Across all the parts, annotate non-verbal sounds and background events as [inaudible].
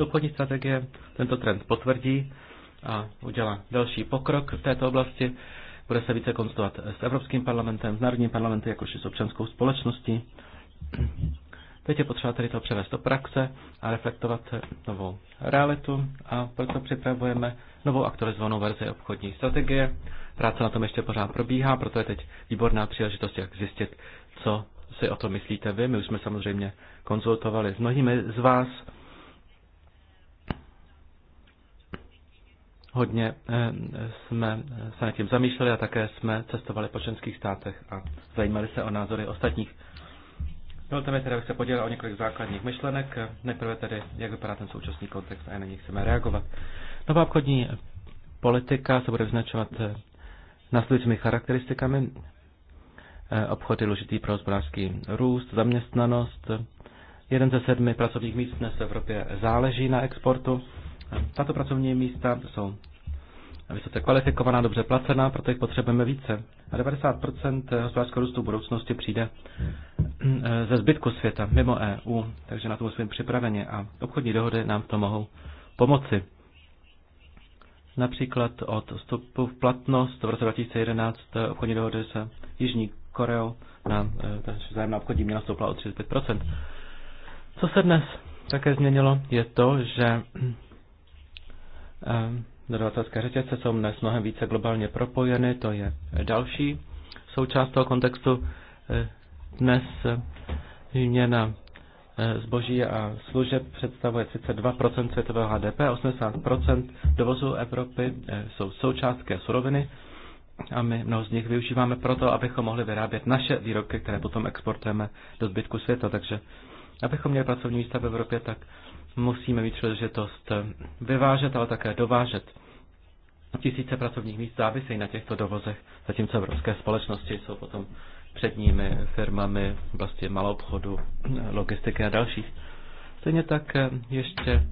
Obchodní strategie tento trend potvrdí a udělá další pokrok v této oblasti. Bude se více konstovat s Evropským parlamentem, s Národním parlamentem, jakož i s občanskou společností. Teď je potřeba tedy to převést do praxe a reflektovat novou realitu a proto připravujeme novou aktualizovanou verzi obchodní strategie. Práce na tom ještě pořád probíhá, proto je teď výborná příležitost, jak zjistit, co si o to myslíte vy. My už jsme samozřejmě konzultovali s mnohými z vás Hodně eh, jsme eh, se nad tím zamýšleli a také jsme cestovali po členských státech a zajímali se o názory ostatních. Dovolte mi tedy, abych se podělil o několik základních myšlenek. Nejprve tedy, jak vypadá ten současný kontext a na něj chceme reagovat. Nová obchodní politika se bude vyznačovat eh, následujícími charakteristikami. Obchod je důležitý pro hospodářský růst, zaměstnanost. Jeden ze sedmi pracovních míst dnes v Evropě záleží na exportu. Tato pracovní místa jsou vysoce kvalifikovaná, dobře placená, proto jich potřebujeme více. A 90% hospodářského růstu budoucnosti přijde eh, ze zbytku světa, mimo EU, takže na to musíme připraveni a obchodní dohody nám to mohou pomoci. Například od vstupu v platnost v roce 2011 eh, obchodní dohody se Jižní Koreou na eh, zájemná obchodní měna stoupla o 35%. Co se dnes také změnilo, je to, že Ehm, dodavatelské řetězce jsou dnes mnohem více globálně propojeny, to je další součást toho kontextu. Ehm, dnes ehm, výměna zboží a služeb představuje 2% světového HDP, 80% dovozu Evropy jsou součástky suroviny a my mnoho z nich využíváme proto, abychom mohli vyrábět naše výrobky, které potom exportujeme do zbytku světa. Takže abychom měli pracovní místa v Evropě, tak musíme mít příležitost vyvážet, ale také dovážet. Tisíce pracovních míst závisejí na těchto dovozech, zatímco evropské společnosti jsou potom předními firmami vlastně malou obchodu, logistiky a dalších. Stejně tak eh, ještě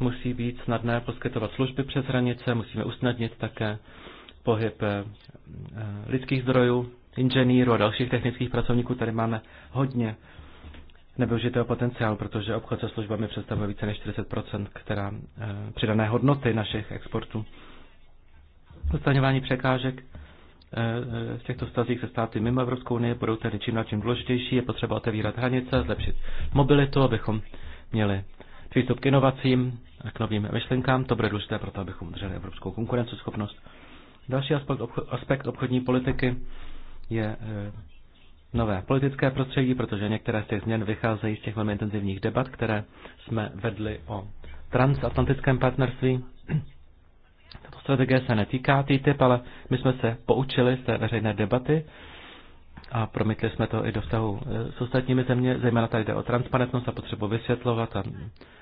musí být snadné poskytovat služby přes hranice, musíme usnadnit také pohyb eh, lidských zdrojů, inženýrů a dalších technických pracovníků. Tady máme hodně nevyužitého potenciálu, protože obchod se službami představuje více než 40 která, e, přidané hodnoty našich exportů. Odstaňování překážek eh, eh, v těchto vztazích se státy mimo Evropskou unii budou tedy čím dál čím důležitější. Je potřeba otevírat hranice, zlepšit mobilitu, abychom měli přístup k inovacím a k novým myšlenkám. To bude důležité proto, abychom udrželi evropskou konkurenceschopnost. Další aspekt, obchod, aspekt obchodní politiky je nové politické prostředí, protože některé z těch změn vycházejí z těch velmi intenzivních debat, které jsme vedli o transatlantickém partnerství. Tato strategie se netýká TTIP, ale my jsme se poučili z té veřejné debaty a promítli jsme to i do vztahu e, s ostatními země, zejména tady jde o transparentnost a potřebu vysvětlovat a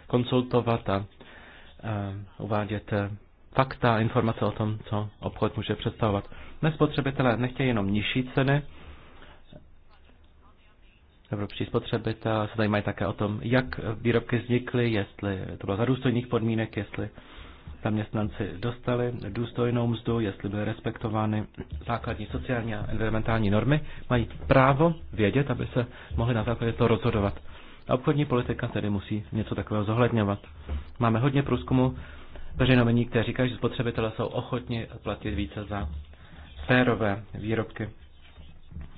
konsultovat a, e, uvádět e, fakta a informace o tom, co obchod může představovat. Nespotřebitelé nechtějí jenom nižší ceny, evropští spotřebitel se zajímají také o tom, jak výrobky vznikly, jestli to bylo za důstojných podmínek, jestli zaměstnanci dostali důstojnou mzdu, jestli byly respektovány základní sociální a environmentální normy, mají právo vědět, aby se mohli na základě toho rozhodovat. A obchodní politika tedy musí něco takového zohledňovat. Máme hodně průzkumu veřejnomení, které říká, že spotřebitelé jsou ochotni platit více za férové výrobky.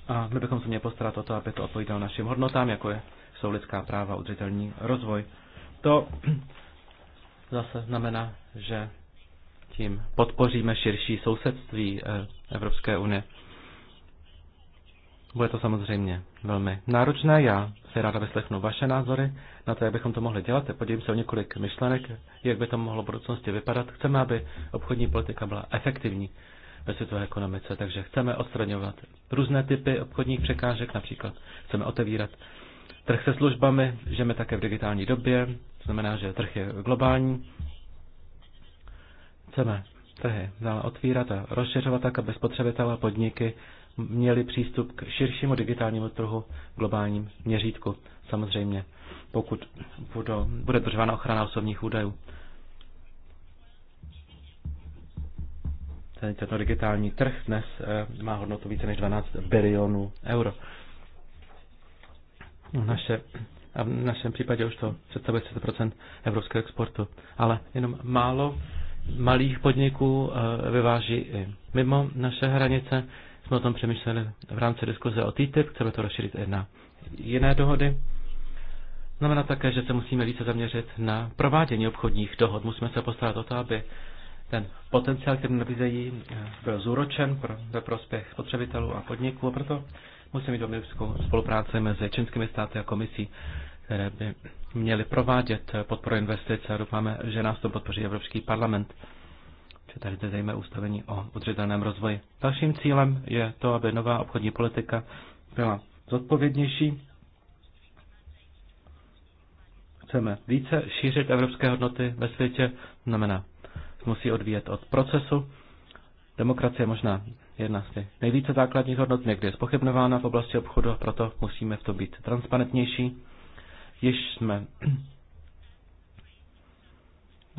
A my bychom se měli postarat o to, aby to odpovídalo našim hodnotám, jako je, jsou lidská práva, udržitelný rozvoj. To [clears throat] zase znamená, že tím podpoříme širší sousedství eh, Evropské unie. Bude to samozřejmě velmi náročné. Já se ráda vyslechnu vaše názory na to, jak bychom to mohli dělat. Podívím se o několik myšlenek, jak by to mohlo v budoucnosti vypadat. Chceme, aby obchodní politika byla efektivní ve světové ekonomice. Takže chceme odstraňovat různé typy obchodních překážek, například chceme otevírat trh se službami, žijeme také v digitální době, to znamená, že trh je globální. Chceme trhy dále otvírat a rozšiřovat tak, aby spotřebitelé a podniky měli přístup k širšímu digitálnímu trhu v globálním měřítku. Samozřejmě, pokud budou, bude držována ochrana osobních údajů. Tento digitální trh dnes eh, má hodnotu více než 12 bilionů euro. Naše, a v našem případě už to představuje 30 evropského exportu, ale jenom málo malých podniků eh, vyváží i mimo naše hranice. Jsme o tom přemýšleli v rámci diskuze o TTIP, chceme to rozšířit i na jiné dohody. Znamená také, že se musíme více zaměřit na provádění obchodních dohod. Musíme se postarat o to, aby ten potenciál, který nabízejí, eh, byl zúročen pro, ve prospěch spotřebitelů a podniků a proto musí mít obrovskou spolupráci mezi čínskými státy a komisí, které by měly provádět eh, podporu investic a doufáme, že nás to podpoří Evropský parlament. Že tady zde zajímá ustavení o udržitelném rozvoji. Dalším cílem je to, aby nová obchodní politika byla zodpovědnější. Chceme více šířit evropské hodnoty ve světě, znamená musí odvíjet od procesu. Demokracie je možná jedna z těch nejvíce základních hodnot, někdy je spochybnována v oblasti obchodu a proto musíme v tom být transparentnější. Již jsme [clears throat]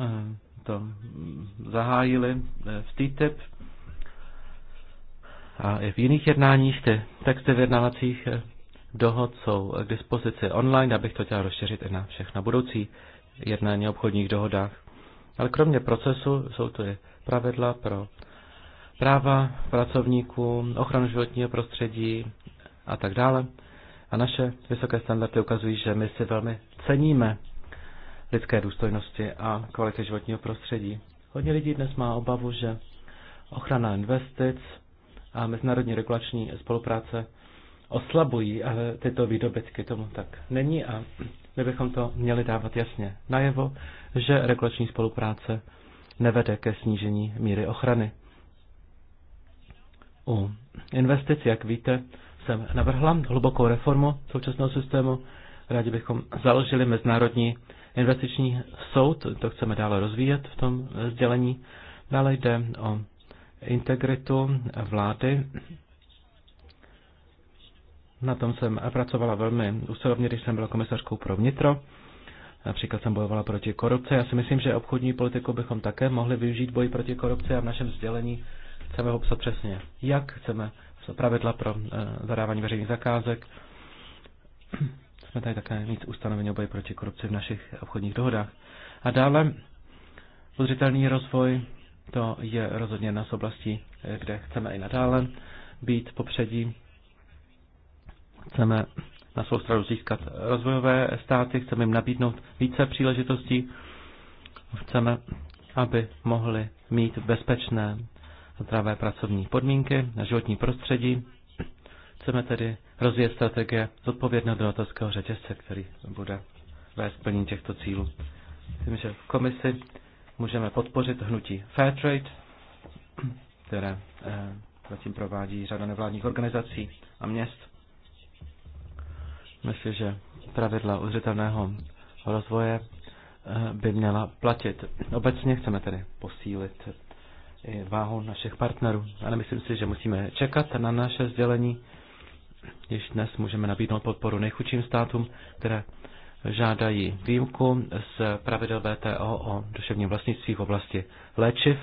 eh, to zahájili eh, v TTIP a i v jiných jednáních ty texty vyjednávacích eh, dohod jsou k dispozici online, abych to chtěl rozšířit i na všechna budoucí jednání obchodních dohodách. Ale kromě procesu jsou to i pravidla pro práva pracovníků, ochranu životního prostředí a tak dále. A naše vysoké standardy ukazují, že my si velmi ceníme lidské důstojnosti a kvality životního prostředí. Hodně lidí dnes má obavu, že ochrana investic a mezinárodní regulační spolupráce oslabují tyto výdobytky. Tomu tak není a my bychom to měli dávat jasně najevo, že regulační spolupráce nevede ke snížení míry ochrany. U investic, jak víte, jsem navrhla hlubokou reformu současného systému. Rádi bychom založili Mezinárodní investiční soud, to chceme dále rozvíjet v tom sdělení. Dále jde o integritu vlády na tom jsem pracovala velmi usilovně, když jsem byla komisařkou pro vnitro. Například jsem bojovala proti korupci. Já si myslím, že obchodní politiku bychom také mohli využít boji proti korupci a v našem sdělení chceme psat přesně, jak chceme pravidla pro eh, zadávání veřejných zakázek. [clears throat] Jsme tady také mít ustanovení o boji proti korupci v našich obchodních dohodách. A dále udržitelný rozvoj, to je rozhodně na oblastí, kde chceme i nadále být popředí Chceme na svou stranu získat rozvojové státy, chceme jim nabídnout více příležitostí, chceme, aby mohli mít bezpečné zdravé pracovní podmínky na životní prostředí. Chceme tedy rozvíjet strategie zodpovědného dodatelského řetězce, který bude vést plnění těchto cílů. Myslím, že v komisi můžeme podpořit hnutí Fairtrade, které eh, zatím provádí řada nevládních organizací a měst Myslím, že pravidla udržitelného rozvoje eh, by měla platit. Obecně chceme tedy posílit eh, váhu našich partnerů, ale myslím si, že musíme čekat na naše sdělení. Již dnes můžeme nabídnout podporu nejchudším státům, které žádají výjimku z pravidel VTO o duševním vlastnictví v oblasti léčiv,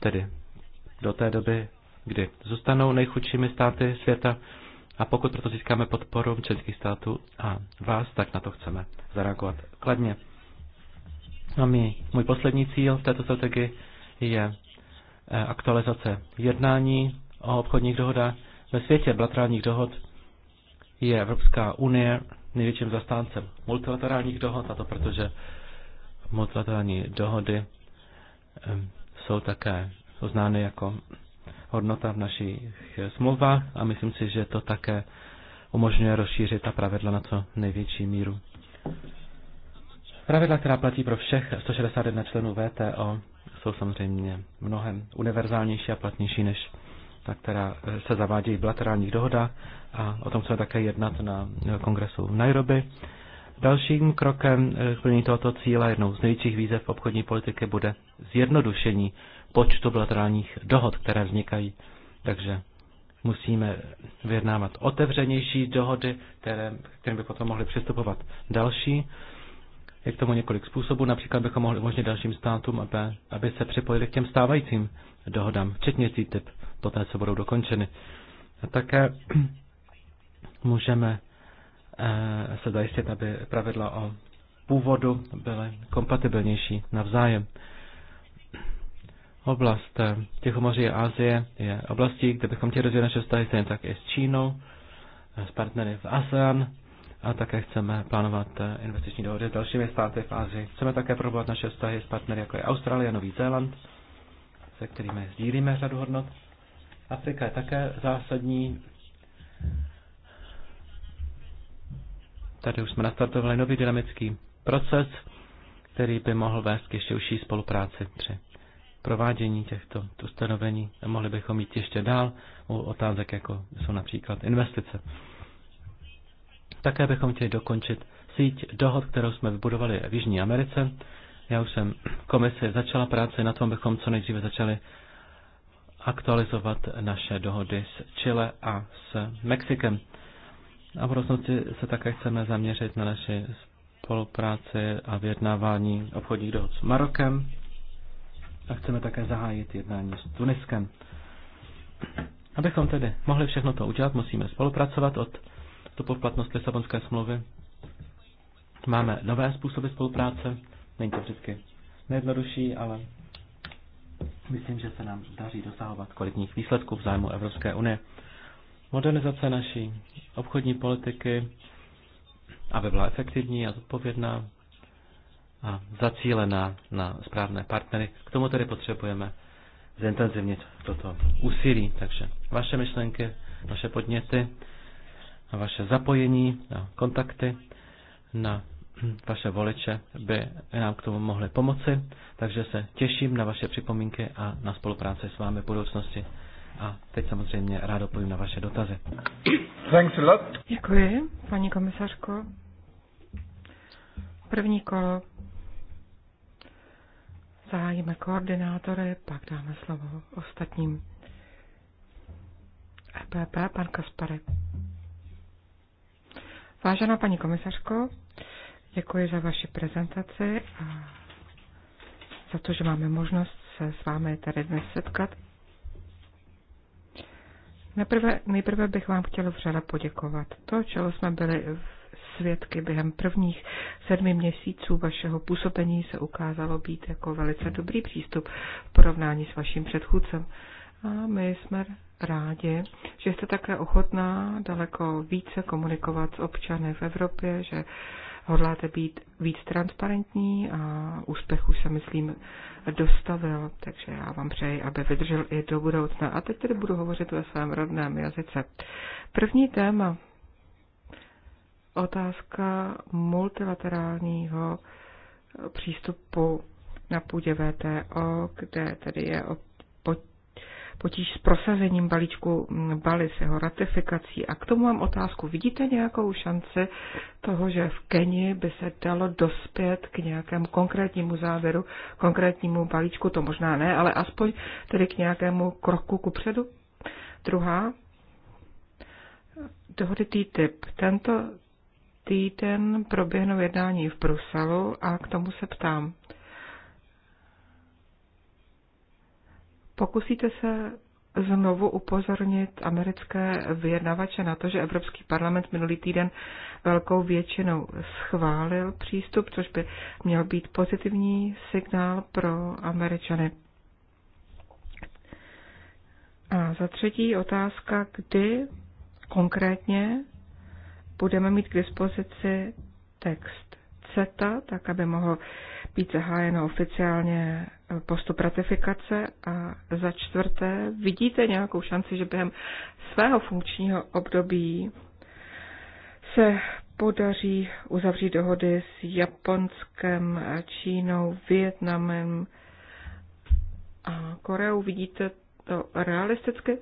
tedy do té doby, kdy zůstanou nejchudšími státy světa. A pokud proto získáme podporu členských států a vás, tak na to chceme zareagovat kladně. A no, my, můj poslední cíl v této strategii je eh, aktualizace jednání o obchodních dohodách. Ve světě bilaterálních dohod je Evropská unie největším zastáncem multilaterálních dohod, a to protože multilaterální dohody eh, jsou také uznány jako hodnota v našich smlouvách a myslím si, že to také umožňuje rozšířit ta pravidla na co největší míru. Pravidla, která platí pro všech 161 členů VTO, jsou samozřejmě mnohem univerzálnější a platnější než ta, která eh, se zavádějí v bilaterálních dohodách a o tom chceme také jednat na kongresu v Nairobi. Dalším krokem eh, k plnění tohoto cíle, jednou z největších výzev obchodní politiky, bude zjednodušení počtu bilaterálních dohod, které vznikají. Takže musíme vyjednávat otevřenější dohody, které, kterým by potom mohli přistupovat další. Je k tomu několik způsobů, například bychom mohli umožnit dalším státům, aby, aby se připojili k těm stávajícím dohodám, včetně CTIP, poté co budou dokončeny. A také [clears throat] můžeme Eh, se zajistit, aby pravidla o původu byly kompatibilnější navzájem. Oblast eh, Tichomoří a Asie je oblastí, kde bychom chtěli rozvíjet naše vztahy stejně tak i s Čínou, eh, s partnery v ASEAN a také chceme plánovat investiční dohody s dalšími státy v Asii. Chceme také probovat naše vztahy s partnery jako je Austrálie a Nový Zéland, se kterými sdílíme řadu hodnot. Afrika je také zásadní Tady už jsme nastartovali nový dynamický proces, který by mohl vést k ještě užší spolupráci při provádění těchto ustanovení. A mohli bychom jít ještě dál u otázek, jako jsou například investice. Také bychom chtěli dokončit síť dohod, kterou jsme vybudovali v Jižní Americe. Já už jsem komisi začala práci na tom, bychom co nejdříve začali aktualizovat naše dohody s Chile a s Mexikem. A v budoucnosti se také chceme zaměřit na naši spolupráci a vyjednávání obchodních dohod s Marokem a chceme také zahájit jednání s Tuniskem. Abychom tedy mohli všechno to udělat, musíme spolupracovat od vstupu v platnost Lisabonské smlouvy. Máme nové způsoby spolupráce, není to vždycky nejjednodušší, ale myslím, že se nám daří dosahovat kvalitních výsledků v zájmu Evropské unie. Modernizace naší obchodní politiky, aby byla efektivní a zodpovědná a zacílená na správné partnery. K tomu tedy potřebujeme zintenzivnit toto úsilí. Takže vaše myšlenky, vaše podněty, vaše zapojení a kontakty na vaše voliče by nám k tomu mohly pomoci, takže se těším na vaše připomínky a na spolupráci s vámi v budoucnosti a teď samozřejmě rád odpovím na vaše dotazy. Thanks a lot. Děkuji, paní komisařko. První kolo zahájíme koordinátory, pak dáme slovo ostatním. EPP, pan Kaspary. Vážená paní komisařko, děkuji za vaši prezentaci a za to, že máme možnost se s vámi tady dnes setkat Nejprve, nejprve bych vám chtěla vřele poděkovat. To, čeho jsme byli svědky během prvních sedmi měsíců vašeho působení, se ukázalo být jako velice dobrý přístup v porovnání s vaším předchůdcem. A my jsme rádi, že jste také ochotná daleko více komunikovat s občany v Evropě, že hodláte být víc transparentní a úspěchu se, myslím, dostavil, takže já vám přeji, aby vydržel i do budoucna. A teď tedy budu hovořit ve svém rodném jazyce. První téma, otázka multilaterálního přístupu na půdě VTO, kde tedy je o potíž s prosazením balíčku mm, Bali, s jeho ratifikací. A k tomu mám otázku. Vidíte nějakou šanci toho, že v Kenii by se dalo dospět k nějakému konkrétnímu závěru, konkrétnímu balíčku? To možná ne, ale aspoň tedy k nějakému kroku kupředu? Druhá, dohody TTIP. Tento týden proběhnou jednání v Bruselu a k tomu se ptám. Pokusíte se znovu upozornit americké vyjednavače na to, že Evropský parlament minulý týden velkou většinou schválil přístup, což by měl být pozitivní signál pro američany. A za třetí otázka, kdy konkrétně budeme mít k dispozici text CETA, tak aby mohl být zahájeno oficiálně postup ratifikace a za čtvrté, vidíte nějakou šanci, že během svého funkčního období se podaří uzavřít dohody s Japonskem, Čínou, Vietnamem a Koreou. Vidíte to realisticky?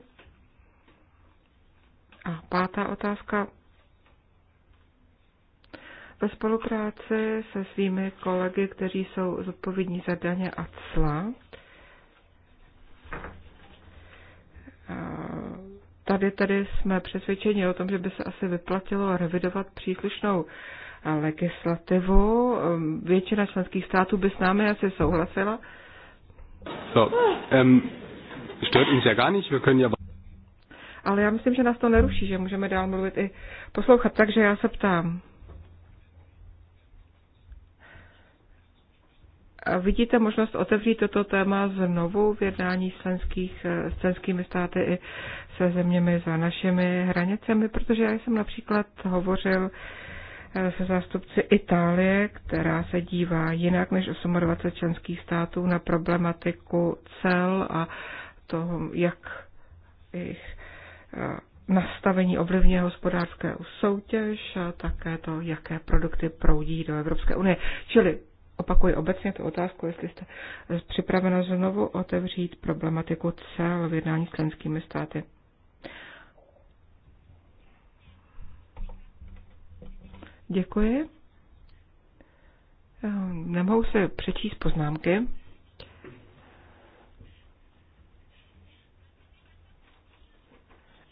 A pátá otázka ve spolupráci se svými kolegy, kteří jsou zodpovědní za daně a cla. Tady tedy jsme přesvědčeni o tom, že by se asi vyplatilo revidovat příslušnou legislativu. Ehm, většina členských států by s námi asi souhlasila. So, um, stört uns ja gar nicht, wir können ja... Ale já myslím, že nás to neruší, že můžeme dál mluvit i poslouchat, takže já se ptám. vidíte možnost otevřít toto téma znovu v jednání s, členských, s členskými státy i se zeměmi za našimi hranicemi? Protože já jsem například hovořil eh, se zástupci Itálie, která se dívá jinak než 28 členských států na problematiku cel a toho, jak jejich eh, nastavení ovlivňuje hospodářské soutěž a také to, jaké produkty proudí do Evropské unie. Čili opakuji obecně tu otázku, jestli jste připravena znovu otevřít problematiku cel v jednání s členskými státy. Děkuji. Eh, nemohu se přečíst poznámky.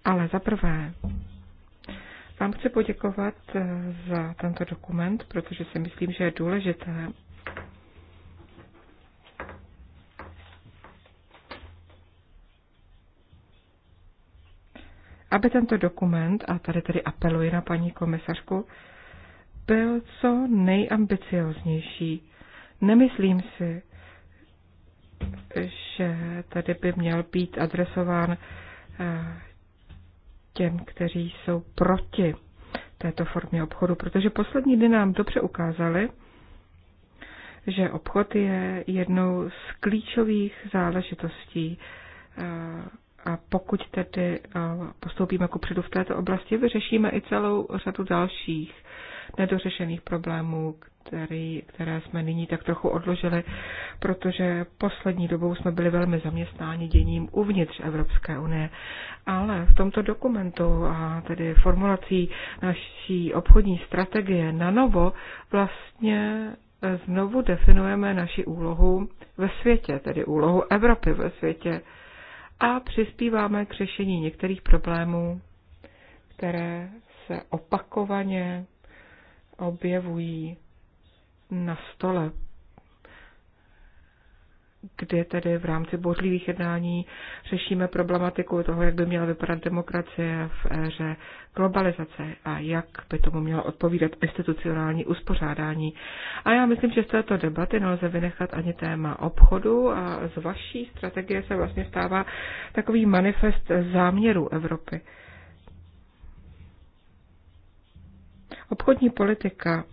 Ale za prvé, vám chci poděkovat eh, za tento dokument, protože si myslím, že je důležité, aby tento dokument, a tady tedy apeluji na paní komisařku, byl co nejambicioznější. Nemyslím si, že tady by měl být adresován eh, těm, kteří jsou proti této formě obchodu, protože poslední dny nám dobře ukázali, že obchod je jednou z klíčových záležitostí eh, a pokud tedy postoupíme ku předu v této oblasti, vyřešíme i celou řadu dalších nedořešených problémů, který, které jsme nyní tak trochu odložili, protože poslední dobou jsme byli velmi zaměstnáni děním uvnitř Evropské unie. Ale v tomto dokumentu a tedy formulací naší obchodní strategie na novo vlastně e, znovu definujeme naši úlohu ve světě, tedy úlohu Evropy ve světě a přispíváme k řešení některých problémů, které se opakovaně objevují na stole kde tedy v rámci bořlivých jednání řešíme problematiku toho, jak by měla vypadat demokracie v éře globalizace a jak by tomu mělo odpovídat institucionální uspořádání. A já myslím, že z této debaty nelze vynechat ani téma obchodu a z vaší strategie se vlastně stává takový manifest záměru Evropy. Obchodní politika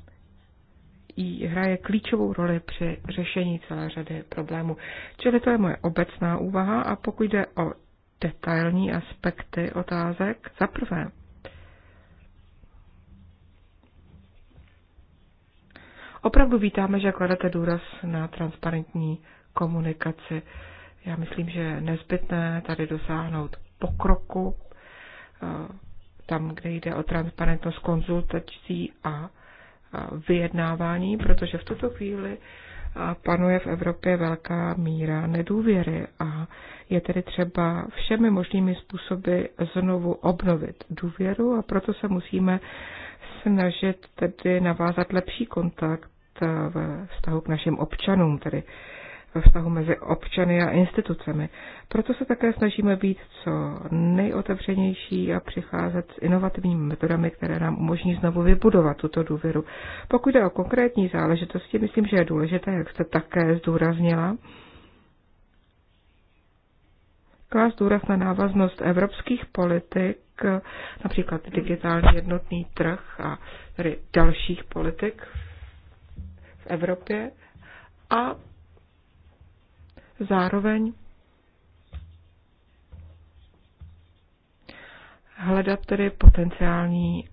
jí hraje klíčovou roli při řešení celé řady problémů. Čili to je moje obecná úvaha a pokud jde o detailní aspekty otázek, za prvé, Opravdu vítáme, že kladete důraz na transparentní komunikaci. Já myslím, že je nezbytné tady dosáhnout pokroku eh, tam, kde jde o transparentnost konzultací a vyjednávání, protože v tuto chvíli panuje v Evropě velká míra nedůvěry a je tedy třeba všemi možnými způsoby znovu obnovit důvěru a proto se musíme snažit tedy navázat lepší kontakt e, ve vztahu k našim občanům, tedy ve vztahu mezi občany a institucemi. Proto se také snažíme být co nejotevřenější a přicházet s inovativními metodami, které nám umožní znovu vybudovat tuto důvěru. Pokud jde o konkrétní záležitosti, myslím, že je důležité, jak jste také zdůraznila, klást důraz na návaznost evropských politik, například digitální jednotný trh a tedy dalších politik v Evropě a zároveň hledat tedy potenciální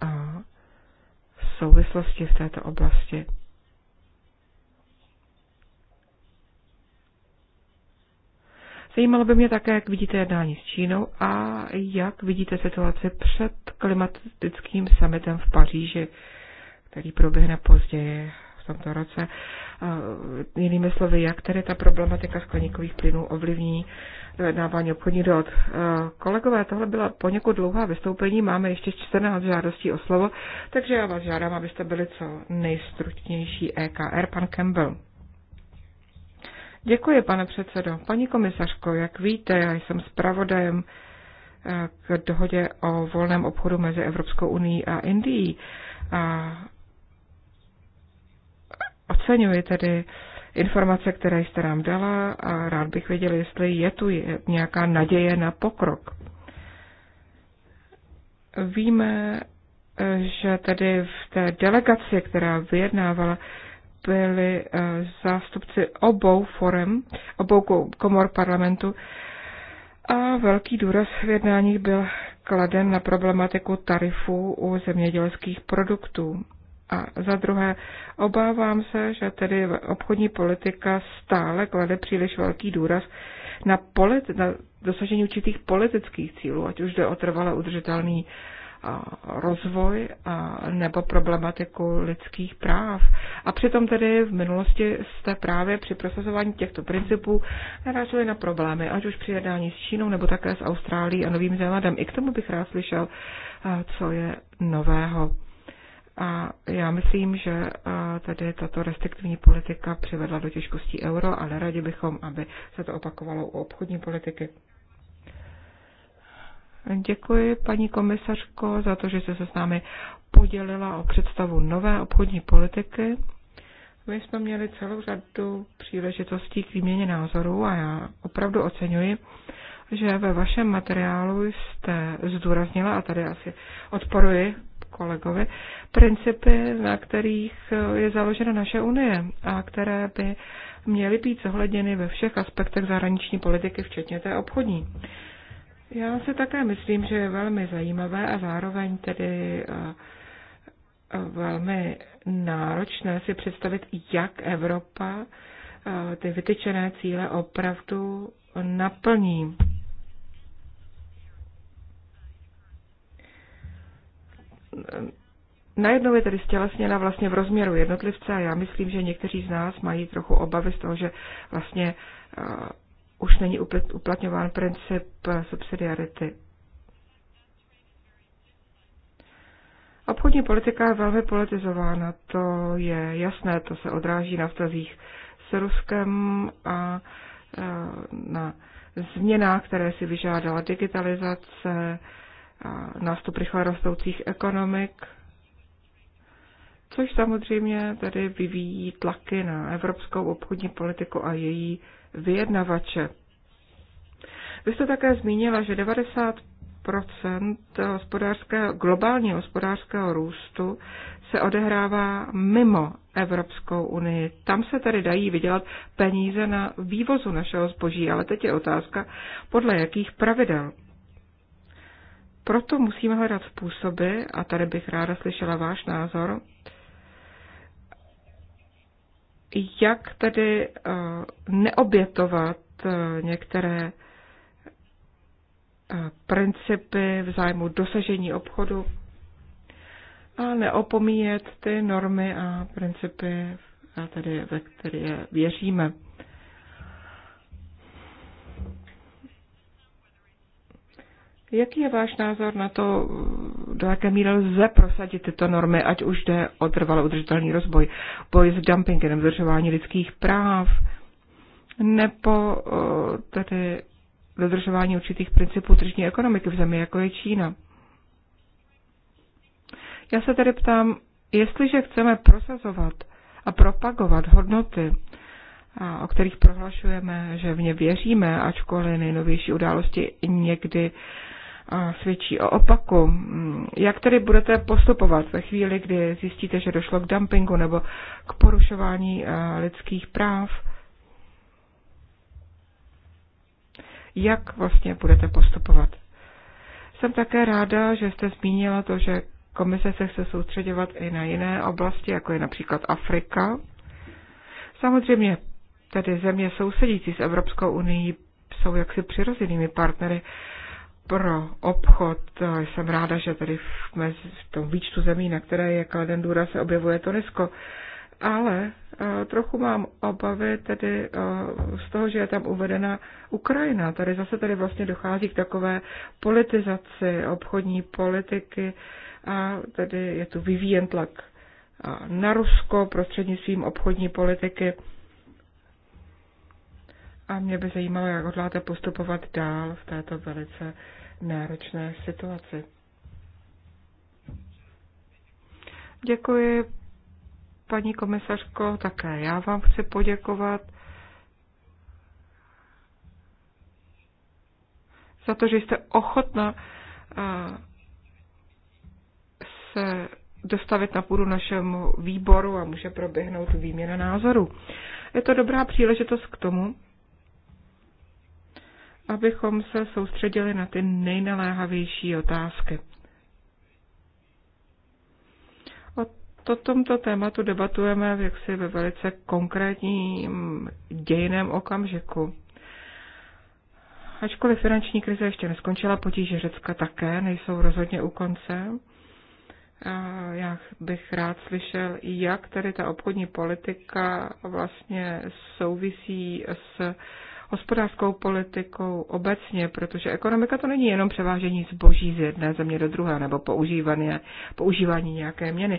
souvislosti v této oblasti. Zajímalo by mě také, jak vidíte jednání s Čínou a jak vidíte situaci před klimatickým summitem v Paříži, který proběhne později v tomto roce. Jinými slovy, jak tedy ta problematika skleníkových plynů ovlivní dojednávání obchodní dohod. Kolegové, tohle byla poněkud dlouhá vystoupení, máme ještě 14 žádostí o slovo, takže já vás žádám, abyste byli co nejstručnější EKR, pan Campbell. Děkuji, pane předsedo. Paní komisařko, jak víte, já jsem zpravodajem e, k dohodě o volném obchodu mezi Evropskou unii a Indií. A oceňuji tedy informace, které jste nám dala a rád bych věděl, jestli je tu nějaká naděje na pokrok. Víme, že tedy v té delegaci, která vyjednávala, byli eh, zástupci obou forem, obou komor parlamentu a velký důraz v jednáních byl kladen na problematiku tarifů u zemědělských produktů. A za druhé, obávám se, že tedy obchodní politika stále klade příliš velký důraz na, polit, na dosažení určitých politických cílů, ať už jde o trvale udržitelný a rozvoj a, nebo problematiku lidských práv. A přitom tedy v minulosti jste právě při prosazování těchto principů narazili na problémy, ať už při jednání s Čínou nebo také s Austrálií a Novým Zélandem. I k tomu bych rád slyšel, co je nového. A já myslím, že eh, tady tato restriktivní politika přivedla do těžkostí euro, ale rádi bychom, aby se to opakovalo u obchodní politiky. Děkuji, paní komisařko, za to, že jste se s námi podělila o představu nové obchodní politiky. My jsme měli celou řadu příležitostí k výměně názorů a já opravdu oceňuji, že ve vašem materiálu jste zdůraznila, a tady asi odporuji kolegovi, principy, na kterých eh, je založena naše unie a které by měly být zohledněny ve všech aspektech zahraniční politiky, včetně té obchodní. Já si také myslím, že je velmi zajímavé a zároveň tedy eh, eh, velmi náročné si představit, jak Evropa ty vytyčené cíle opravdu naplní. Najednou je tedy stělesněna vlastně v rozměru jednotlivce a já myslím, že někteří z nás mají trochu obavy z toho, že vlastně uh, už není uplatňován princip eh, subsidiarity. Obchodní politika je velmi politizována, to je jasné, to se odráží na vztazích s Ruskem a eh, na změnách, které si vyžádala digitalizace, nástup rychle rostoucích ekonomik, což samozřejmě tedy vyvíjí tlaky na evropskou obchodní politiku a její vyjednavače. Vy jste také zmínila, že 90 hospodářského, globálního hospodářského růstu se odehrává mimo Evropskou unii. Tam se tedy dají vydělat peníze na vývozu našeho zboží, ale teď je otázka, podle jakých pravidel. Proto musíme hledat způsoby, a tady bych ráda slyšela váš názor, jak tedy eh, neobětovat eh, některé eh, principy v zájmu dosažení obchodu a neopomíjet ty normy a principy, a tedy ve které věříme. Jaký je váš názor na to, do jaké míry lze prosadit tyto normy, ať už jde o trvalý udržitelný rozvoj, boj s dumpingem, dodržování lidských práv, nebo eh, tedy dodržování určitých principů tržní ekonomiky v zemi, jako je Čína? Já se tedy ptám, jestliže chceme prosazovat a propagovat hodnoty, o kterých prohlašujeme, že v ně věříme, ačkoliv nejnovější události někdy uh, svědčí o opaku. Jak tedy budete postupovat ve chvíli, kdy zjistíte, že došlo k dumpingu nebo k porušování eh, lidských práv? Jak vlastně budete postupovat? Jsem také ráda, že jste zmínila to, že komise se chce soustředovat i na jiné oblasti, jako je například Afrika. Samozřejmě tedy země sousedící s Evropskou unii jsou jaksi přirozenými partnery pro obchod. Jsem ráda, že tady v, mezi, v tom výčtu zemí, na které je kladen důraz, se objevuje Tunisko. Ale e, trochu mám obavy tedy e, z toho, že je tam uvedena Ukrajina. Tady zase tady vlastně dochází k takové politizaci obchodní politiky a tedy je tu vyvíjen tlak e, na Rusko prostřednictvím obchodní politiky. A mě by zajímalo, jak hodláte postupovat dál v této velice náročné situaci. Děkuji, paní komisařko, také já vám chci poděkovat za to, že jste ochotna se dostavit na půdu našemu výboru a může proběhnout výměna názorů. Je to dobrá příležitost k tomu, abychom se soustředili na ty nejnaléhavější otázky. O tomto tématu debatujeme v jaksi ve velice konkrétním dějiném okamžiku. Ačkoliv finanční krize ještě neskončila, potíže Řecka také nejsou rozhodně u konce. Já bych rád slyšel, jak tedy ta obchodní politika vlastně souvisí s hospodářskou politikou obecně, protože ekonomika to není jenom převážení zboží z jedné země do druhé nebo používání, používání nějaké měny.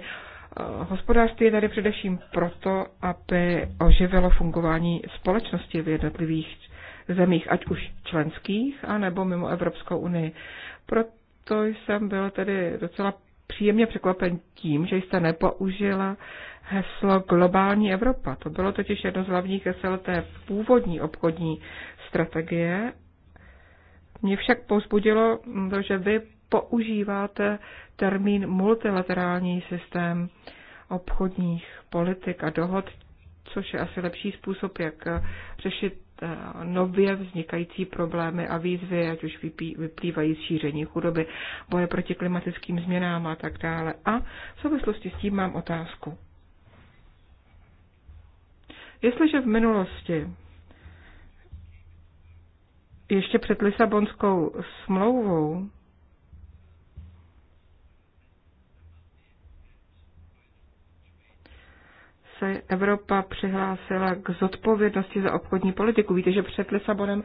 Eh, hospodářství je tady především proto, aby oživilo fungování společnosti v jednotlivých zemích, ať už členských, anebo mimo Evropskou unii. Proto jsem byl tedy docela příjemně překvapen tím, že jste nepoužila heslo Globální Evropa. To bylo totiž jedno z hlavních hesel té původní obchodní strategie. Mě však povzbudilo to, že vy používáte termín multilaterální systém obchodních politik a dohod, což je asi lepší způsob, jak řešit Eh, nově vznikající problémy a výzvy, ať už vyplývají z šíření chudoby, boje proti klimatickým změnám a tak dále. A v souvislosti s tím mám otázku. Jestliže v minulosti ještě před Lisabonskou smlouvou se Evropa přihlásila k zodpovědnosti za obchodní politiku. Víte, že před Lisabonem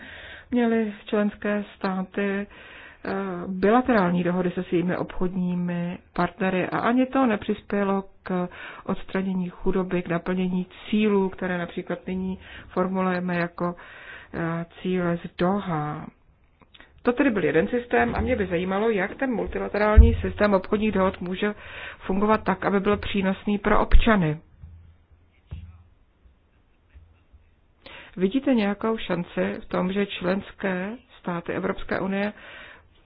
měly členské státy eh, bilaterální dohody se svými obchodními partnery a ani to nepřispělo k odstranění chudoby, k naplnění cílů, které například nyní formulujeme jako eh, cíle z Doha. To tedy byl jeden systém a mě by zajímalo, jak ten multilaterální systém obchodních dohod může fungovat tak, aby byl přínosný pro občany. Vidíte nějakou šanci v tom, že členské státy Evropské unie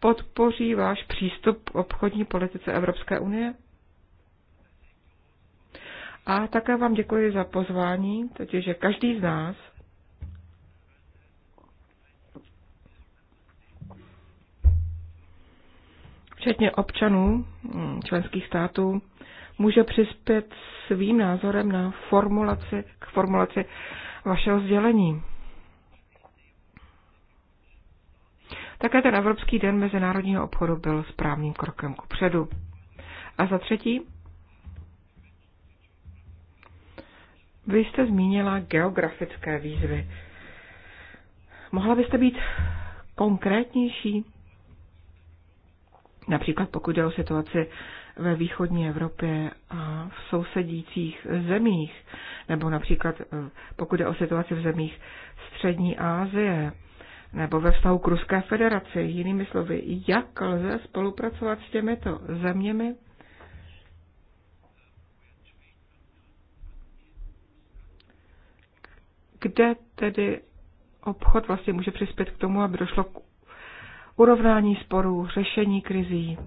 podpoří váš přístup k obchodní politice Evropské unie? A také vám děkuji za pozvání, totiž že každý z nás včetně občanů hm, členských států, může přispět svým názorem na formulaci, k formulaci vašeho sdělení. Také ten Evropský den mezinárodního obchodu byl správným krokem ku předu. A za třetí, vy jste zmínila geografické výzvy. Mohla byste být konkrétnější? Například pokud jde o situaci ve východní Evropě a v sousedících zemích, nebo například eh, pokud je o situaci v zemích Střední Asie, nebo ve vztahu k Ruské federaci. Jinými slovy, jak lze spolupracovat s těmito zeměmi? Kde tedy obchod vlastně může přispět k tomu, aby došlo k urovnání sporů, řešení krizí?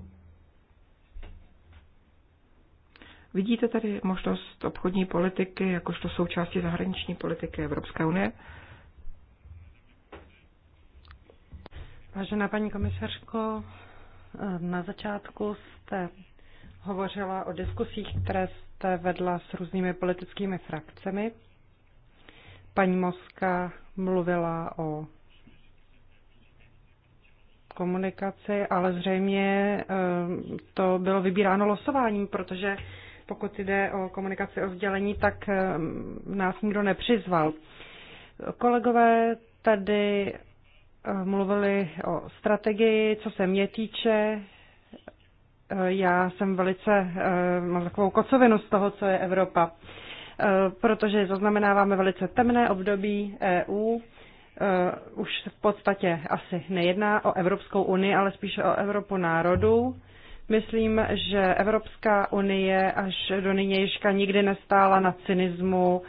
Vidíte tady možnost obchodní politiky jakožto součástí zahraniční politiky Evropské unie? Vážená paní komisařko, na začátku jste hovořila o diskusích, které jste vedla s různými politickými frakcemi. Paní Moska mluvila o komunikaci, ale zřejmě eh, to bylo vybíráno losováním, protože pokud jde o komunikaci o vzdělení, tak eh, nás nikdo nepřizval. Kolegové tady eh, mluvili o strategii, co se mě týče. Eh, já jsem velice, mám takovou kocovinu z toho, co je Evropa, protože zaznamenáváme velice temné období EU. Už v podstatě asi nejedná o Evropskou unii, ale spíše o Evropu národů. Myslím, že Evropská unie až do nynějška nikdy nestála na cynismu,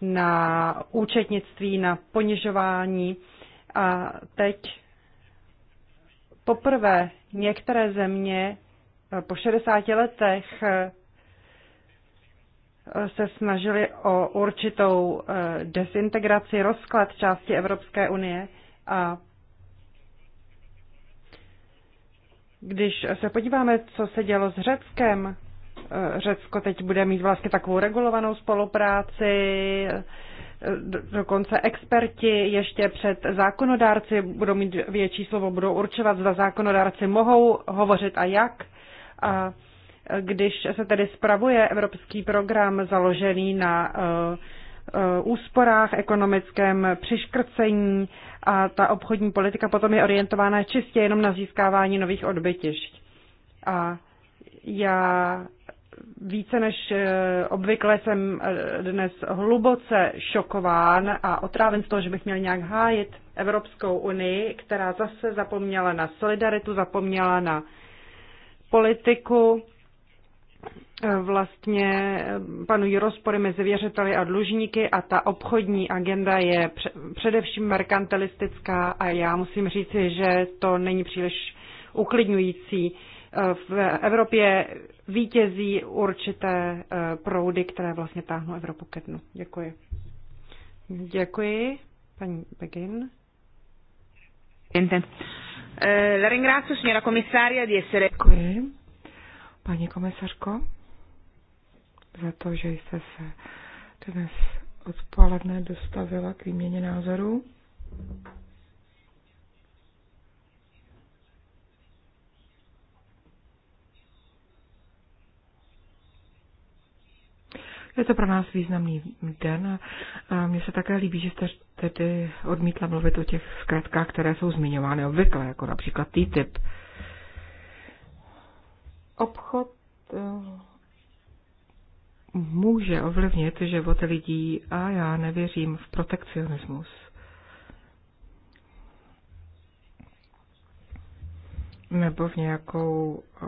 na účetnictví, na ponižování. A teď poprvé některé země eh, po 60 letech eh, se snažili o určitou eh, desintegraci, rozklad části Evropské unie a Když se podíváme, co se dělo s Řeckem, eh, Řecko teď bude mít vlastně takovou regulovanou spolupráci, eh, dokonce experti ještě před zákonodárci budou mít větší slovo, budou určovat, zda zákonodárci mohou hovořit a jak. A eh, když se tedy spravuje evropský program založený na uh, Eh, úsporách, ekonomickém přiškrcení a ta obchodní politika potom je orientována čistě jenom na získávání nových odbytišť. A já více než eh, obvykle jsem eh, dnes hluboce šokován a otráven z toho, že bych měl nějak hájit Evropskou unii, která zase zapomněla na solidaritu, zapomněla na politiku vlastně eh, panují rozpory mezi věřiteli a dlužníky a ta obchodní agenda je především merkantilistická a já musím říci, že to není příliš uklidňující. Eh, v Evropě vítězí určité eh, proudy, které vlastně táhnou Evropu ke dnu. Děkuji. Děkuji. Paní Begin. La ringrazio, signora commissaria, di essere... Děkuji. Paní komisařko, za to, že jste se dnes odpoledne dostavila k výměně názorů. Je to pro nás významný den a mně se také líbí, že jste tedy odmítla mluvit o těch zkratkách, které jsou zmiňovány obvykle, jako například TTIP. Obchod eh, může ovlivnit život lidí a já nevěřím v protekcionismus. nebo v nějakou eh,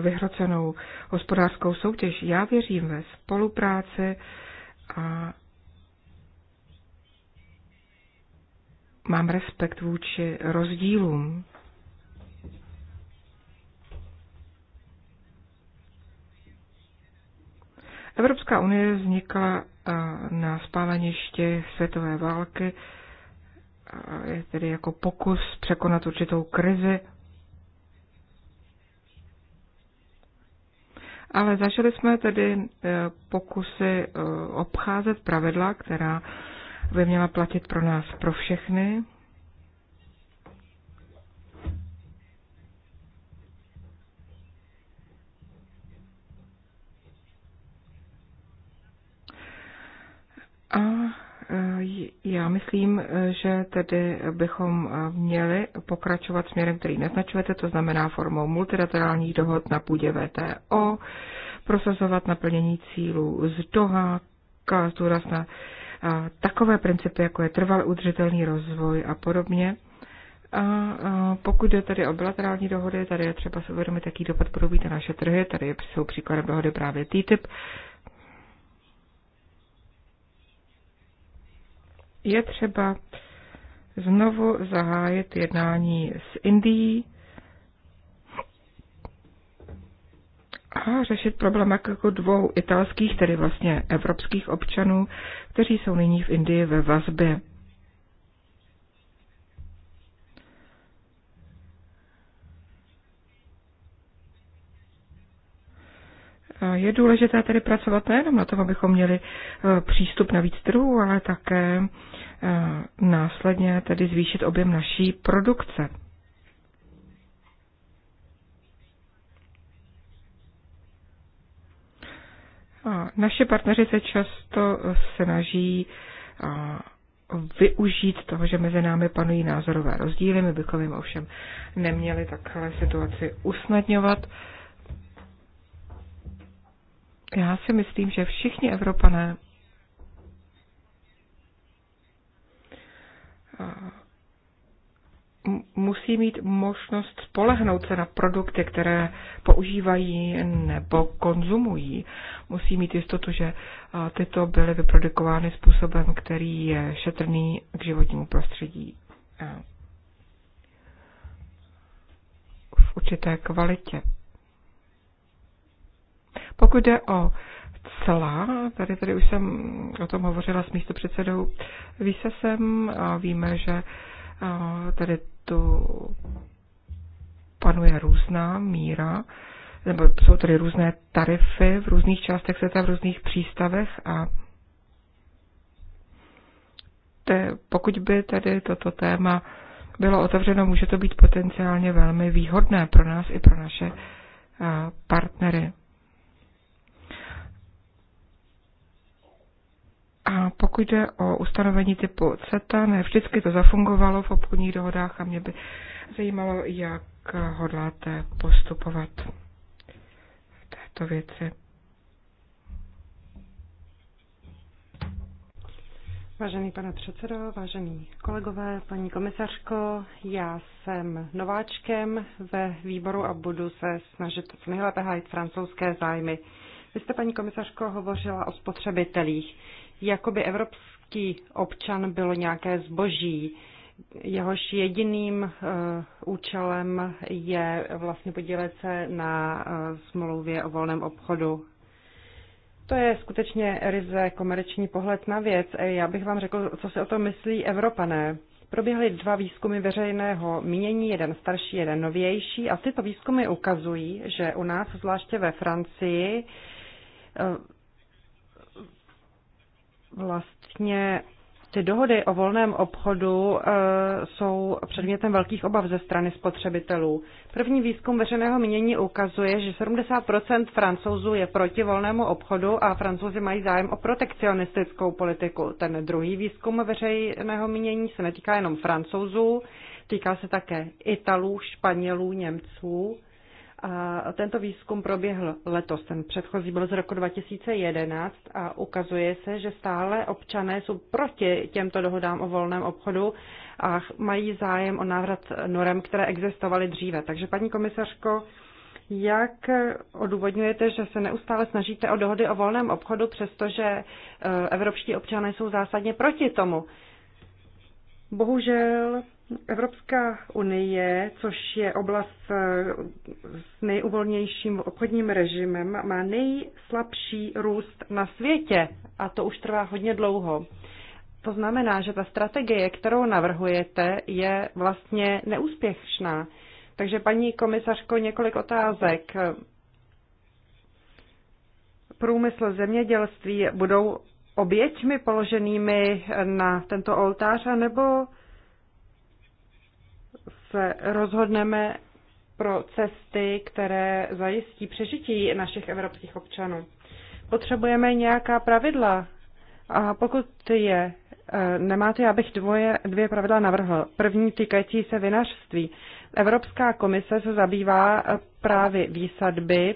vyhrocenou hospodářskou soutěž. Já věřím ve spolupráci a mám respekt vůči rozdílům Evropská unie vznikla eh, na spáleniště světové války, eh, je tedy jako pokus překonat určitou krizi. Ale zažili jsme tedy eh, pokusy obcházet pravidla, která by měla platit pro nás, pro všechny, A e, já myslím, že tedy bychom e, měli pokračovat směrem, který naznačujete, to znamená formou multilaterálních dohod na půdě VTO, prosazovat naplnění cílů z Doha, zdůraz na e, takové principy, jako je trvalý udržitelný rozvoj a podobně. A pokud jde tady o bilaterální dohody, tady je třeba se uvědomit, jaký dopad budou na naše trhy. Tady jsou příklady dohody právě TTIP, je třeba znovu zahájit jednání s Indií a řešit jako dvou italských, tedy vlastně evropských občanů, kteří jsou nyní v Indii ve vazbě. Je důležité tedy pracovat nejenom na tom, abychom měli e, přístup na víc trhů, ale také e, následně tedy zvýšit objem naší produkce. Naše partneři se často snaží využít toho, že mezi námi panují názorové rozdíly. My bychom jim ovšem neměli takhle situaci usnadňovat. Já si myslím, že všichni Evropané musí mít možnost spolehnout se na produkty, které používají nebo konzumují. Musí mít jistotu, že tyto byly vyprodukovány způsobem, který je šetrný k životnímu prostředí v určité kvalitě. Pokud jde o cla, tady, tady už jsem o tom hovořila s místopředsedou Výsesem a víme, že tady tu panuje různá míra, nebo jsou tady různé tarify v různých částech světa, v různých přístavech a te, pokud by tady toto téma bylo otevřeno, může to být potenciálně velmi výhodné pro nás i pro naše partnery. A pokud jde o ustanovení typu CETA, ne vždycky to zafungovalo v obchodních dohodách a mě by zajímalo, jak hodláte postupovat v této věci. Vážený pane předsedo, vážení kolegové, paní komisařko, já jsem nováčkem ve výboru a budu se snažit co nejlépe hájit francouzské zájmy. Vy jste, paní komisařko, hovořila o spotřebitelích jako by evropský občan bylo nějaké zboží, jehož jediným eh, účelem je vlastně podílet se na eh, smlouvě o volném obchodu to je skutečně ryze komerční pohled na věc. Já bych vám řekl, co si o tom myslí Evropané. Proběhly dva výzkumy veřejného mínění, jeden starší, jeden novější, a tyto výzkumy ukazují, že u nás, zvláště ve Francii, eh, Vlastně ty dohody o volném obchodu eh, jsou předmětem velkých obav ze strany spotřebitelů. První výzkum veřejného mínění ukazuje, že 70 francouzů je proti volnému obchodu a francouzi mají zájem o protekcionistickou politiku. Ten druhý výzkum veřejného mínění se netýká jenom francouzů, týká se také Italů, Španělů, Němců a tento výzkum proběhl letos, ten předchozí byl z roku 2011 a ukazuje se, že stále občané jsou proti těmto dohodám o volném obchodu a mají zájem o návrat norem, které existovaly dříve. Takže paní komisařko, jak odůvodňujete, že se neustále snažíte o dohody o volném obchodu, přestože e, evropští občané jsou zásadně proti tomu? Bohužel Evropská unie, což je oblast eh, s nejuvolnějším obchodním režimem, má nejslabší růst na světě a to už trvá hodně dlouho. To znamená, že ta strategie, kterou navrhujete, je vlastně neúspěšná. Takže paní komisařko, několik otázek. Průmysl zemědělství budou oběťmi položenými na tento oltář, nebo se rozhodneme pro cesty, které zajistí přežití našich evropských občanů. Potřebujeme nějaká pravidla a pokud je eh, nemáte, já bych dvoje, dvě pravidla navrhl. První týkající se vinařství. Evropská komise se zabývá eh, právě výsadby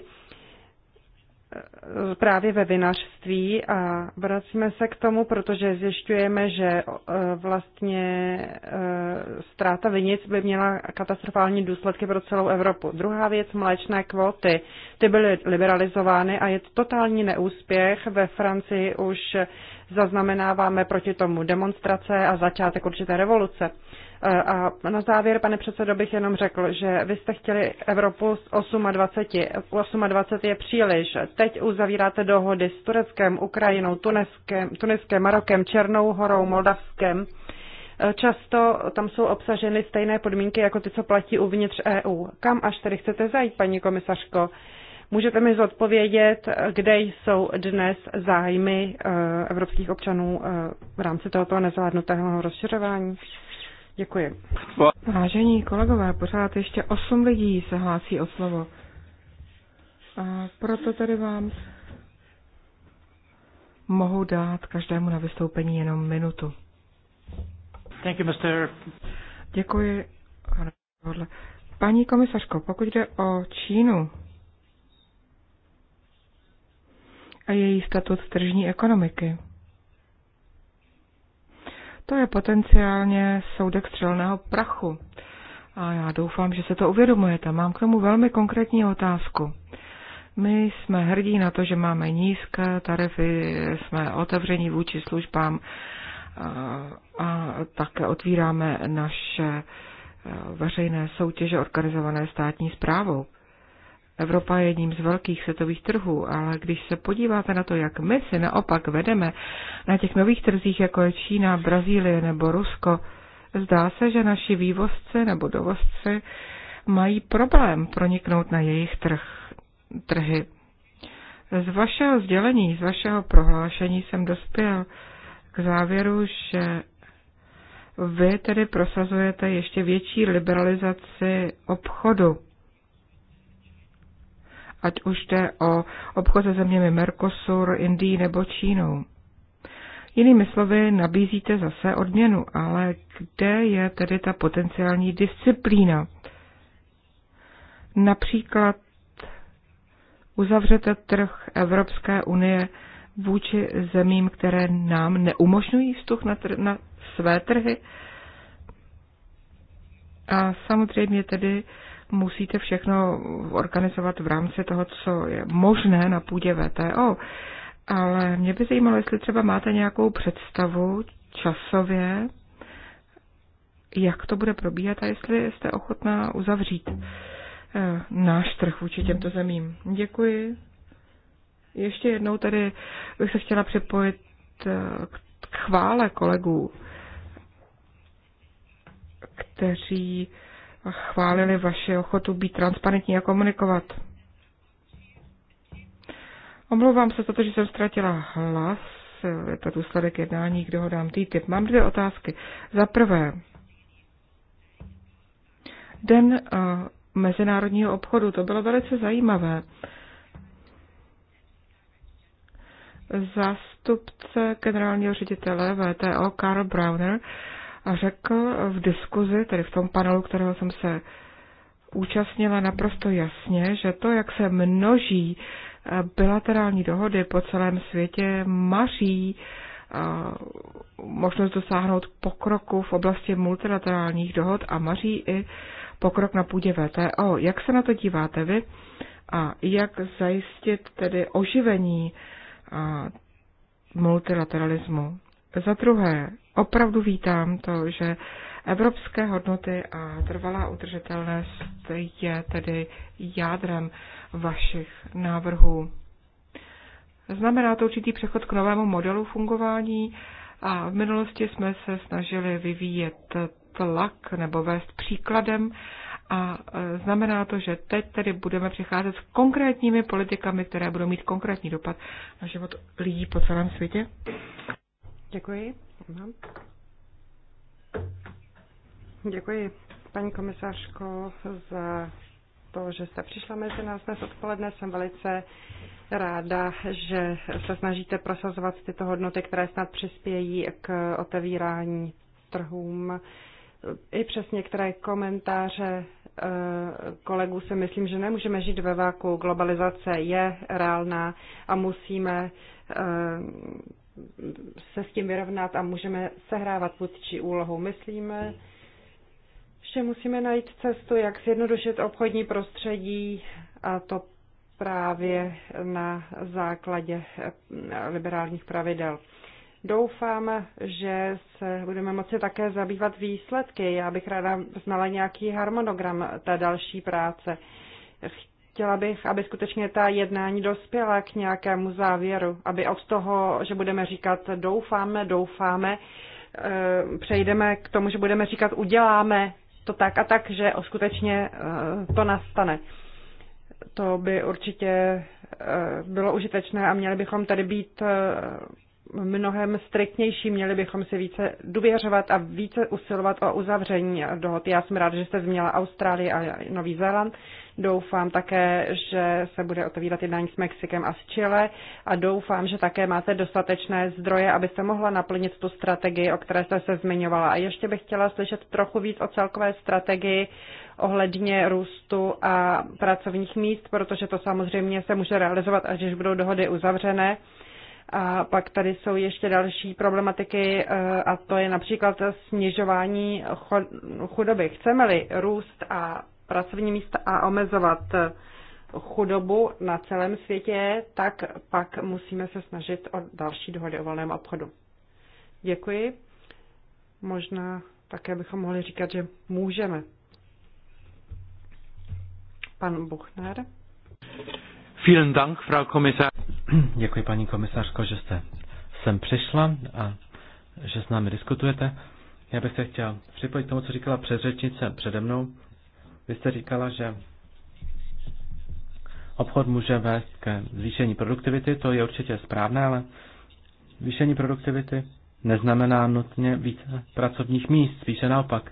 právě ve vinařství a vracíme se k tomu, protože zjišťujeme, že eh, vlastně eh, ztráta vinic by měla katastrofální důsledky pro celou Evropu. Druhá věc, mléčné kvóty, ty byly liberalizovány a je to totální neúspěch. Ve Francii už zaznamenáváme proti tomu demonstrace a začátek určité revoluce. A na závěr, pane předsedo, bych jenom řekl, že vy jste chtěli Evropu z 28. 28 je příliš. Teď uzavíráte dohody s Tureckem, Ukrajinou, Tuneskem, Tuniskem, Marokem, Černou horou, Moldavskem. Často tam jsou obsaženy stejné podmínky jako ty, co platí uvnitř EU. Kam až tedy chcete zajít, paní komisařko? Můžete mi zodpovědět, kde jsou dnes zájmy eh, evropských občanů eh, v rámci tohoto nezvládnutého rozšiřování? Děkuji. Vážení kolegové, pořád ještě osm lidí se hlásí o slovo. A proto tady vám mohu dát každému na vystoupení jenom minutu. Thank you, Mr. Děkuji. Paní komisařko, pokud jde o Čínu a její statut tržní ekonomiky, to je potenciálně soudek střelného prachu. A já doufám, že se to uvědomujete. Mám k tomu velmi konkrétní otázku. My jsme hrdí na to, že máme nízké tarify, jsme otevření vůči službám a také otvíráme naše e, veřejné soutěže organizované státní zprávou. Evropa je jedním z velkých světových trhů, ale když se podíváte na to, jak my si naopak vedeme na těch nových trzích, jako je Čína, Brazílie nebo Rusko, zdá se, že naši vývozci nebo dovozci mají problém proniknout na jejich trh, trhy. Z vašeho sdělení, z vašeho prohlášení jsem dospěl k závěru, že vy tedy prosazujete ještě větší liberalizaci obchodu ať už jde o obchod se zeměmi Mercosur, Indii nebo Čínou. Jinými slovy, nabízíte zase odměnu, ale kde je tedy ta potenciální disciplína? Například uzavřete trh Evropské unie vůči zemím, které nám neumožňují vstup na, tr- na své trhy. A samozřejmě tedy musíte všechno organizovat v rámci toho, co je možné na půdě VTO. Ale mě by zajímalo, jestli třeba máte nějakou představu časově, jak to bude probíhat a jestli jste ochotná uzavřít eh, náš trh vůči těmto zemím. Děkuji. Ještě jednou tady bych se chtěla připojit eh, k chvále kolegů, kteří a chválili vaši ochotu být transparentní a komunikovat. Omlouvám se za to, že jsem ztratila hlas. Je to důsledek jednání k dohodám TTIP. Mám dvě otázky. Za prvé, den eh, mezinárodního obchodu, to bylo velice zajímavé. Zástupce generálního ředitele VTO Karl Browner řekl v diskuzi, tedy v tom panelu, kterého jsem se účastnila naprosto jasně, že to, jak se množí eh, bilaterální dohody po celém světě, maří eh, možnost dosáhnout pokroku v oblasti multilaterálních dohod a maří i pokrok na půdě VTO. Jak se na to díváte vy a jak zajistit tedy oživení eh, multilateralismu? Za druhé, opravdu vítám to, že evropské hodnoty a trvalá udržitelnost je tedy jádrem vašich návrhů. Znamená to určitý přechod k novému modelu fungování a v minulosti jsme se snažili vyvíjet tlak nebo vést příkladem a e, znamená to, že teď tedy budeme přicházet s konkrétními politikami, které budou mít konkrétní dopad na život lidí po celém světě. Děkuji. Děkuji, paní komisařko, za to, že jste přišla mezi nás dnes odpoledne. Jsem velice ráda, že se snažíte prosazovat tyto hodnoty, které snad přispějí k otevírání trhům. I přes některé komentáře eh, kolegů si myslím, že nemůžeme žít ve váku. Globalizace je reálná a musíme eh, se s tím vyrovnat a můžeme sehrávat vůdčí úlohu. Myslíme, že musíme najít cestu, jak zjednodušit obchodní prostředí a to právě na základě eh, liberálních pravidel. Doufám, že se budeme moci také zabývat výsledky. Já bych ráda znala nějaký harmonogram té další práce chtěla bych, aby skutečně ta jednání dospěla k nějakému závěru, aby od toho, že budeme říkat doufáme, doufáme, eh, přejdeme k tomu, že budeme říkat uděláme to tak a tak, že skutečně eh, to nastane. To by určitě eh, bylo užitečné a měli bychom tady být mnohem striktnější, měli bychom si více důvěřovat a více usilovat o uzavření dohod. Já jsem rád, že jste změla Austrálii a Nový Zéland. Doufám také, že se bude otevírat jednání s Mexikem a s Chile a doufám, že také máte dostatečné zdroje, abyste mohla naplnit tu strategii, o které jste se zmiňovala. A ještě bych chtěla slyšet trochu víc o celkové strategii ohledně růstu a pracovních míst, protože to samozřejmě se může realizovat, až když budou dohody uzavřené. A pak tady jsou ještě další problematiky eh, a to je například snižování chudoby. Chceme-li růst a pracovní místa a omezovat chudobu na celém světě, tak pak musíme se snažit o další dohody o volném obchodu. Děkuji. Možná také bychom mohli říkat, že můžeme. Pan Buchner. Vielen Dank, Frau Kommissar. [clears throat] Děkuji, paní komisařko, že jste sem přišla a že s námi diskutujete. Já bych se chtěl připojit tomu, co říkala předřečnice přede mnou. Vy jste říkala, že obchod může vést ke zvýšení produktivity, to je určitě správné, ale zvýšení produktivity neznamená nutně více pracovních míst, spíše naopak.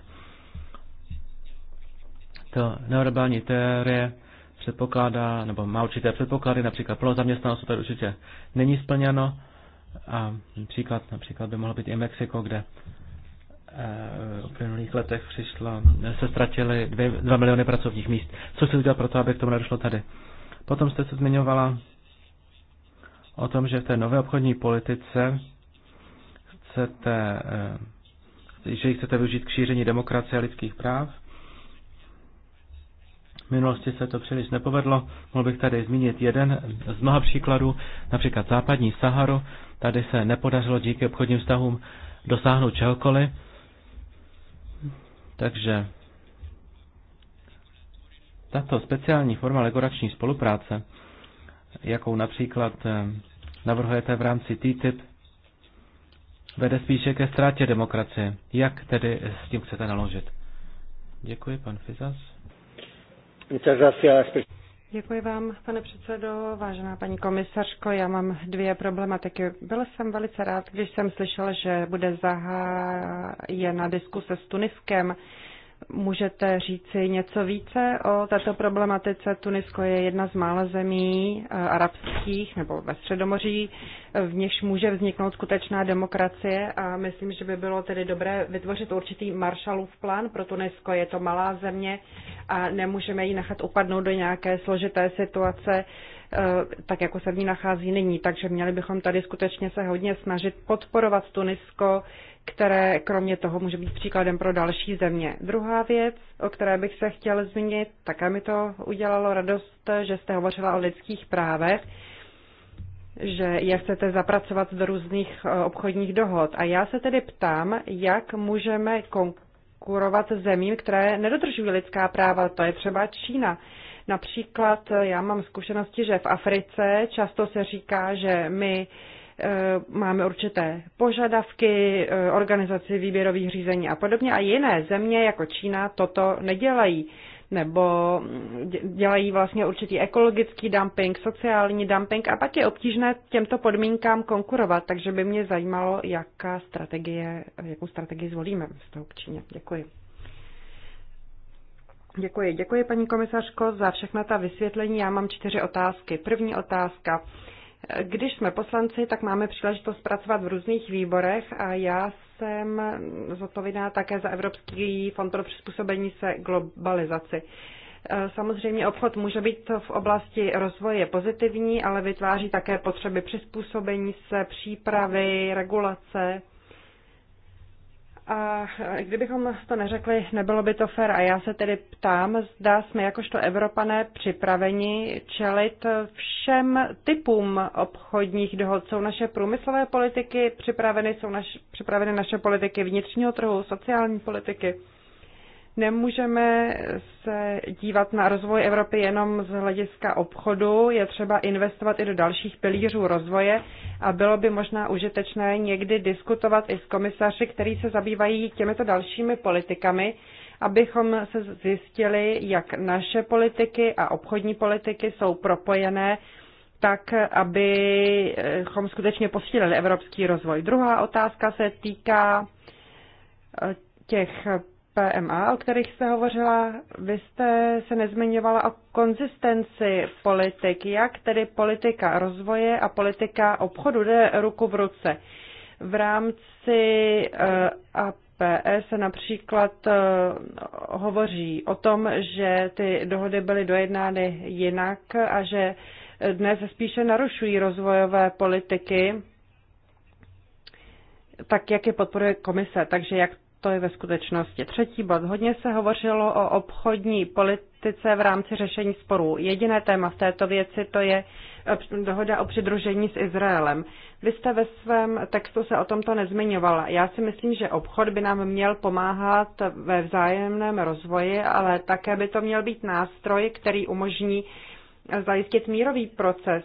To neurobální teorie předpokládá, nebo má určité předpoklady, například plno zaměstnanost, to určitě není splněno. A příklad, například by mohlo být i Mexiko, kde eh, v uplynulých letech přišlo, se ztratily 2 miliony pracovních míst. Co se udělal pro to, aby k tomu nedošlo tady? Potom jste se zmiňovala o tom, že v té nové obchodní politice chcete, eh, že ji chcete využít k šíření demokracie a lidských práv minulosti se to příliš nepovedlo. Mohl bych tady zmínit jeden z mnoha příkladů, například západní Saharu. Tady se nepodařilo díky obchodním vztahům dosáhnout čehokoliv. Takže tato speciální forma legorační spolupráce, jakou například eh, navrhujete v rámci TTIP, vede spíše ke ztrátě demokracie. Jak tedy s tím chcete naložit? Děkuji, pan Fizas. Děkuji vám, pane předsedo. Vážená paní komisařko, já mám dvě problematiky. Byl jsem velice rád, když jsem slyšel, že bude zahájena diskuse s Tuniskem. Můžete říci něco více o této problematice? Tunisko je jedna z mála zemí eh, arabských nebo ve Středomoří, eh, v něž může vzniknout skutečná demokracie a myslím, že by bylo tedy dobré vytvořit určitý Marshallův plán pro Tunisko. Je to malá země a nemůžeme ji nechat upadnout do nějaké složité situace, Eh, tak jako se v ní nachází nyní. Takže měli bychom tady skutečně se hodně snažit podporovat Tunisko, které kromě toho může být příkladem pro další země. Druhá věc, o které bych se chtěl zmínit, také mi to udělalo radost, že jste hovořila o lidských právech že je chcete zapracovat do různých eh, obchodních dohod. A já se tedy ptám, jak můžeme konkurovat zemím, které nedodržují lidská práva, to je třeba Čína. Například eh, já mám zkušenosti, že v Africe často se říká, že my eh, máme určité požadavky, eh, organizaci výběrových řízení a podobně a jiné země jako Čína toto nedělají nebo mm, dělají vlastně určitý ekologický dumping, sociální dumping a pak je obtížné těmto podmínkám konkurovat, takže by mě zajímalo, jaká strategie, jakou strategii zvolíme z toho k Číně. Děkuji. Děkuji. Děkuji, paní komisařko, za všechna ta vysvětlení. Já mám čtyři otázky. První otázka. Když jsme poslanci, tak máme příležitost pracovat v různých výborech a já jsem zodpovědná také za Evropský fond pro přizpůsobení se globalizaci. Samozřejmě obchod může být v oblasti rozvoje pozitivní, ale vytváří také potřeby přizpůsobení se, přípravy, regulace a kdybychom to neřekli, nebylo by to fér. A já se tedy ptám, zda jsme jakožto Evropané připraveni čelit všem typům obchodních dohod. Jsou naše průmyslové politiky připraveny, jsou naš, připraveny naše politiky vnitřního trhu, sociální politiky. Nemůžeme se dívat na rozvoj Evropy jenom z hlediska obchodu, je třeba investovat i do dalších pilířů rozvoje a bylo by možná užitečné někdy diskutovat i s komisaři, kteří se zabývají těmito dalšími politikami, abychom se zjistili, jak naše politiky a obchodní politiky jsou propojené, tak abychom skutečně posílili evropský rozvoj. Druhá otázka se týká eh, těch PMA, o kterých jste hovořila, vy jste se nezmiňovala o konzistenci politik. Jak tedy politika rozvoje a politika obchodu jde ruku v ruce? V rámci eh, APS například eh, hovoří o tom, že ty dohody byly dojednány jinak a že dnes spíše narušují rozvojové politiky tak jak je podporuje komise. Takže jak to je ve skutečnosti třetí bod. Hodně se hovořilo o obchodní politice v rámci řešení sporů. Jediné téma v této věci to je eh, dohoda o přidružení s Izraelem. Vy jste ve svém textu se o tomto nezmiňovala. Já si myslím, že obchod by nám měl pomáhat ve vzájemném rozvoji, ale také by to měl být nástroj, který umožní zajistit mírový proces,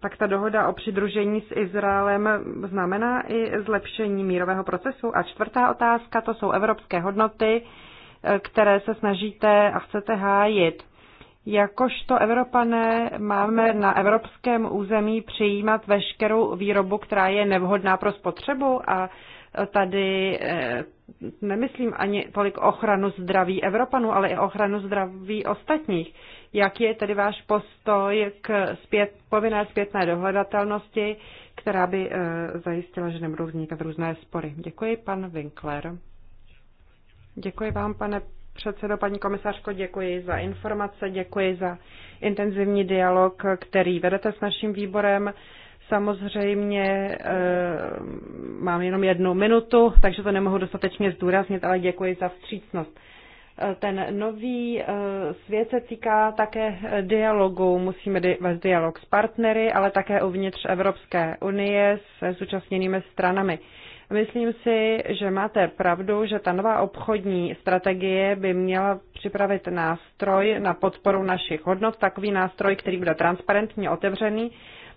tak ta dohoda o přidružení s Izraelem znamená i zlepšení mírového procesu. A čtvrtá otázka, to jsou evropské hodnoty, eh, které se snažíte a chcete hájit. Jakožto Evropané máme na evropském území přijímat veškerou výrobu, která je nevhodná pro spotřebu a eh, tady eh, nemyslím ani tolik ochranu zdraví Evropanů, ale i ochranu zdraví ostatních. Jak je tedy váš postoj k zpět, povinné zpětné dohledatelnosti, která by eh, zajistila, že nebudou vznikat různé spory? Děkuji, pan Winkler. Děkuji vám, pane předsedo, paní komisařko, děkuji za informace, děkuji za intenzivní dialog, který vedete s naším výborem. Samozřejmě eh, mám jenom jednu minutu, takže to nemohu dostatečně zdůraznit, ale děkuji za vstřícnost. Ten nový eh, svět se týká také dialogu. Musíme vést dialog s partnery, ale také uvnitř Evropské unie se zúčastněnými stranami. Myslím si, že máte pravdu, že ta nová obchodní strategie by měla připravit nástroj na podporu našich hodnot, takový nástroj, který bude transparentně otevřený.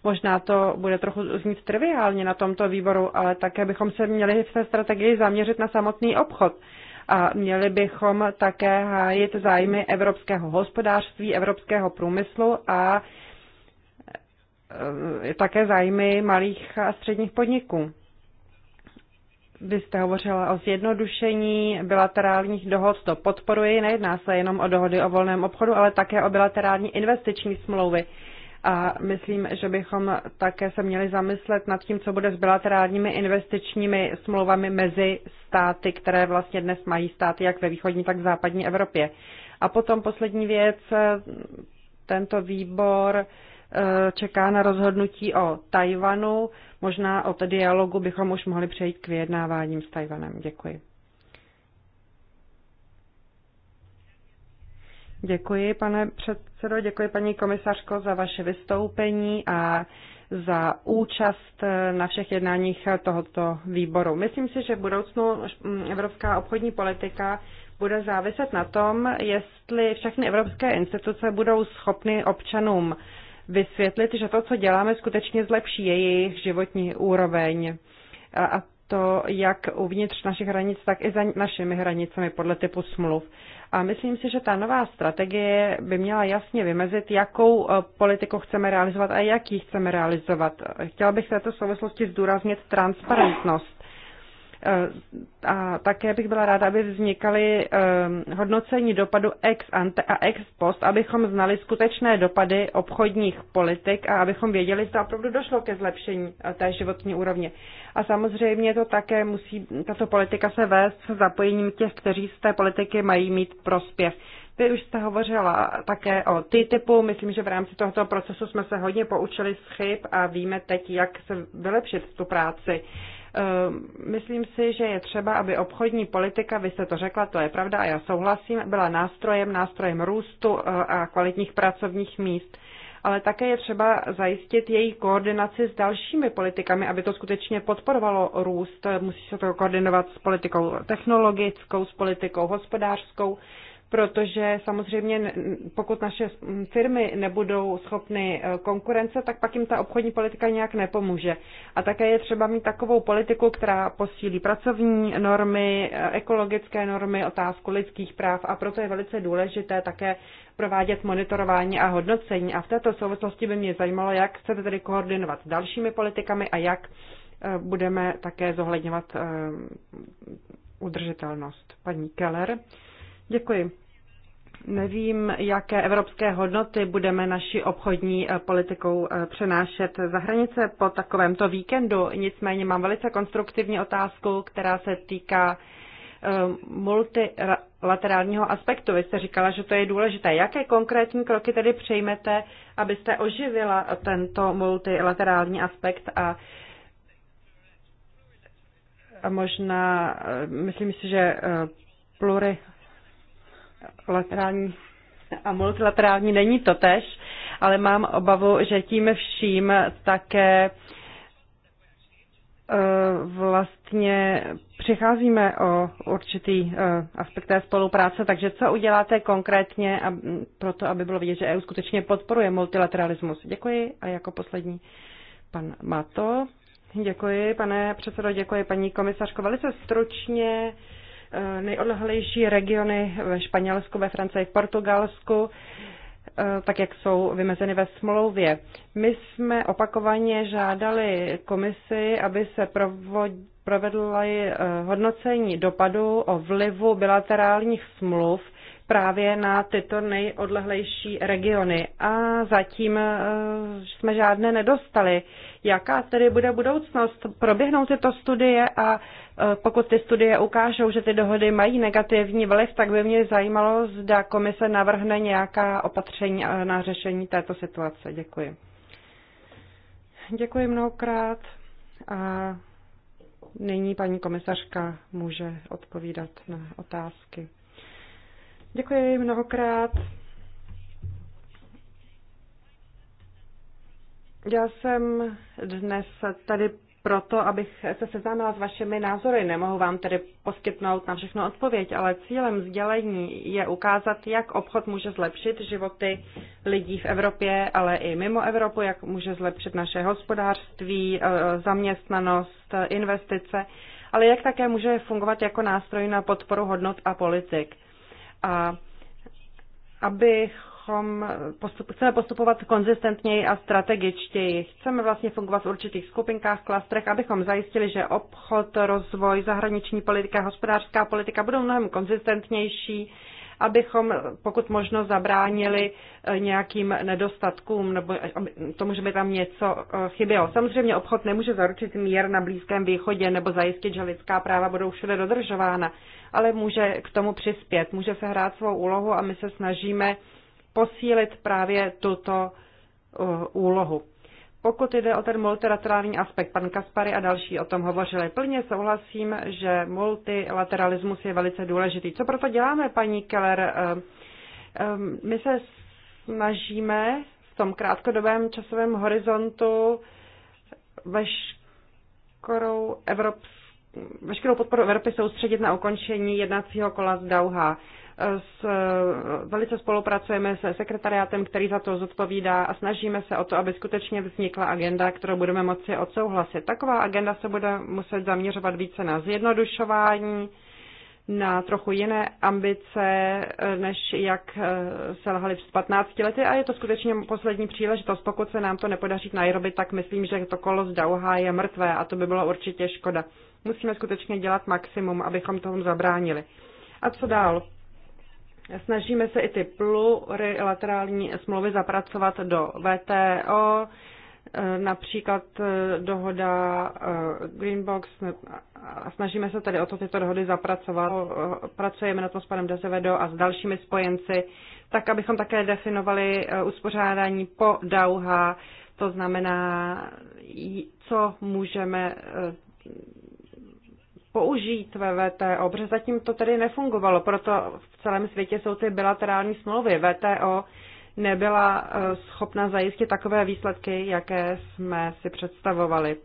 Možná to bude trochu znít triviálně na tomto výboru, ale také bychom se měli v té strategii zaměřit na samotný obchod a měli bychom také hájit zájmy evropského hospodářství, evropského průmyslu a e, také zájmy malých a středních podniků. Vy jste hovořila o zjednodušení bilaterálních dohod, to podporuji. Nejedná se jenom o dohody o volném obchodu, ale také o bilaterální investiční smlouvy a myslím, že bychom také se měli zamyslet nad tím, co bude s bilaterálními investičními smlouvami mezi státy, které vlastně dnes mají státy jak ve východní, tak v západní Evropě. A potom poslední věc, tento výbor eh, čeká na rozhodnutí o Tajvanu. Možná od dialogu bychom už mohli přejít k vyjednáváním s Tajvanem. Děkuji. Děkuji, pane před, předsedo, děkuji paní komisařko za vaše vystoupení a za účast na všech jednáních tohoto výboru. Myslím si, že v budoucnu evropská obchodní politika bude záviset na tom, jestli všechny evropské instituce budou schopny občanům vysvětlit, že to, co děláme, skutečně zlepší jejich životní úroveň. A to jak uvnitř našich hranic, tak i za našimi hranicemi podle typu smluv. A myslím si, že ta nová strategie by měla jasně vymezit, jakou e, politiku chceme realizovat a jak ji chceme realizovat. Chtěla bych v této souvislosti zdůraznit transparentnost. Eh, a také bych byla ráda, aby vznikaly eh, hodnocení dopadu ex ante a ex post, abychom znali skutečné dopady obchodních politik a abychom věděli, zda opravdu došlo ke zlepšení eh, té životní úrovně. A samozřejmě to také musí, tato politika se vést s zapojením těch, kteří z té politiky mají mít prospěch. Vy už jste hovořila také o T-typu. Myslím, že v rámci tohoto procesu jsme se hodně poučili z chyb a víme teď, jak se vylepšit tu práci. Ehm, myslím si, že je třeba, aby obchodní politika, vy jste to řekla, to je pravda a já souhlasím, byla nástrojem, nástrojem růstu eh, a kvalitních pracovních míst ale také je třeba zajistit její koordinaci s dalšími politikami, aby to skutečně podporovalo růst. Musí se to koordinovat s politikou technologickou, s politikou hospodářskou, protože samozřejmě pokud naše firmy nebudou schopny e, konkurence, tak pak jim ta obchodní politika nějak nepomůže. A také je třeba mít takovou politiku, která posílí pracovní normy, e, ekologické normy, otázku lidských práv a proto je velice důležité také provádět monitorování a hodnocení. A v této souvislosti by mě zajímalo, jak chcete tedy koordinovat s dalšími politikami a jak e, budeme také zohledňovat udržitelnost. Paní Keller. Děkuji. Nevím, jaké evropské hodnoty budeme naší obchodní eh, politikou eh, přenášet za hranice po takovémto víkendu. Nicméně mám velice konstruktivní otázku, která se týká eh, multilaterálního aspektu. Vy jste říkala, že to je důležité. Jaké konkrétní kroky tedy přejmete, abyste oživila tento multilaterální aspekt a a možná, myslím si, že plury laterální a multilaterální není to tež, ale mám obavu, že tím vším také e, vlastně přicházíme o určitý e, aspekt té spolupráce, takže co uděláte konkrétně pro to, aby bylo vidět, že EU skutečně podporuje multilateralismus? Děkuji a jako poslední pan Mato. Děkuji, pane předsedo, děkuji paní komisařko. Velice stručně Eh, nejodlehlejší regiony ve Španělsku, ve Francii, v Portugalsku, eh, tak jak jsou vymezeny ve smlouvě. My jsme opakovaně žádali komisi, aby se provedla eh, hodnocení dopadu o vlivu bilaterálních smluv právě na tyto nejodlehlejší regiony. A zatím eh, jsme žádné nedostali. Jaká tedy bude budoucnost? Proběhnou tyto studie a eh, pokud ty studie ukážou, že ty dohody mají negativní vliv, tak by mě zajímalo, zda komise navrhne nějaká opatření eh, na řešení této situace. Děkuji. Děkuji mnohokrát. A nyní paní komisařka může odpovídat na otázky. Děkuji mnohokrát. Já jsem dnes tady proto, abych se seznámila s vašimi názory. Nemohu vám tedy poskytnout na všechno odpověď, ale cílem sdělení je ukázat, jak obchod může zlepšit životy lidí v Evropě, ale i mimo Evropu, jak může zlepšit naše hospodářství, eh, zaměstnanost, eh, investice, ale jak také může fungovat jako nástroj na podporu hodnot a politik a abychom postup, chceme postupovat konzistentněji a strategičtěji. Chceme vlastně fungovat v určitých skupinkách, klastrech, abychom zajistili, že obchod, rozvoj, zahraniční politika, hospodářská politika budou mnohem konzistentnější abychom pokud možno zabránili eh, nějakým nedostatkům nebo eh, tomu, že by tam něco eh, chybělo. Samozřejmě obchod nemůže zaručit mír na Blízkém východě nebo zajistit, že lidská práva budou všude dodržována, ale může k tomu přispět, může se hrát svou úlohu a my se snažíme posílit právě tuto úlohu. Pokud jde o ten multilaterální aspekt, pan Kaspary a další o tom hovořili, plně souhlasím, že multilateralismus je velice důležitý. Co proto děláme, paní Keller? Eh, eh, my se snažíme v tom krátkodobém časovém horizontu veškerou, Evrop, veškerou podporu Evropy soustředit na ukončení jednacího kola z Dauha s, velice spolupracujeme se sekretariátem, který za to zodpovídá a snažíme se o to, aby skutečně vznikla agenda, kterou budeme moci odsouhlasit. Taková agenda se bude muset zaměřovat více na zjednodušování, na trochu jiné ambice, než jak eh, se lhali před 15 lety a je to skutečně poslední příležitost. Pokud se nám to nepodaří v Nairobi, tak myslím, že to kolo z Dauha je mrtvé a to by bylo určitě škoda. Musíme skutečně dělat maximum, abychom tomu zabránili. A co dál? Snažíme se i ty plurilaterální smlouvy zapracovat do VTO, například e, dohoda e, Greenbox, e, snažíme se tady o to tyto dohody zapracovat. Pracujeme na tom s panem Dezevedo a s dalšími spojenci, tak abychom také definovali uspořádání po Dauha, to znamená, co můžeme použít VVTO, protože zatím to tedy nefungovalo, proto v celém světě jsou ty bilaterální smlouvy. VTO nebyla eh, schopna zajistit takové výsledky, jaké jsme si představovali.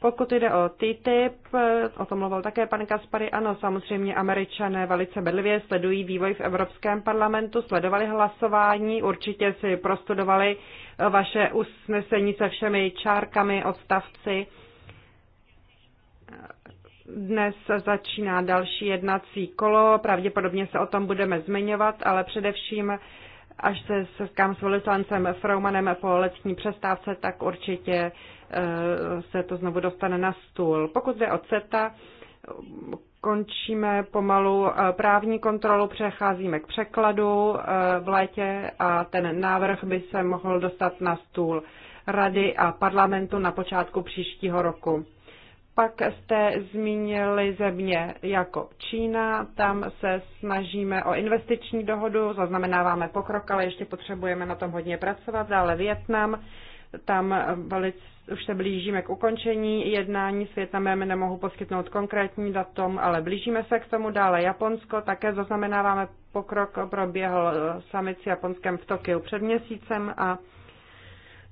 Pokud jde o TTIP, eh, o tom mluvil také pan Kaspary, ano, samozřejmě američané velice bedlivě sledují vývoj v Evropském parlamentu, sledovali hlasování, určitě si prostudovali eh, vaše usnesení se všemi čárkami, odstavci. Dnes začíná další jednací kolo, pravděpodobně se o tom budeme zmiňovat, ale především, až se setkám s velislancem Fraumanem po letní přestávce, tak určitě eh, se to znovu dostane na stůl. Pokud jde o CETA, končíme pomalu eh, právní kontrolu, přecházíme k překladu eh, v létě a ten návrh by se mohl dostat na stůl Rady a parlamentu na počátku příštího roku. Pak jste zmínili země jako Čína, tam se snažíme o investiční dohodu, zaznamenáváme pokrok, ale ještě potřebujeme na tom hodně pracovat. Dále Větnam, tam velice, už se blížíme k ukončení jednání s Větnamem, nemohu poskytnout konkrétní datum, ale blížíme se k tomu. Dále Japonsko, také zaznamenáváme pokrok, proběhl summit s Japonskem v Tokiu před měsícem a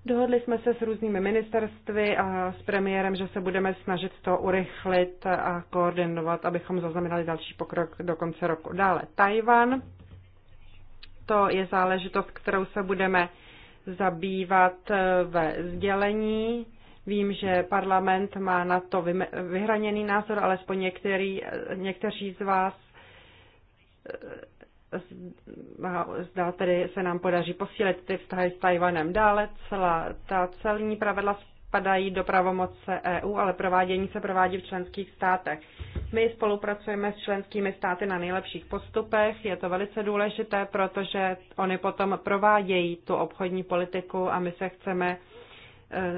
Dohodli jsme se s různými ministerstvy a s premiérem, že se budeme snažit to urychlit a koordinovat, abychom zaznamenali další pokrok do konce roku. Dále Tajvan. To je záležitost, kterou se budeme zabývat eh, ve sdělení. Vím, že parlament má na to vyhraněný názor, alespoň některý, eh, někteří z vás eh, zda tedy se nám podaří posílit ty vztahy s Tajvanem dále. Celá ta celní pravidla spadají do pravomoce EU, ale provádění se provádí v členských státech. My spolupracujeme s členskými státy na nejlepších postupech. Je to velice důležité, protože oni potom provádějí tu obchodní politiku a my se chceme e,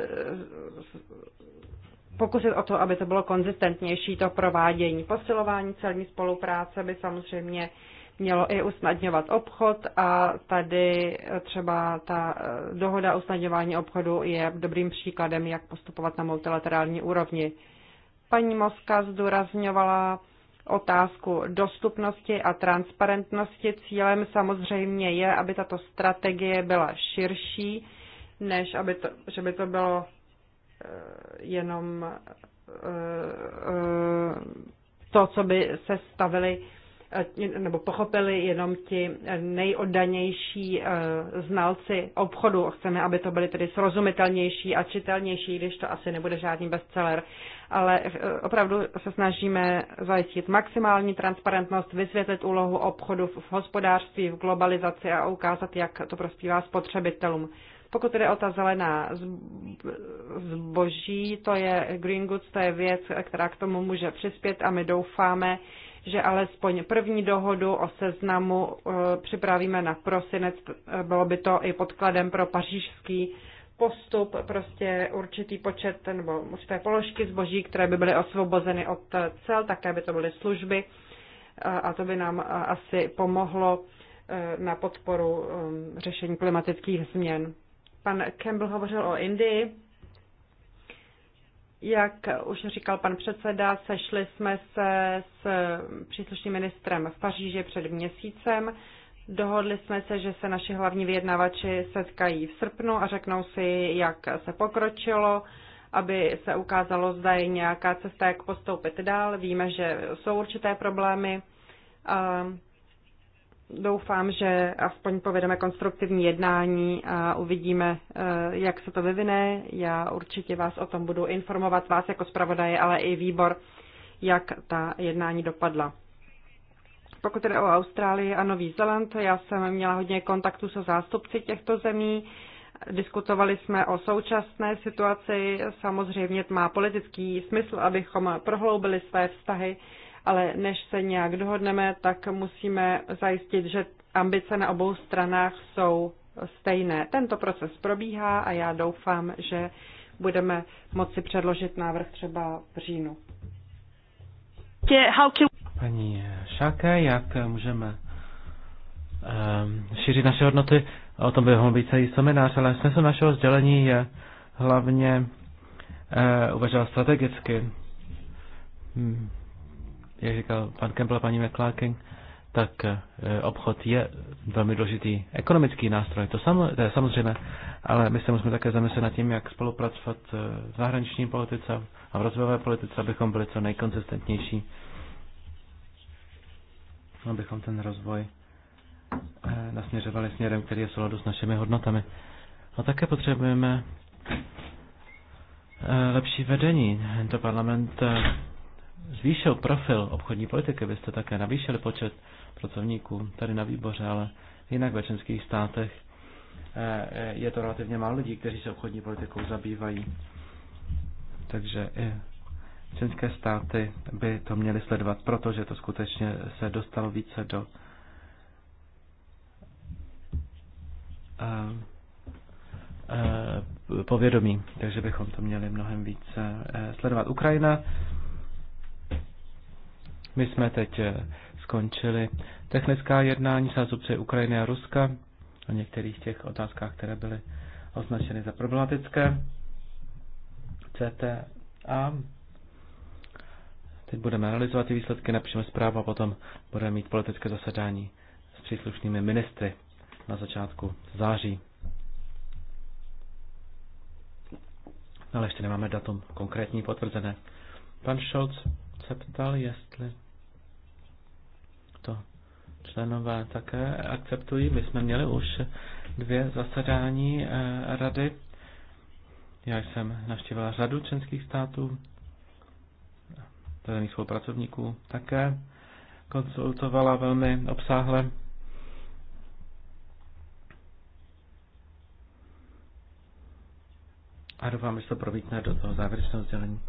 pokusit o to, aby to bylo konzistentnější, to provádění. Posilování celní spolupráce by samozřejmě mělo i usnadňovat obchod a tady třeba ta eh, dohoda usnadňování obchodu je dobrým příkladem, jak postupovat na multilaterální úrovni. Paní Moska zdůrazňovala otázku dostupnosti a transparentnosti. Cílem samozřejmě je, aby tato strategie byla širší, než aby to, že by to bylo eh, jenom eh, to, co by se stavili Eh, nebo pochopili jenom ti nejoddanější eh, znalci obchodu. Chceme, aby to byly tedy srozumitelnější a čitelnější, když to asi nebude žádný bestseller. Ale eh, opravdu se snažíme zajistit maximální transparentnost, vysvětlit úlohu obchodu v hospodářství, v globalizaci a ukázat, jak to prospívá spotřebitelům. Pokud jde o ta zelená zboží, to je Green Goods, to je věc, která k tomu může přispět a my doufáme, že alespoň první dohodu o seznamu eh, připravíme na prosinec. Bylo by to i podkladem pro pařížský postup, prostě určitý počet nebo určité položky zboží, které by byly osvobozeny od cel, také by to byly služby eh, a to by nám eh, asi pomohlo na podporu řešení klimatických změn. Pan Campbell hovořil o Indii. Jak už říkal pan předseda, sešli jsme se s příslušným ministrem v Paříži před měsícem. Dohodli jsme se, že se naši hlavní vyjednavači setkají v srpnu a řeknou si, jak se pokročilo, aby se ukázalo, zda je nějaká cesta, jak postoupit dál. Víme, že jsou určité problémy doufám, že aspoň povedeme konstruktivní jednání a uvidíme, eh, jak se to vyvine. Já určitě vás o tom budu informovat, vás jako zpravodaje, ale i výbor, jak ta jednání dopadla. Pokud jde o Austrálii a Nový Zéland, já jsem měla hodně kontaktů se zástupci těchto zemí. Diskutovali jsme o současné situaci. Samozřejmě má politický smysl, abychom prohloubili své vztahy ale než se nějak dohodneme, tak musíme zajistit, že ambice na obou stranách jsou stejné. Tento proces probíhá a já doufám, že budeme moci předložit návrh třeba v říjnu. Paní Šáke, jak můžeme um, šířit naše hodnoty? O tom by mohl být celý seminář, ale smysl našeho sdělení je hlavně uh, uvažovat strategicky. Hmm jak říkal pan Kempel a paní McClarkin, tak eh, obchod je velmi důležitý ekonomický nástroj. To, sam, to je samozřejmě, ale my se musíme také zamyslet nad tím, jak spolupracovat eh, v zahraniční politice a v rozvojové politice, abychom byli co nejkonzistentnější, abychom ten rozvoj eh, nasměřovali směrem, který je souladu s našimi hodnotami. A také potřebujeme lepší vedení. Tento parlament zvýšil profil obchodní politiky, vy jste také navýšili počet pracovníků tady na výboře, ale jinak ve členských státech eh, eh, je to relativně málo lidí, kteří se obchodní politikou zabývají. Takže i členské státy by to měly sledovat, protože to skutečně se dostalo více do eh, povědomí, takže bychom to měli mnohem více sledovat. Ukrajina my jsme teď eh, skončili technická jednání zástupce Ukrajiny a Ruska o některých těch otázkách, které byly označeny za problematické. CTA. Teď budeme analyzovat ty výsledky, napíšeme zprávu a potom budeme mít politické zasedání s příslušnými ministry na začátku září. Ale ještě nemáme datum konkrétní potvrzené. Pan Scholz se ptal, jestli to členové také akceptují. My jsme měli už dvě zasedání eh, rady. Já jsem navštívila řadu členských států, tedy mých spolupracovníků také konsultovala velmi obsáhle. A doufám, že se to provítne do toho závěrečného sdělení.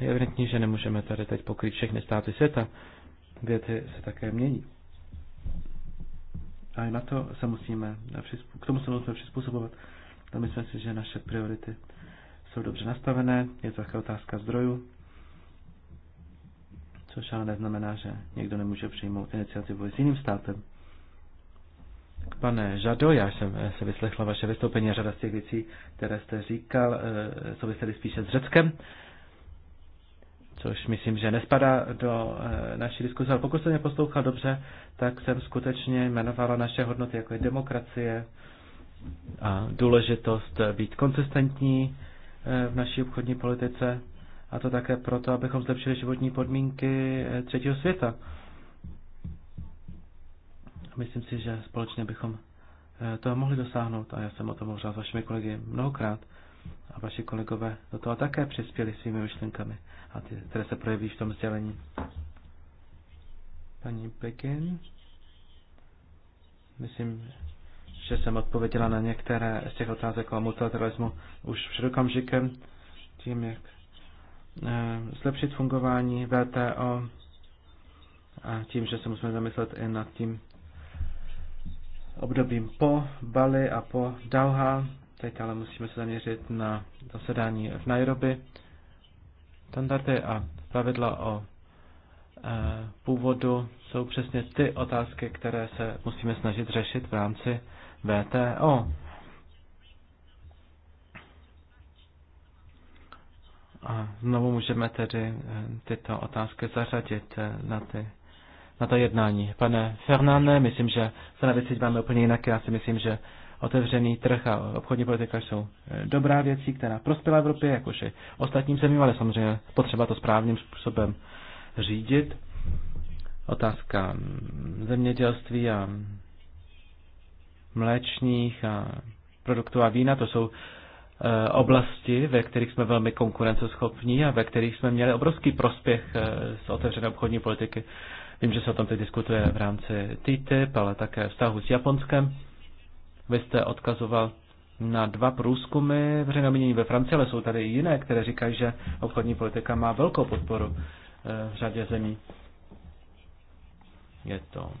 Je evidentní, že nemůžeme tady teď pokrýt všechny státy světa, věci se také mění. A i na to se musíme, k tomu se musíme přizpůsobovat. A myslím si, že naše priority jsou dobře nastavené, je to také otázka zdrojů, což ale neznamená, že někdo nemůže přijmout iniciativu s jiným státem. Pane Žado, já jsem eh, se vyslechla vaše vystoupení a řada z těch věcí, které jste říkal, eh, souvisely spíše s Řeckem což myslím, že nespadá do eh, naší diskuse. ale pokud jsem mě poslouchal dobře, tak jsem skutečně jmenovala naše hodnoty, jako je demokracie a důležitost být konsistentní eh, v naší obchodní politice a to také proto, abychom zlepšili životní podmínky eh, třetího světa. Myslím si, že společně bychom to mohli dosáhnout a já jsem o tom hovořil s vašimi kolegy mnohokrát a vaši kolegové do toho také přispěli svými myšlenkami a ty, které se projeví v tom sdělení. Paní Pekin, myslím, že jsem odpověděla na některé z těch otázek o multilateralismu už před okamžikem, tím, jak eh, zlepšit fungování VTO a tím, že se musíme zamyslet i nad tím obdobím po Bali a po Dauha. Teď ale musíme se zaměřit na zasedání v Nairobi. Standardy a pravidla o eh, původu jsou přesně ty otázky, které se musíme snažit řešit v rámci VTO. A znovu můžeme tedy eh, tyto otázky zařadit eh, na, ty, na to jednání. Pane Fernáne, myslím, že se na věci díváme úplně jinak. Já si myslím, že otevřený trh a obchodní politika jsou eh, dobrá věcí, která prospěla Evropě, jakože ostatním zemím, ale samozřejmě potřeba to správným způsobem řídit. Otázka mm, zemědělství a mléčních a produktů a vína, to jsou eh, oblasti, ve kterých jsme velmi konkurenceschopní a ve kterých jsme měli obrovský prospěch eh, z otevřené obchodní politiky. Vím, že se o tom teď diskutuje v rámci TTIP, ale také vztahu s Japonskem. Vy jste odkazoval na dva průzkumy veřejného mínění ve Francii, ale jsou tady i jiné, které říkají, že obchodní politika má velkou podporu eh, v řadě zemí. Je to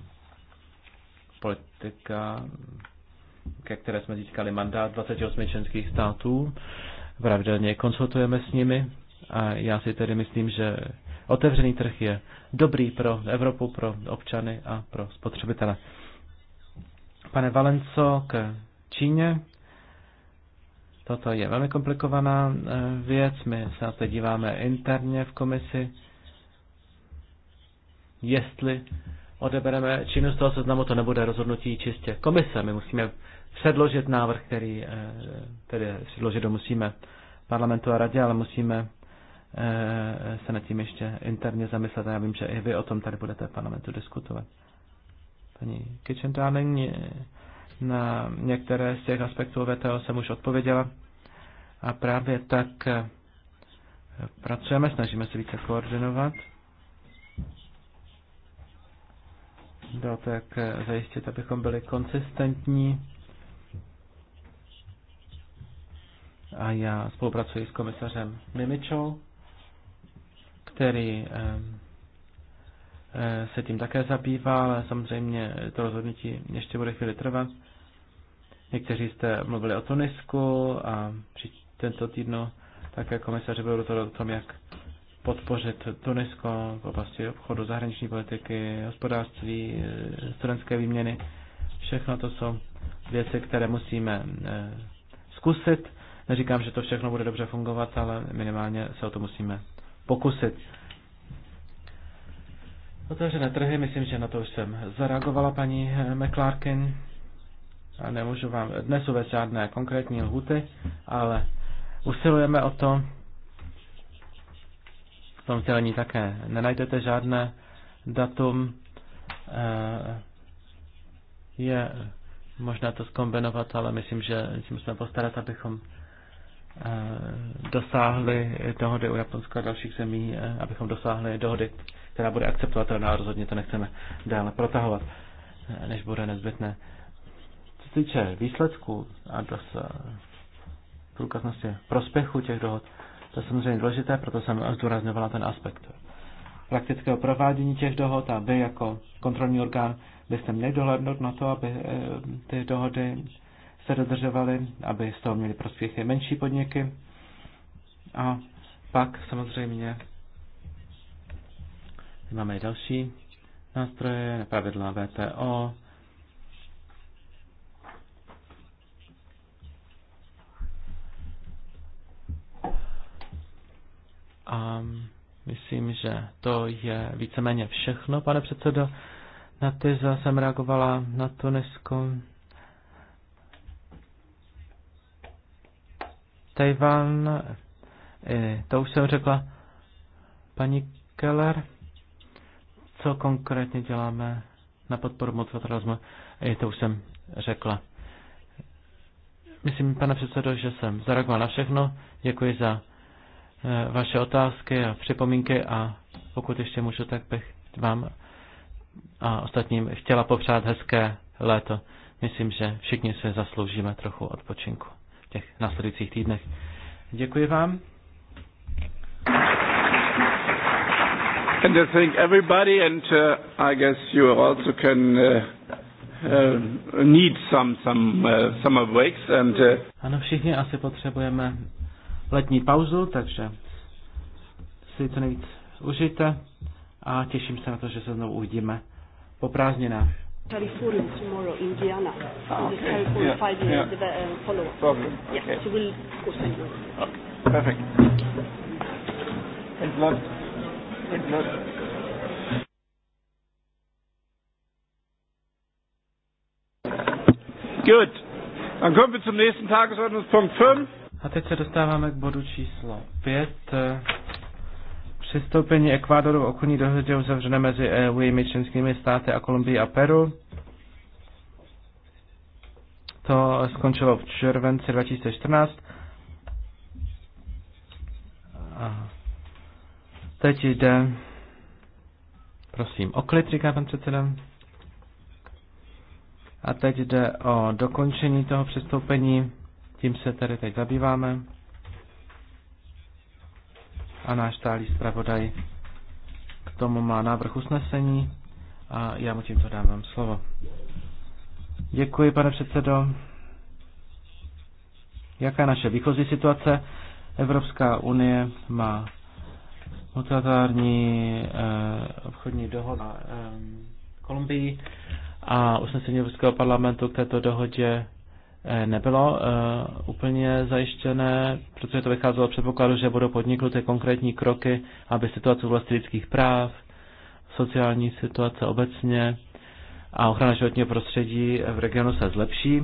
politika, ke které jsme získali mandát 28 členských států. Pravidelně konsultujeme s nimi a já si tedy myslím, že otevřený trh je dobrý pro Evropu, pro občany a pro spotřebitele pane Valenco k Číně. Toto je velmi komplikovaná e, věc, my se na to díváme interně v komisi, jestli odebereme Čínu z toho seznamu, to nebude rozhodnutí čistě komise. My musíme předložit návrh, který e, tedy předložit do musíme parlamentu a radě, ale musíme e, se nad tím ještě interně zamyslet a já vím, že i vy o tom tady budete v parlamentu diskutovat. Paní Kitchen Darling na některé z těch aspektů VTO jsem už odpověděla a právě tak eh, pracujeme, snažíme se více koordinovat. Jde jak eh, zajistit, abychom byli konsistentní. A já spolupracuji s komisařem Mimičou, který eh, Eh, se tím také zabývá, ale samozřejmě to rozhodnutí ještě bude chvíli trvat. Někteří jste mluvili o Tunisku a při tento týdnu také komisaři budou rozhodovat o tom, jak podpořit Tunisko v oblasti obchodu, zahraniční politiky, hospodářství, eh, studentské výměny. Všechno to jsou věci, které musíme eh, zkusit. Neříkám, že to všechno bude dobře fungovat, ale minimálně se o to musíme pokusit. Otevřené trhy, myslím, že na to už jsem zareagovala paní McClarkin. A nemůžu vám dnes uvést žádné konkrétní lhuty, ale usilujeme o to. V tom sdělení také nenajdete žádné datum. Eh, je možné to zkombinovat, ale myslím, že musíme postarat, abychom Eh, dosáhli dohody u Japonska a dalších zemí, eh, abychom dosáhli dohody, která bude akceptovatelná, rozhodně to nechceme dále protahovat, eh, než bude nezbytné. Co se týče výsledků a dos, průkaznosti prospěchu těch dohod, to je samozřejmě důležité, proto jsem zdůrazňovala ten aspekt praktického provádění těch dohod a vy jako kontrolní orgán byste měli dohlednout na to, aby ty dohody se dodržovaly, aby z toho měly prospěchy menší podniky. A pak samozřejmě máme i další nástroje, pravidla VTO, A myslím, že to je víceméně všechno, pane předsedo. Na ty jsem reagovala na to Tunisko. Tajvan, eh, to už jsem řekla paní Keller, co konkrétně děláme na podporu multilateralismu, eh, to už jsem řekla. Myslím, pane předsedo, že jsem zareagoval na všechno. Děkuji za eh, vaše otázky a připomínky a pokud ještě můžu, tak bych vám a ostatním chtěla popřát hezké léto. Myslím, že všichni se zasloužíme trochu odpočinku těch následujících týdnech. Děkuji vám. And I thank everybody, and uh, I guess you also can uh, uh, need some some uh, summer breaks. And uh, ano, všichni asi potřebujeme letní pauzu, takže si to nejvíc užijte a těším se na to, že se znovu uvidíme po prázdninách. California tomorrow, Indiana. Ah, okay. The yeah. five year yeah. uh, follow up. Problem. Yeah. Okay. So we'll send you. Okay. Perfect. Thanks a lot. Thanks a lot. Good. Dann kommen wir zum nächsten Tagesordnungspunkt 5. A teď se dostáváme k bodu číslo 5. Přistoupení Ekvádoru v okolní dohodě uzavřené mezi EU, jejími členskými státy a Kolumbií a Peru. To skončilo v červenci 2014. A teď jde, prosím, o klid, říká pan předseda. A teď jde o dokončení toho přistoupení. Tím se tedy teď zabýváme a náš stálý zpravodaj k tomu má návrh usnesení a já mu tímto dávám slovo. Děkuji, pane předsedo. Jaká je naše výchozí situace? Evropská unie má mutatární eh, obchodní dohoda eh, Kolumbii a usnesení Evropského parlamentu k této dohodě Eh, nebylo eh, úplně zajištěné, protože to vycházelo předpokladu, že budou podniknuty konkrétní kroky, aby situace v oblasti lidských práv, sociální situace obecně a ochrana životního prostředí v regionu se zlepší.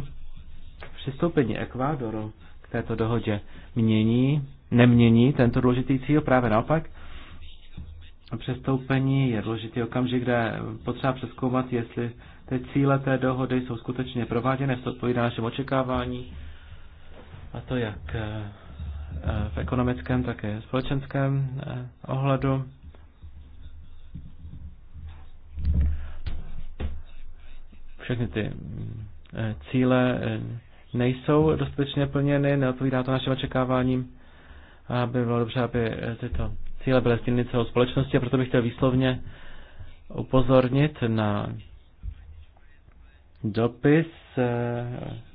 Přistoupení Ekvádoru k této dohodě mění, nemění tento důležitý cíl, právě naopak. Přestoupení je důležitý okamžik, kde potřeba přeskoumat, jestli ty cíle té dohody jsou skutečně prováděné, to odpovídá našem očekávání, a to jak eh, v ekonomickém, tak i společenském eh, ohledu. Všechny ty eh, cíle nejsou dostatečně plněny, neodpovídá to našim očekáváním, aby bylo dobře, aby tyto cíle byly stíněny celou společnosti a proto bych chtěl výslovně upozornit na dopis eh,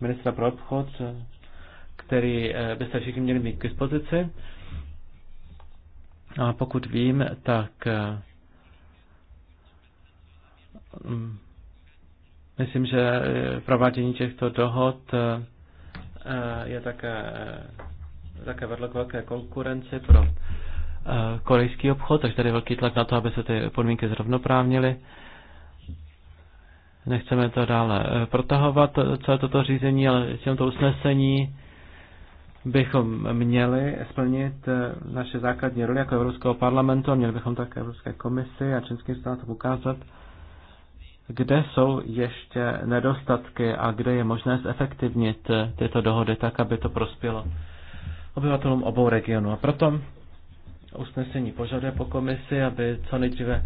ministra pro obchod, eh, který eh, byste všichni měli mít k dispozici. A pokud vím, tak mm, myslím, že provádění těchto dohod je také, také vedlo k velké konkurenci pro korejský obchod, takže tady je velký tlak na to, aby se ty podmínky zrovnoprávnily. Nechceme to dále eh, protahovat, eh, celé toto řízení, ale tímto usnesení bychom měli splnit eh, naše základní roli jako Evropského parlamentu a měli bychom také Evropské komisi a členským státům ukázat, kde jsou ještě nedostatky a kde je možné zefektivnit tyto dohody tak, aby to prospělo obyvatelům obou regionů. A proto usnesení požaduje po komisi, aby co nejdříve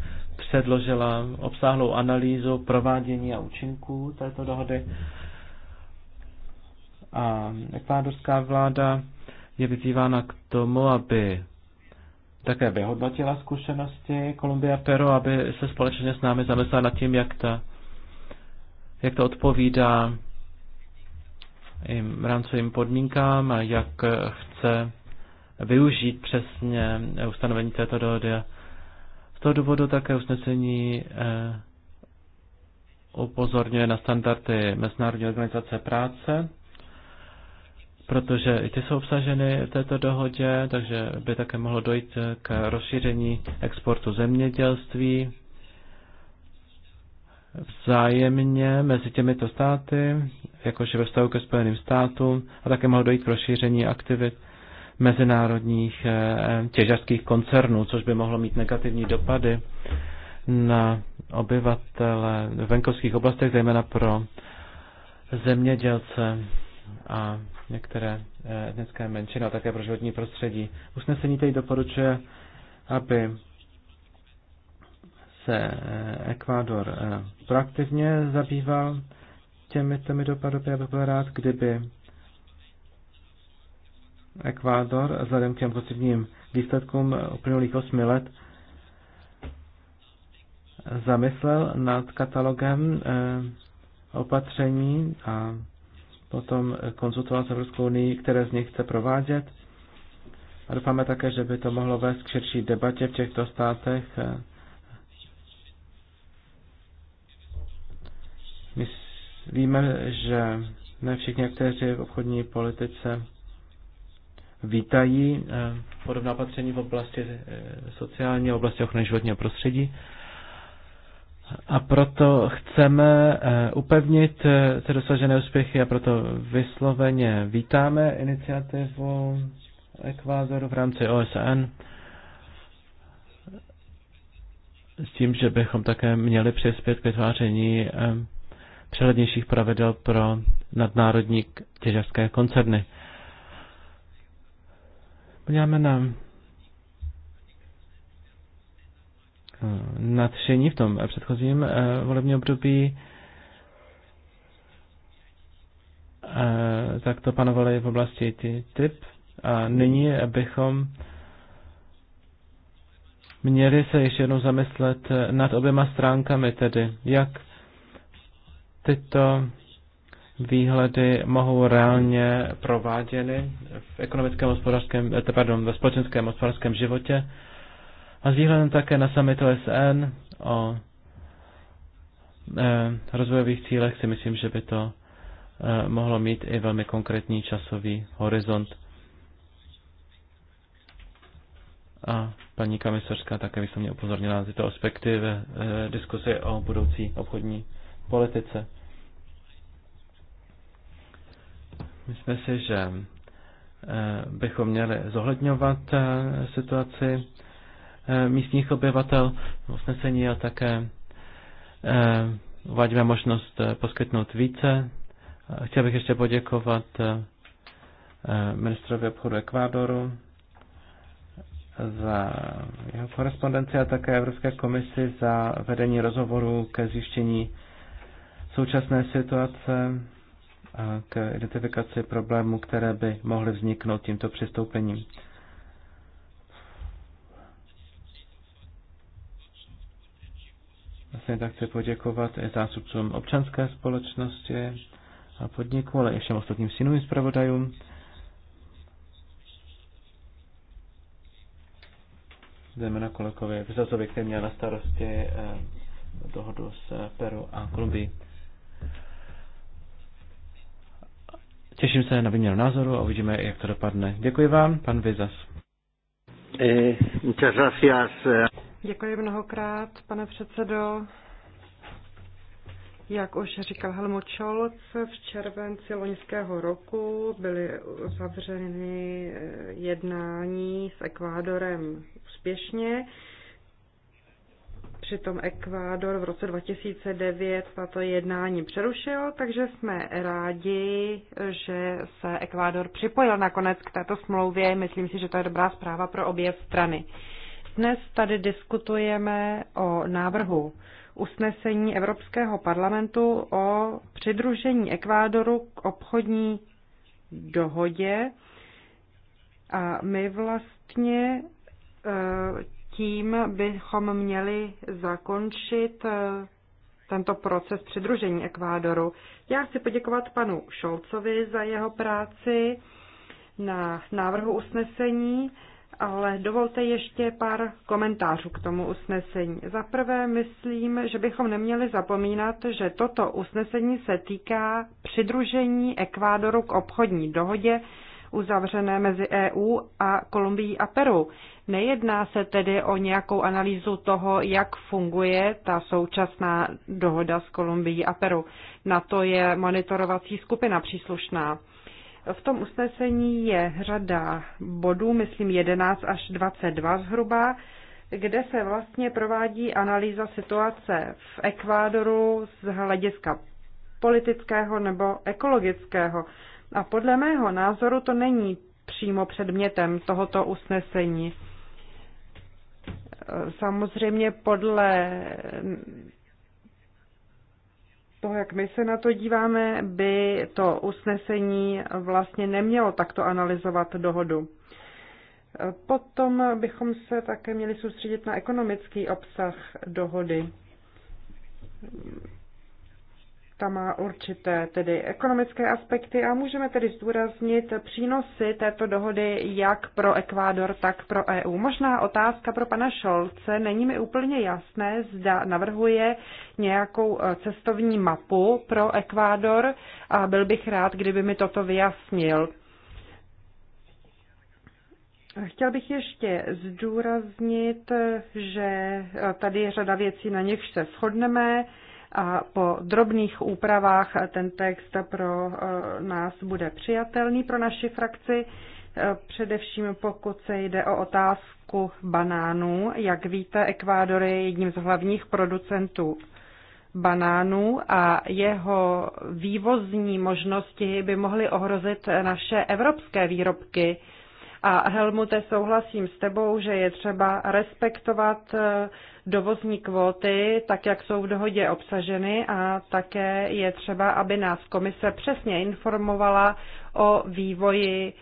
předložila obsáhlou analýzu provádění a účinků této dohody. A ekvádorská vláda je vyzývána k tomu, aby také vyhodnotila zkušenosti Kolumbia Peru, aby se společně s námi zamyslela nad tím, jak, ta, jak to odpovídá jim, rámcovým podmínkám a jak chce využít přesně ustanovení této dohody toho důvodu také usnesení eh, upozorňuje na standardy Mezinárodní organizace práce, protože i ty jsou obsaženy v této dohodě, takže by také mohlo dojít k rozšíření exportu zemědělství vzájemně mezi těmito státy, jakož ve vztahu ke Spojeným státům, a také mohlo dojít k rozšíření aktivit mezinárodních eh, těžařských koncernů, což by mohlo mít negativní dopady na obyvatele v venkovských oblastech, zejména pro zemědělce a některé eh, etnické menšiny a také pro životní prostředí. Usnesení teď doporučuje, aby se eh, Ekvádor proaktivně zabýval těmi, těmi dopady, aby byl rád, kdyby Ekvádor vzhledem k těm pozitivním výsledkům uplynulých osmi let zamyslel nad katalogem eh, opatření a potom konzultoval s Evropskou unii, které z nich chce provádět. A doufáme také, že by to mohlo vést k širší debatě v těchto státech. My víme, že ne všichni kteří v obchodní politice vítají eh, podobná opatření v oblasti eh, sociální v oblasti ochrany životního prostředí. A proto chceme eh, upevnit ty dosažené úspěchy a proto vysloveně vítáme iniciativu Ekvádoru v rámci OSN s tím, že bychom také měli přispět k vytváření přehlednějších pravidel pro nadnárodní těžařské koncerny podíváme na eh, nadšení v tom eh, předchozím eh, volebním období, tak to panovali v oblasti ty typ. a nyní bychom měli se ještě jednou zamyslet nad oběma stránkami, tedy jak tyto výhledy mohou reálně prováděny v ekonomickém, hospodářském, eh, pardon, ve společenském hospodářském životě a s výhledem také na summit OSN o eh, rozvojových cílech si myslím, že by to eh, mohlo mít i velmi konkrétní časový horizont. A paní komisařka také by se mě upozornila na tyto aspekty ve diskuzi o budoucí obchodní politice. myslíme si, že eh, bychom měli zohledňovat eh, situaci eh, místních obyvatel usnesení a také uvádíme možnost poskytnout více. Chtěl bych ještě poděkovat ministrovi obchodu Ekvádoru za jeho korespondenci a také Evropské komisi za vedení rozhovoru ke zjištění současné situace k identifikaci problémů, které by mohly vzniknout tímto přistoupením. Vlastně tak chci poděkovat i zástupcům občanské společnosti a podniku, ale i všem ostatním synům zpravodajům. na kolegovi Vyzazovi, který měl na starosti eh, dohodu s eh, Peru a Kolumbií. Těším se na výměnu názoru a uvidíme, jak to dopadne. Děkuji vám, pan Vizas. Eh, eh. Děkuji mnohokrát, pane předsedo. Jak už říkal Helmut Scholz, v červenci loňského roku byly zavřeny eh, jednání s Ekvádorem úspěšně. Přitom Ekvádor v roce 2009 tato jednání přerušil, takže jsme rádi, že se Ekvádor připojil nakonec k této smlouvě. Myslím si, že to je dobrá zpráva pro obě strany. Dnes tady diskutujeme o návrhu usnesení Evropského parlamentu o přidružení Ekvádoru k obchodní dohodě. A my vlastně eh, tím bychom měli zakončit eh, tento proces přidružení Ekvádoru. Já chci poděkovat panu Šolcovi za jeho práci na návrhu usnesení, ale dovolte ještě pár komentářů k tomu usnesení. Za prvé myslím, že bychom neměli zapomínat, že toto usnesení se týká přidružení Ekvádoru k obchodní dohodě uzavřené mezi EU a Kolumbií a Peru. Nejedná se tedy o nějakou analýzu toho, jak funguje ta současná dohoda s Kolumbií a Peru. Na to je monitorovací skupina příslušná. V tom usnesení je řada bodů, myslím 11 až 22 zhruba, kde se vlastně provádí analýza situace v Ekvádoru z hlediska politického nebo ekologického. A podle mého názoru to není přímo předmětem tohoto usnesení. Samozřejmě podle toho, jak my se na to díváme, by to usnesení vlastně nemělo takto analyzovat dohodu. Potom bychom se také měli soustředit na ekonomický obsah dohody ta má určité tedy ekonomické aspekty a můžeme tedy zdůraznit přínosy této dohody jak pro Ekvádor, tak pro EU. Možná otázka pro pana Šolce. Není mi úplně jasné, zda navrhuje nějakou e, cestovní mapu pro Ekvádor a byl bych rád, kdyby mi toto vyjasnil. Chtěl bych ještě zdůraznit, že e, tady je řada věcí, na nichž se shodneme a po drobných úpravách ten text pro eh, nás bude přijatelný pro naši frakci, eh, především pokud se jde o otázku banánů. Jak víte, Ekvádor je jedním z hlavních producentů banánů a jeho vývozní možnosti by mohly ohrozit naše evropské výrobky a Helmute, souhlasím s tebou, že je třeba respektovat eh, dovozní kvóty, tak jak jsou v dohodě obsaženy a také je třeba, aby nás komise přesně informovala o vývoji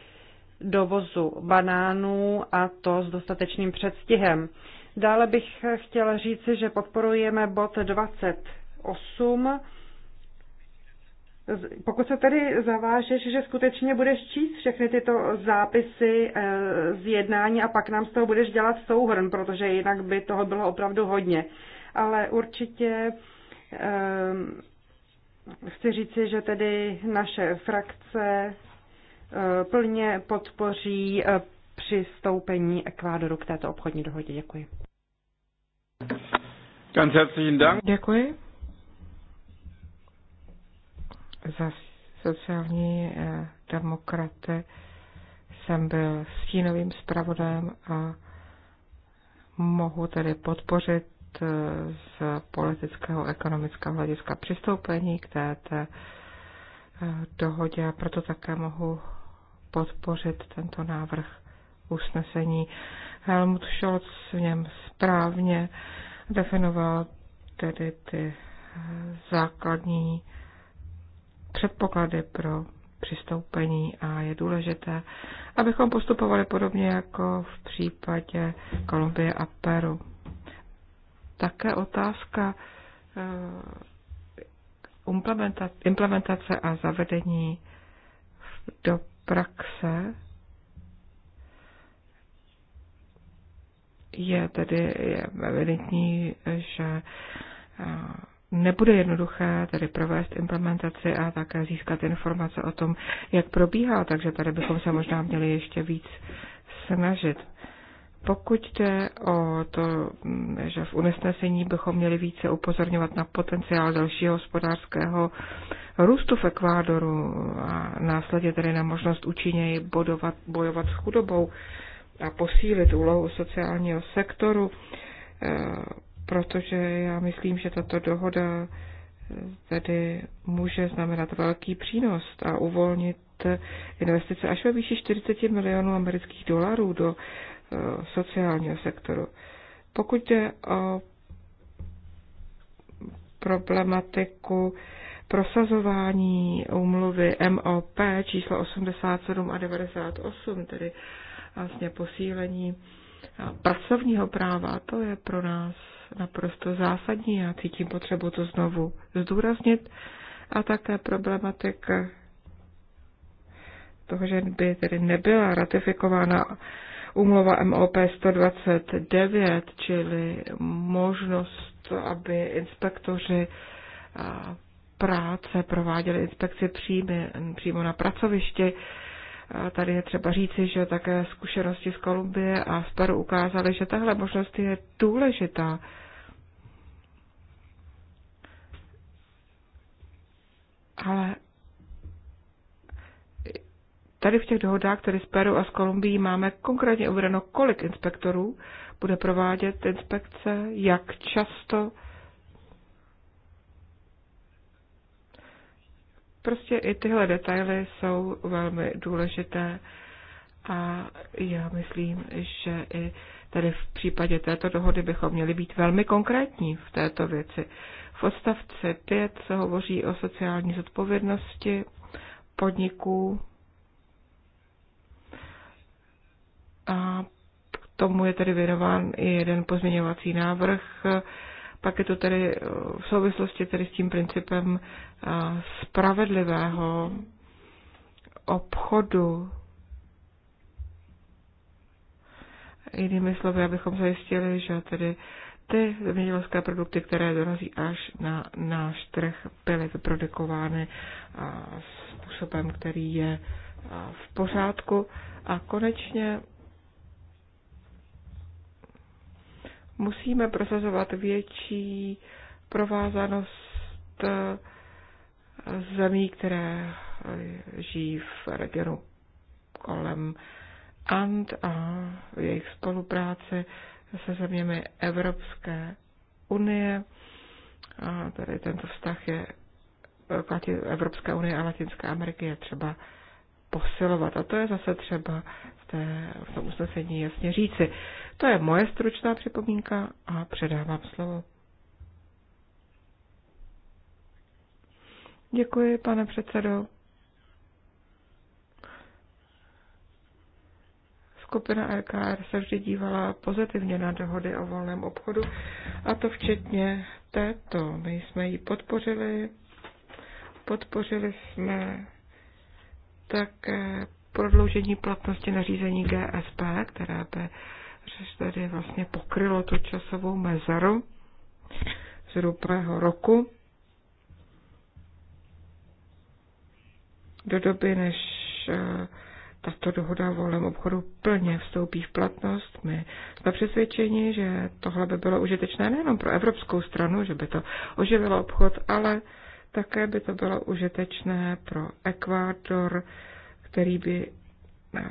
dovozu banánů a to s dostatečným předstihem. Dále bych chtěla říci, že podporujeme bod 28, pokud se tedy zavážeš, že skutečně budeš číst všechny tyto zápisy eh, z jednání a pak nám z toho budeš dělat souhrn, protože jinak by toho bylo opravdu hodně. Ale určitě eh, chci říci, že tedy naše frakce eh, plně podpoří přistoupení Ekvádoru k této obchodní dohodě. Děkuji. Děkuji za sociální eh, demokraty jsem byl stínovým zpravodajem a mohu tedy podpořit eh, z politického ekonomického hlediska přistoupení k této eh, dohodě a proto také mohu podpořit tento návrh usnesení. Helmut Scholz v něm správně definoval tedy ty základní předpoklady pro přistoupení a je důležité, abychom postupovali podobně jako v případě Kolumbie a Peru. Také otázka eh, implementace a zavedení do praxe je tedy je evidentní, že eh, nebude jednoduché tedy provést implementaci a také získat informace o tom, jak probíhá, takže tady bychom se možná měli ještě víc snažit. Pokud jde o to, že v unesnesení bychom měli více upozorňovat na potenciál dalšího hospodářského růstu v Ekvádoru a následně tedy na možnost účinněji bodovat, bojovat s chudobou a posílit úlohu sociálního sektoru, eh, protože já myslím, že tato dohoda eh, tedy může znamenat velký přínos a uvolnit eh, investice až ve výši 40 milionů amerických dolarů do eh, sociálního sektoru. Pokud jde o problematiku prosazování úmluvy MOP číslo 87 a 98, tedy vlastně posílení pracovního práva, to je pro nás naprosto zásadní. Já cítím potřebu to znovu zdůraznit. A také problematika toho, že by tedy nebyla ratifikována úmluva MOP 129, čili možnost, aby inspektoři práce prováděli inspekci přímo na pracovišti, tady je třeba říci, že také zkušenosti z Kolumbie a z Peru ukázaly, že tahle možnost je důležitá. Ale tady v těch dohodách, které z Peru a z Kolumbií máme konkrétně uvedeno, kolik inspektorů bude provádět inspekce, jak často, Prostě i tyhle detaily jsou velmi důležité a já myslím, že i tady v případě této dohody bychom měli být velmi konkrétní v této věci. V odstavci 5 se hovoří o sociální zodpovědnosti podniků a k tomu je tedy věnován i jeden pozměňovací návrh, pak je to tedy eh, v souvislosti tedy s tím principem eh, spravedlivého obchodu. Jinými slovy, abychom zajistili, že tedy ty zemědělské produkty, které dorazí až na náš trh, byly vyprodukovány eh, způsobem, který je v pořádku. A konečně Musíme prosazovat větší provázanost eh, zemí, které eh, žijí v regionu kolem Ant a jejich spolupráce se zeměmi Evropské unie. A tady tento vztah je eh, Evropské unie a Latinské Ameriky je třeba posilovat. A to je zase třeba v, té, v tom usnesení jasně říci. To je moje stručná připomínka a předávám slovo. Děkuji, pane předsedo. Skupina RKR se vždy dívala pozitivně na dohody o volném obchodu, a to včetně této. My jsme ji podpořili, podpořili jsme tak prodloužení platnosti nařízení GSP, které by tady vlastně pokrylo tu časovou mezeru zhrubého roku do doby, než eh, tato dohoda o volném obchodu plně vstoupí v platnost. My jsme přesvědčeni, že tohle by bylo užitečné nejenom pro evropskou stranu, že by to oživilo obchod, ale také by to bylo užitečné pro Ekvádor, který by eh,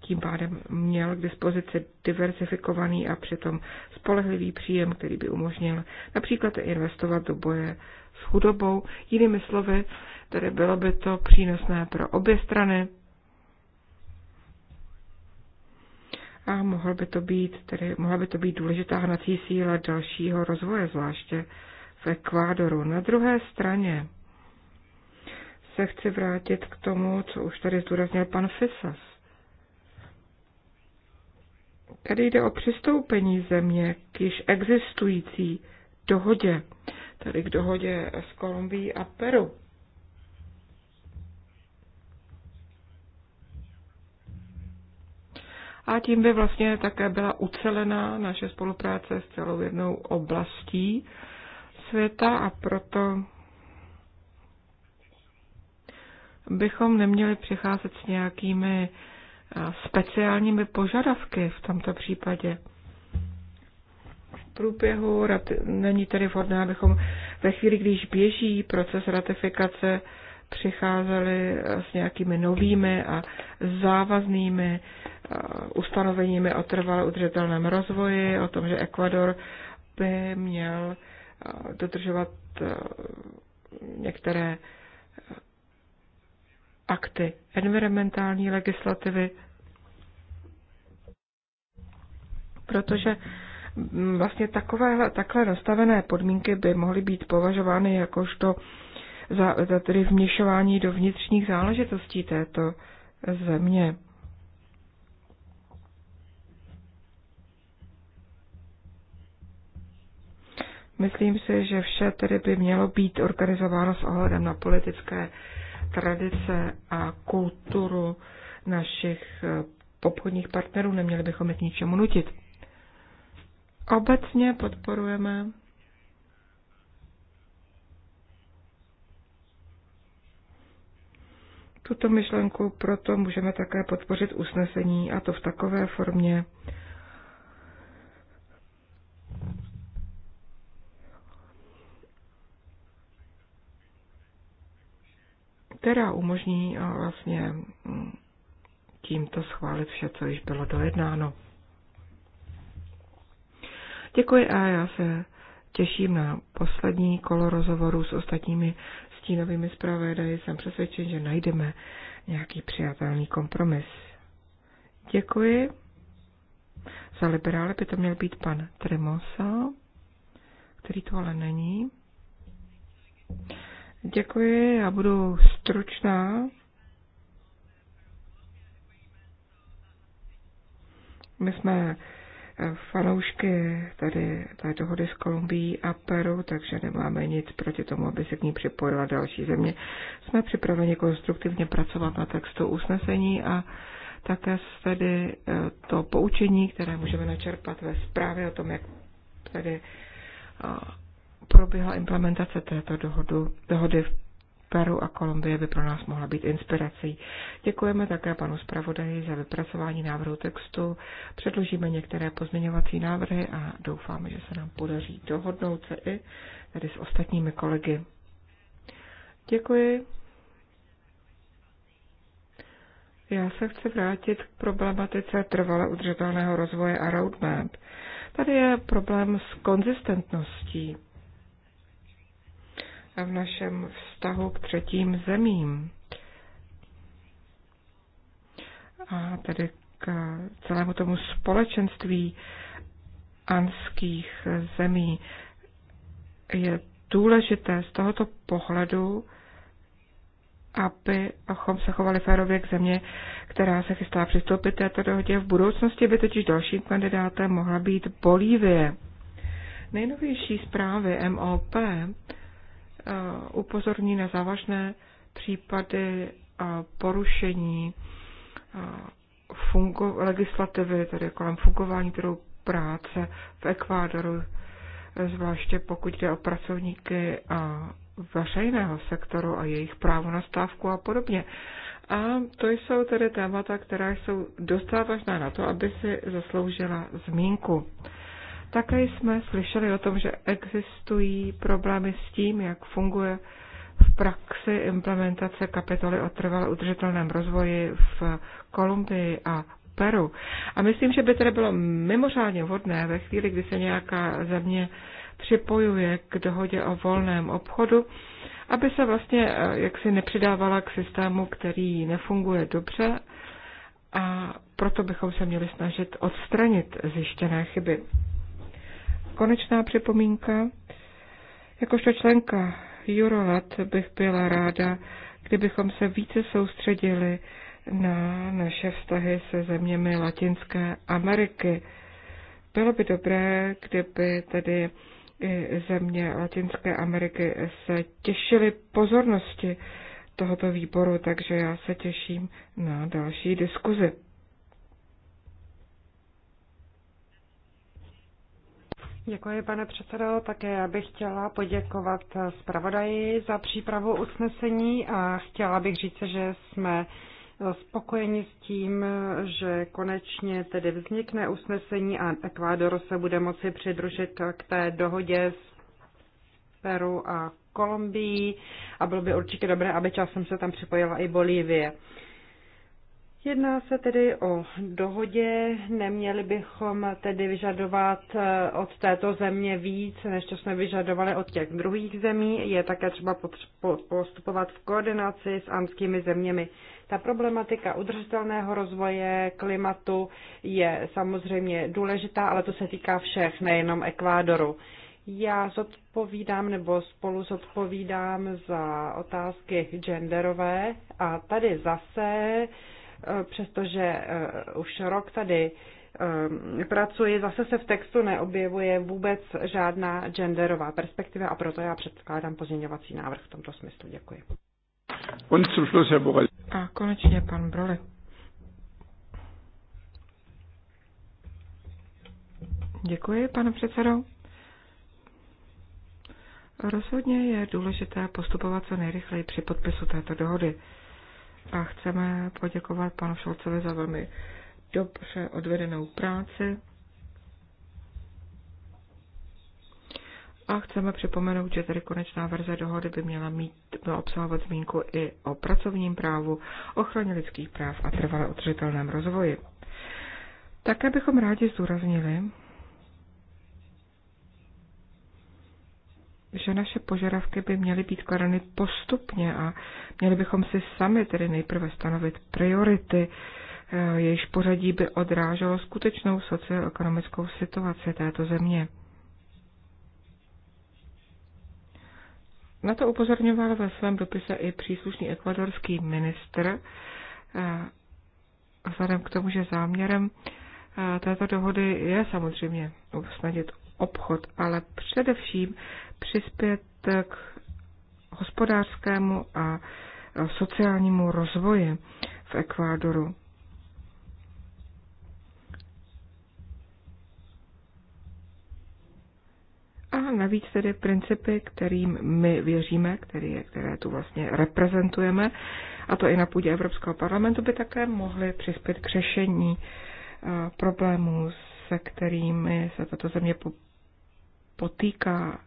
tím pádem měl k dispozici diversifikovaný a přitom spolehlivý příjem, který by umožnil například investovat do boje s chudobou. Jinými slovy, tedy bylo by to přínosné pro obě strany a mohl by to být, tedy mohla by to být důležitá hnací síla dalšího rozvoje, zvláště v Ekvádoru. Na druhé straně se chci vrátit k tomu, co už tady zdůraznil pan Fisas. Tady jde o přistoupení země k již existující dohodě, tedy k dohodě s Kolumbií a Peru. A tím by vlastně také byla ucelená naše spolupráce s celou jednou oblastí, světa a proto bychom neměli přicházet s nějakými eh, speciálními požadavky v tomto případě. V průběhu není tedy vhodné, abychom ve chvíli, když běží proces ratifikace, přicházeli eh, s nějakými novými a závaznými eh, ustanoveními o trvale udržitelném rozvoji, o tom, že Ekvador by měl Eh, dodržovat eh, některé eh, akty environmentální legislativy, protože vlastně takové, takhle nastavené podmínky by mohly být považovány jakožto za, za tedy vměšování do vnitřních záležitostí této země. Myslím si, že vše tedy by mělo být organizováno s ohledem na politické tradice a kulturu našich eh, obchodních partnerů. Neměli bychom je k ničemu nutit. Obecně podporujeme tuto myšlenku, proto můžeme také podpořit usnesení a to v takové formě, která umožní eh, vlastně mm, tímto schválit vše, co již bylo dojednáno. Děkuji a já se těším na poslední kolo rozhovoru s ostatními stínovými zpravodaji. Jsem přesvědčen, že najdeme nějaký přijatelný kompromis. Děkuji. Za liberále by to měl být pan Tremosa, který to ale není. Děkuji, já budu stručná. My jsme fanoušky tady té dohody s Kolumbií a Peru, takže nemáme nic proti tomu, aby se k ní připojila další země. Jsme připraveni konstruktivně pracovat na textu usnesení a také tedy eh, to poučení, které můžeme načerpat ve zprávě o tom, jak tedy eh, proběhla implementace této dohodu, dohody v Peru a Kolumbie by pro nás mohla být inspirací. Děkujeme také panu zpravodaji za vypracování návrhu textu, předložíme některé pozměňovací návrhy a doufáme, že se nám podaří dohodnout se i tady s ostatními kolegy. Děkuji. Já se chci vrátit k problematice trvale udržitelného rozvoje a roadmap. Tady je problém s konzistentností v našem vztahu k třetím zemím. A tedy k celému tomu společenství anských zemí je důležité z tohoto pohledu, abychom se chovali férově k země, která se chystá přistoupit této dohodě. V budoucnosti by totiž dalším kandidátem mohla být Bolívie. Nejnovější zprávy MOP Eh, upozorní na závažné případy porušení eh, fungo- legislativy, tedy kolem fungování trhu práce v Ekvádoru, eh, zvláště pokud jde o pracovníky veřejného sektoru a jejich právo na stávku a podobně. A to jsou tedy témata, která jsou dost závažná na to, aby si zasloužila zmínku. Také jsme slyšeli o tom, že existují problémy s tím, jak funguje v praxi implementace kapitoly o trvalém udržitelném rozvoji v Kolumbii a Peru. A myslím, že by tedy bylo mimořádně vhodné ve chvíli, kdy se nějaká země připojuje k dohodě o volném obchodu, aby se vlastně eh, jaksi nepřidávala k systému, který nefunguje dobře a proto bychom se měli snažit odstranit zjištěné chyby konečná připomínka. Jakožto členka Eurolat bych byla ráda, kdybychom se více soustředili na naše vztahy se zeměmi Latinské Ameriky. Bylo by dobré, kdyby tedy i země Latinské Ameriky se těšily pozornosti tohoto výboru, takže já se těším na další diskuzi. Děkuji, pane předsedo. Také já bych chtěla poděkovat zpravodaji za přípravu usnesení a chtěla bych říct, že jsme spokojeni s tím, že konečně tedy vznikne usnesení a Ekvádor se bude moci přidružit k té dohodě s Peru a Kolumbií a bylo by určitě dobré, aby časem se tam připojila i Bolívie. Jedná se tedy o dohodě, neměli bychom tedy vyžadovat eh, od této země víc, než co jsme vyžadovali od těch druhých zemí. Je také třeba postupovat v koordinaci s anskými zeměmi. Ta problematika udržitelného rozvoje klimatu je samozřejmě důležitá, ale to se týká všech, nejenom Ekvádoru. Já zodpovídám nebo spolu zodpovídám za otázky genderové a tady zase Eh, přestože eh, už rok tady eh, pracuji, zase se v textu neobjevuje vůbec žádná genderová perspektiva a proto já předkládám pozměňovací návrh v tomto smyslu. Děkuji. A konečně pan Brole. Děkuji, pane předsedo. Rozhodně je důležité postupovat co nejrychleji při podpisu této dohody a chceme poděkovat panu Šolcovi za velmi dobře odvedenou práci. A chceme připomenout, že tedy konečná verze dohody by měla mít, byla obsahovat zmínku i o pracovním právu, ochraně lidských práv a trvalé udržitelném rozvoji. Také bychom rádi zdůraznili, že naše požadavky by měly být kladeny postupně a měli bychom si sami tedy nejprve stanovit priority, eh, jejichž pořadí by odráželo skutečnou socioekonomickou situaci této země. Na to upozorňoval ve svém dopise i příslušný ekvadorský ministr, eh, vzhledem k tomu, že záměrem eh, této dohody je samozřejmě usnadit obchod, ale především přispět k hospodářskému a sociálnímu rozvoji v Ekvádoru. A navíc tedy principy, kterým my věříme, které, které tu vlastně reprezentujeme, a to i na půdě Evropského parlamentu, by také mohly přispět k řešení eh, problémů, se kterými se tato země potýká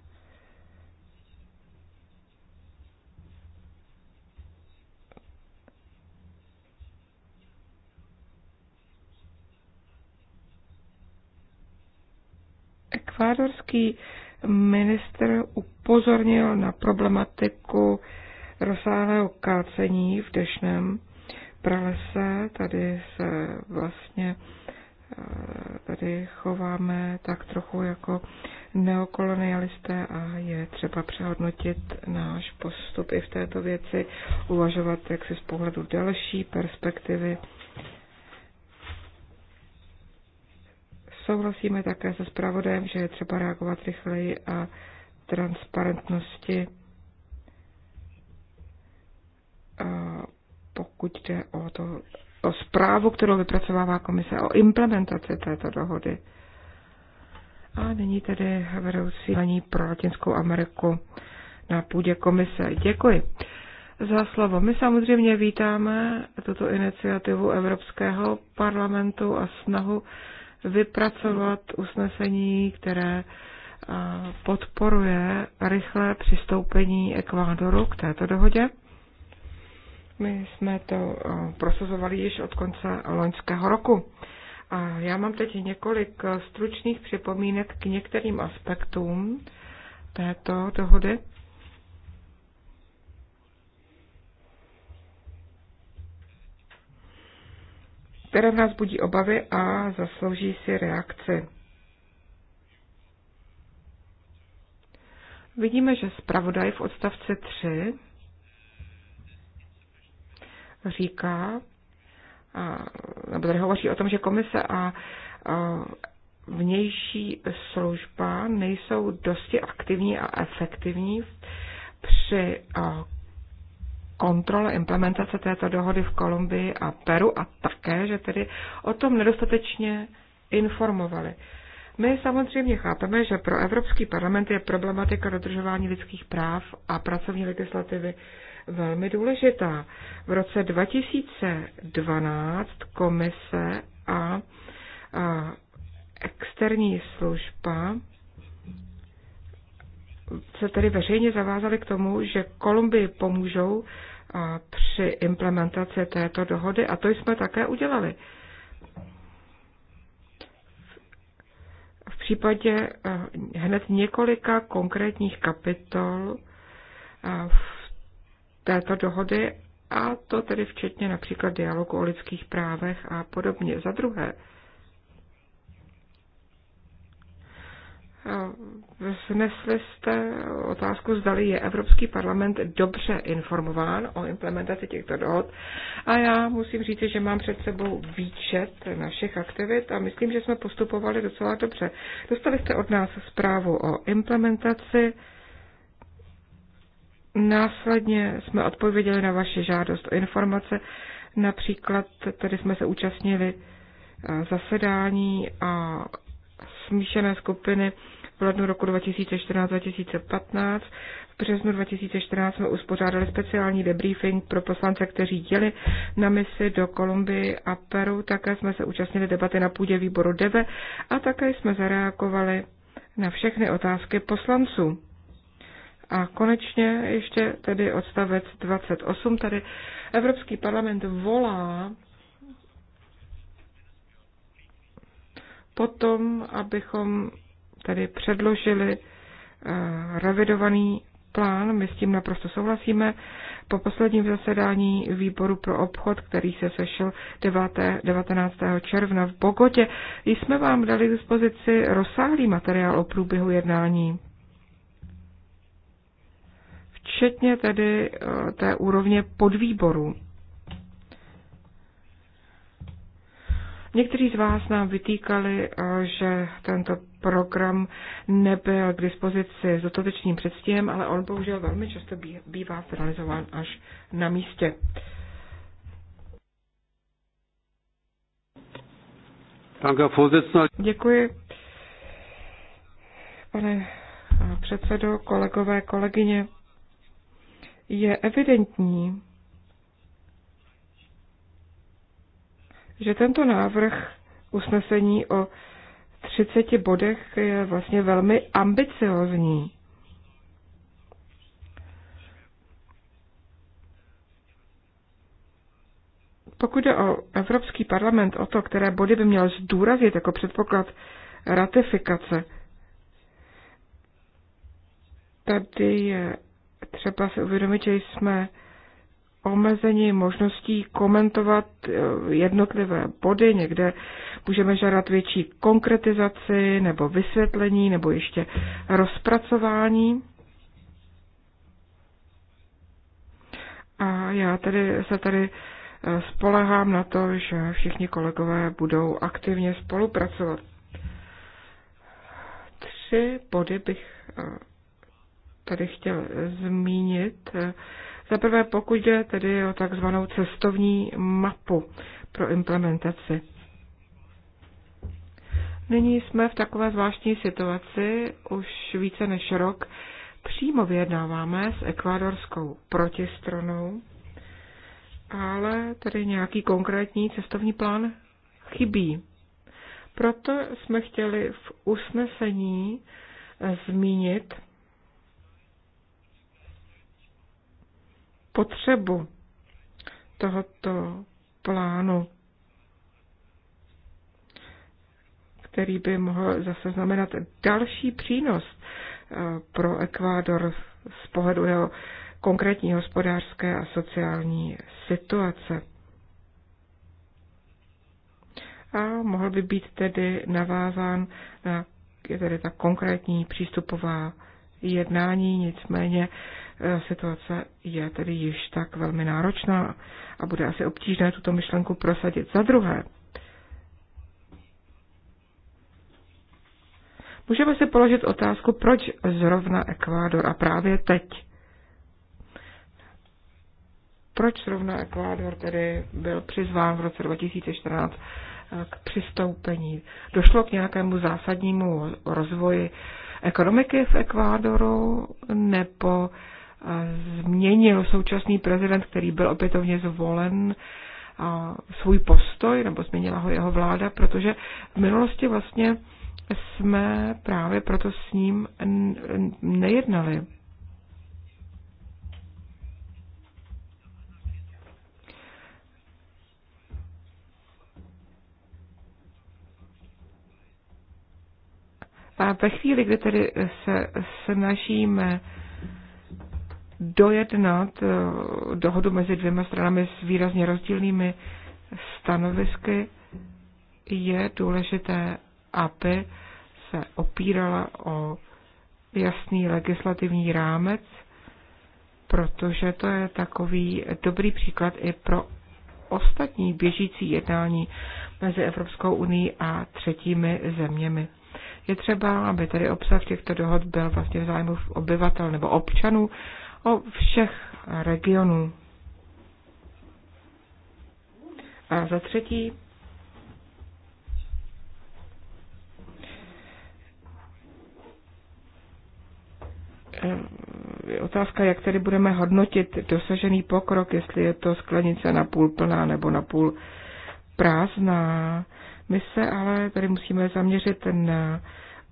ekvádorský ministr upozornil na problematiku rozsáhlého kácení v dešném pralese. Tady se vlastně eh, tady chováme tak trochu jako neokolonialisté a je třeba přehodnotit náš postup i v této věci, uvažovat jak si z pohledu další perspektivy Souhlasíme také se zpravodajem, že je třeba reagovat rychleji a transparentnosti, pokud jde o, to, o zprávu, kterou vypracovává komise o implementaci této dohody. A nyní tedy vedoucí paní pro Latinskou Ameriku na půdě komise. Děkuji za slovo. My samozřejmě vítáme tuto iniciativu Evropského parlamentu a snahu vypracovat usnesení, které eh, podporuje rychlé přistoupení Ekvádoru k této dohodě. My jsme to eh, prosazovali již od konce loňského roku. A já mám teď několik eh, stručných připomínek k některým aspektům této dohody. které v nás budí obavy a zaslouží si reakci. Vidíme, že zpravodaj v odstavci 3 říká, nebo tady hovoří o tom, že komise a, vnější služba nejsou dosti aktivní a efektivní při kontrole implementace této dohody v Kolumbii a Peru a také, že tedy o tom nedostatečně informovali. My samozřejmě chápeme, že pro Evropský parlament je problematika dodržování lidských práv a pracovní legislativy velmi důležitá. V roce 2012 komise a, a externí služba se tedy veřejně zavázali k tomu, že Kolumbii pomůžou při implementaci této dohody a to jsme také udělali. V případě hned několika konkrétních kapitol v této dohody a to tedy včetně například dialogu o lidských právech a podobně. Za druhé, vznesli jste otázku, zdali je Evropský parlament dobře informován o implementaci těchto dohod. A já musím říct, že mám před sebou výčet našich aktivit a myslím, že jsme postupovali docela dobře. Dostali jste od nás zprávu o implementaci. Následně jsme odpověděli na vaši žádost o informace. Například tady jsme se účastnili eh, zasedání a smíšené skupiny v lednu roku 2014-2015. V březnu 2014 jsme uspořádali speciální debriefing pro poslance, kteří jeli na misi do Kolumbii a Peru. Také jsme se účastnili debaty na půdě výboru DEVE a také jsme zareagovali na všechny otázky poslanců. A konečně ještě tedy odstavec 28. Tady Evropský parlament volá potom, abychom tedy předložili eh, revidovaný plán, my s tím naprosto souhlasíme. Po posledním zasedání výboru pro obchod, který se sešel 9. 19. června v Bogotě, jsme vám dali k dispozici rozsáhlý materiál o průběhu jednání. Včetně tedy eh, té úrovně podvýboru. Někteří z vás nám vytýkali, eh, že tento program nebyl k dispozici s dotatečným předstihem, ale on bohužel velmi často bývá finalizován až na místě. Děkuji, pane eh, předsedo, kolegové, kolegyně. Je evidentní, že tento návrh usnesení o 30 bodech je vlastně velmi ambiciozní. Pokud jde o Evropský parlament, o to, které body by měl zdůraznit jako předpoklad ratifikace, tady je třeba si uvědomit, že jsme omezení možností komentovat eh, jednotlivé body. Někde můžeme žádat větší konkretizaci nebo vysvětlení nebo ještě rozpracování. A já tady se tady eh, spolehám na to, že všichni kolegové budou aktivně spolupracovat. Tři body bych eh, tady chtěl zmínit za prvé, pokud jde tedy o takzvanou cestovní mapu pro implementaci. Nyní jsme v takové zvláštní situaci, už více než rok přímo vyjednáváme s ekvádorskou protistranou, ale tedy nějaký konkrétní cestovní plán chybí. Proto jsme chtěli v usnesení zmínit potřebu tohoto plánu, který by mohl zase znamenat další přínos eh, pro Ekvádor z pohledu jeho konkrétní hospodářské a sociální situace. A mohl by být tedy navázán na je tedy ta konkrétní přístupová jednání, nicméně E, situace je tedy již tak velmi náročná a bude asi obtížné tuto myšlenku prosadit. Za druhé, můžeme si položit otázku, proč zrovna Ekvádor a právě teď proč zrovna Ekvádor tedy byl přizván v roce 2014 e, k přistoupení. Došlo k nějakému zásadnímu rozvoji ekonomiky v Ekvádoru nebo změnil současný prezident, který byl opětovně zvolen, svůj postoj, nebo změnila ho jeho vláda, protože v minulosti vlastně jsme právě proto s ním nejednali. A ve chvíli, kdy tedy se snažíme dojednat dohodu mezi dvěma stranami s výrazně rozdílnými stanovisky, je důležité, aby se opírala o jasný legislativní rámec, protože to je takový dobrý příklad i pro ostatní běžící jednání mezi Evropskou unii a třetími zeměmi. Je třeba, aby tedy obsah těchto dohod byl vlastně v zájmu obyvatel nebo občanů o všech regionů. A za třetí, ehm, otázka, jak tedy budeme hodnotit dosažený pokrok, jestli je to sklenice na půl plná nebo na půl prázdná. My se ale tady musíme zaměřit na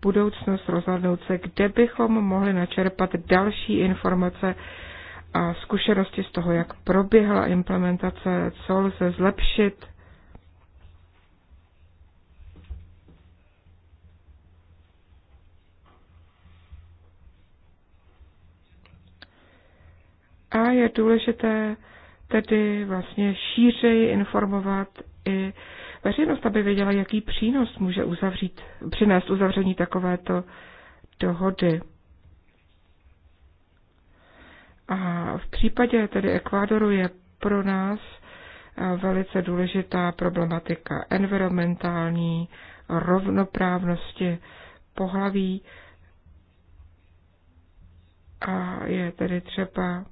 budoucnost rozhodnout se, kde bychom mohli načerpat další informace a zkušenosti z toho, jak proběhla implementace, co lze zlepšit. A je důležité tedy vlastně šířeji informovat i veřejnost, aby věděla, jaký přínos může uzavřít, přinést uzavření takovéto dohody. A v případě tedy Ekvádoru je pro nás eh, velice důležitá problematika environmentální, rovnoprávnosti pohlaví a je tedy třeba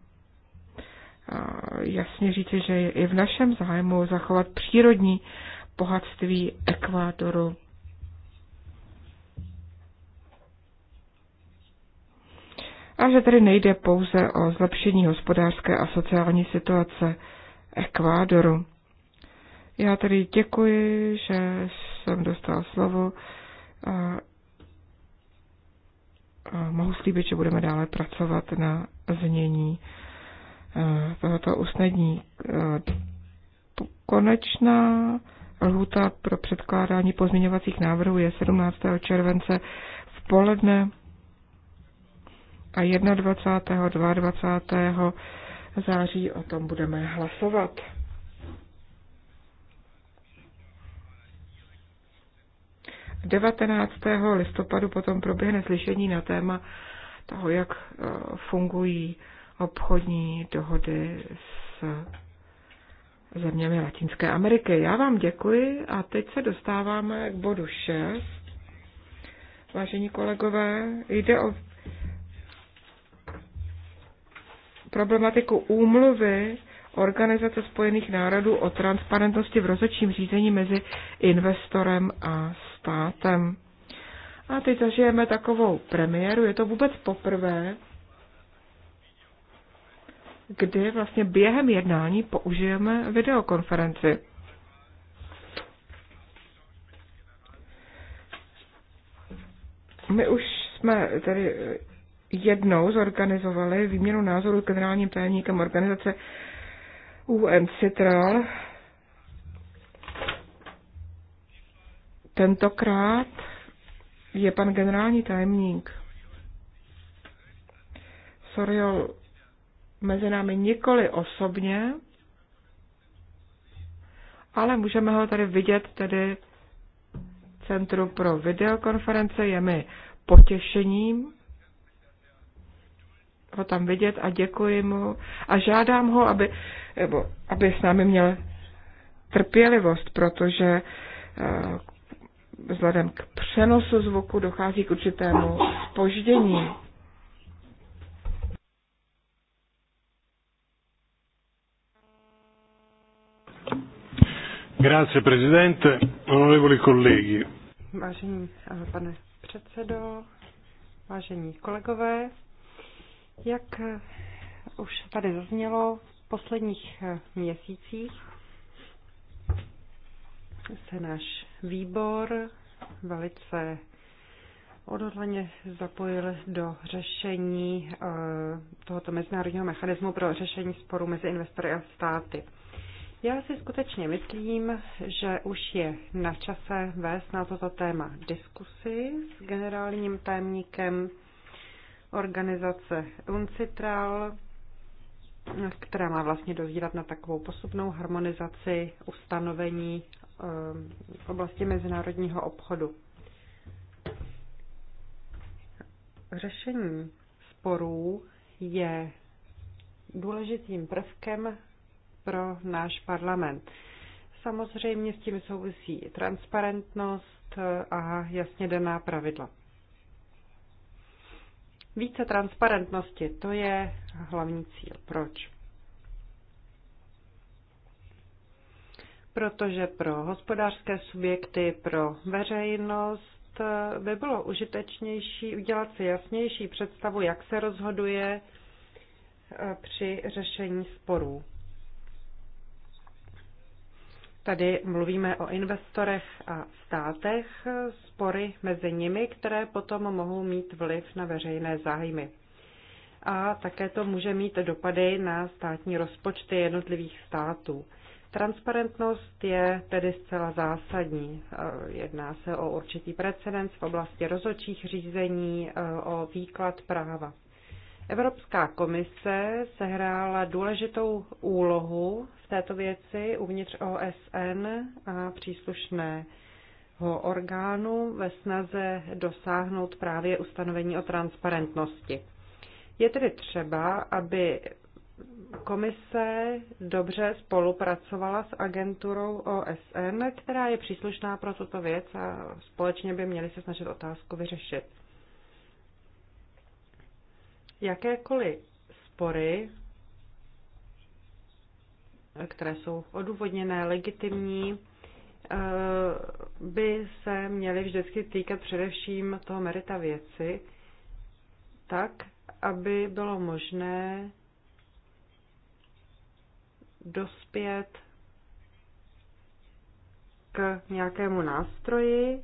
eh, jasně říci, že je i v našem zájmu zachovat přírodní bohatství Ekvádoru. A že tedy nejde pouze o zlepšení hospodářské a sociální situace Ekvádoru. Já tedy děkuji, že jsem dostal slovo. A mohu slíbit, že budeme dále pracovat na znění e, tohoto usnadní. E, konečná Lhůta pro předkládání pozměňovacích návrhů je 17. července v poledne a 21. 22. září o tom budeme hlasovat. V 19. listopadu potom proběhne slyšení na téma toho, jak eh, fungují obchodní dohody s zeměmi Latinské Ameriky. Já vám děkuji a teď se dostáváme k bodu 6. Vážení kolegové, jde o problematiku úmluvy Organizace spojených národů o transparentnosti v rozhodčím řízení mezi investorem a státem. A teď zažijeme takovou premiéru. Je to vůbec poprvé, kdy vlastně během jednání použijeme videokonferenci. My už jsme tedy jednou zorganizovali výměnu názoru s generálním tajemníkem organizace UN Citral. Tentokrát je pan generální tajemník Soriol mezi námi nikoli osobně, ale můžeme ho tady vidět, tedy Centru pro videokonference je mi potěšením ho tam vidět a děkuji mu a žádám ho, aby, nebo, aby s námi měl trpělivost, protože eh, vzhledem k přenosu zvuku dochází k určitému spoždění. Grazie Presidente, onorevoli colleghi. Vážení eh, pane předsedo, vážení kolegové, jak eh, už tady zaznělo v posledních eh, měsících, se náš výbor velice odhodlaně zapojil do řešení tohoto mezinárodního mechanismu pro řešení sporu mezi investory a státy. Já si skutečně myslím, že už je na čase vést na toto téma diskusy s generálním tajemníkem organizace UNCITRAL, která má vlastně dozírat na takovou postupnou harmonizaci ustanovení eh, v oblasti mezinárodního obchodu. Řešení sporů je důležitým prvkem pro náš parlament. Samozřejmě s tím souvisí transparentnost a jasně daná pravidla. Více transparentnosti, to je hlavní cíl. Proč? Protože pro hospodářské subjekty, pro veřejnost by bylo užitečnější udělat si jasnější představu, jak se rozhoduje eh, při řešení sporů. Tady mluvíme o investorech a státech, spory mezi nimi, které potom mohou mít vliv na veřejné zájmy. A také to může mít dopady na státní rozpočty jednotlivých států. Transparentnost je tedy zcela zásadní. Jedná se o určitý precedens v oblasti rozhodčích řízení, o výklad práva. Evropská komise sehrála důležitou úlohu v této věci uvnitř OSN a příslušné orgánu ve snaze dosáhnout právě ustanovení o transparentnosti. Je tedy třeba, aby komise dobře spolupracovala s agenturou OSN, která je příslušná pro tuto věc a společně by měli se snažit otázku vyřešit. Jakékoliv spory, které jsou odůvodněné, legitimní, eh, by se měly vždycky týkat především toho merita věci, tak, aby bylo možné dospět k nějakému nástroji,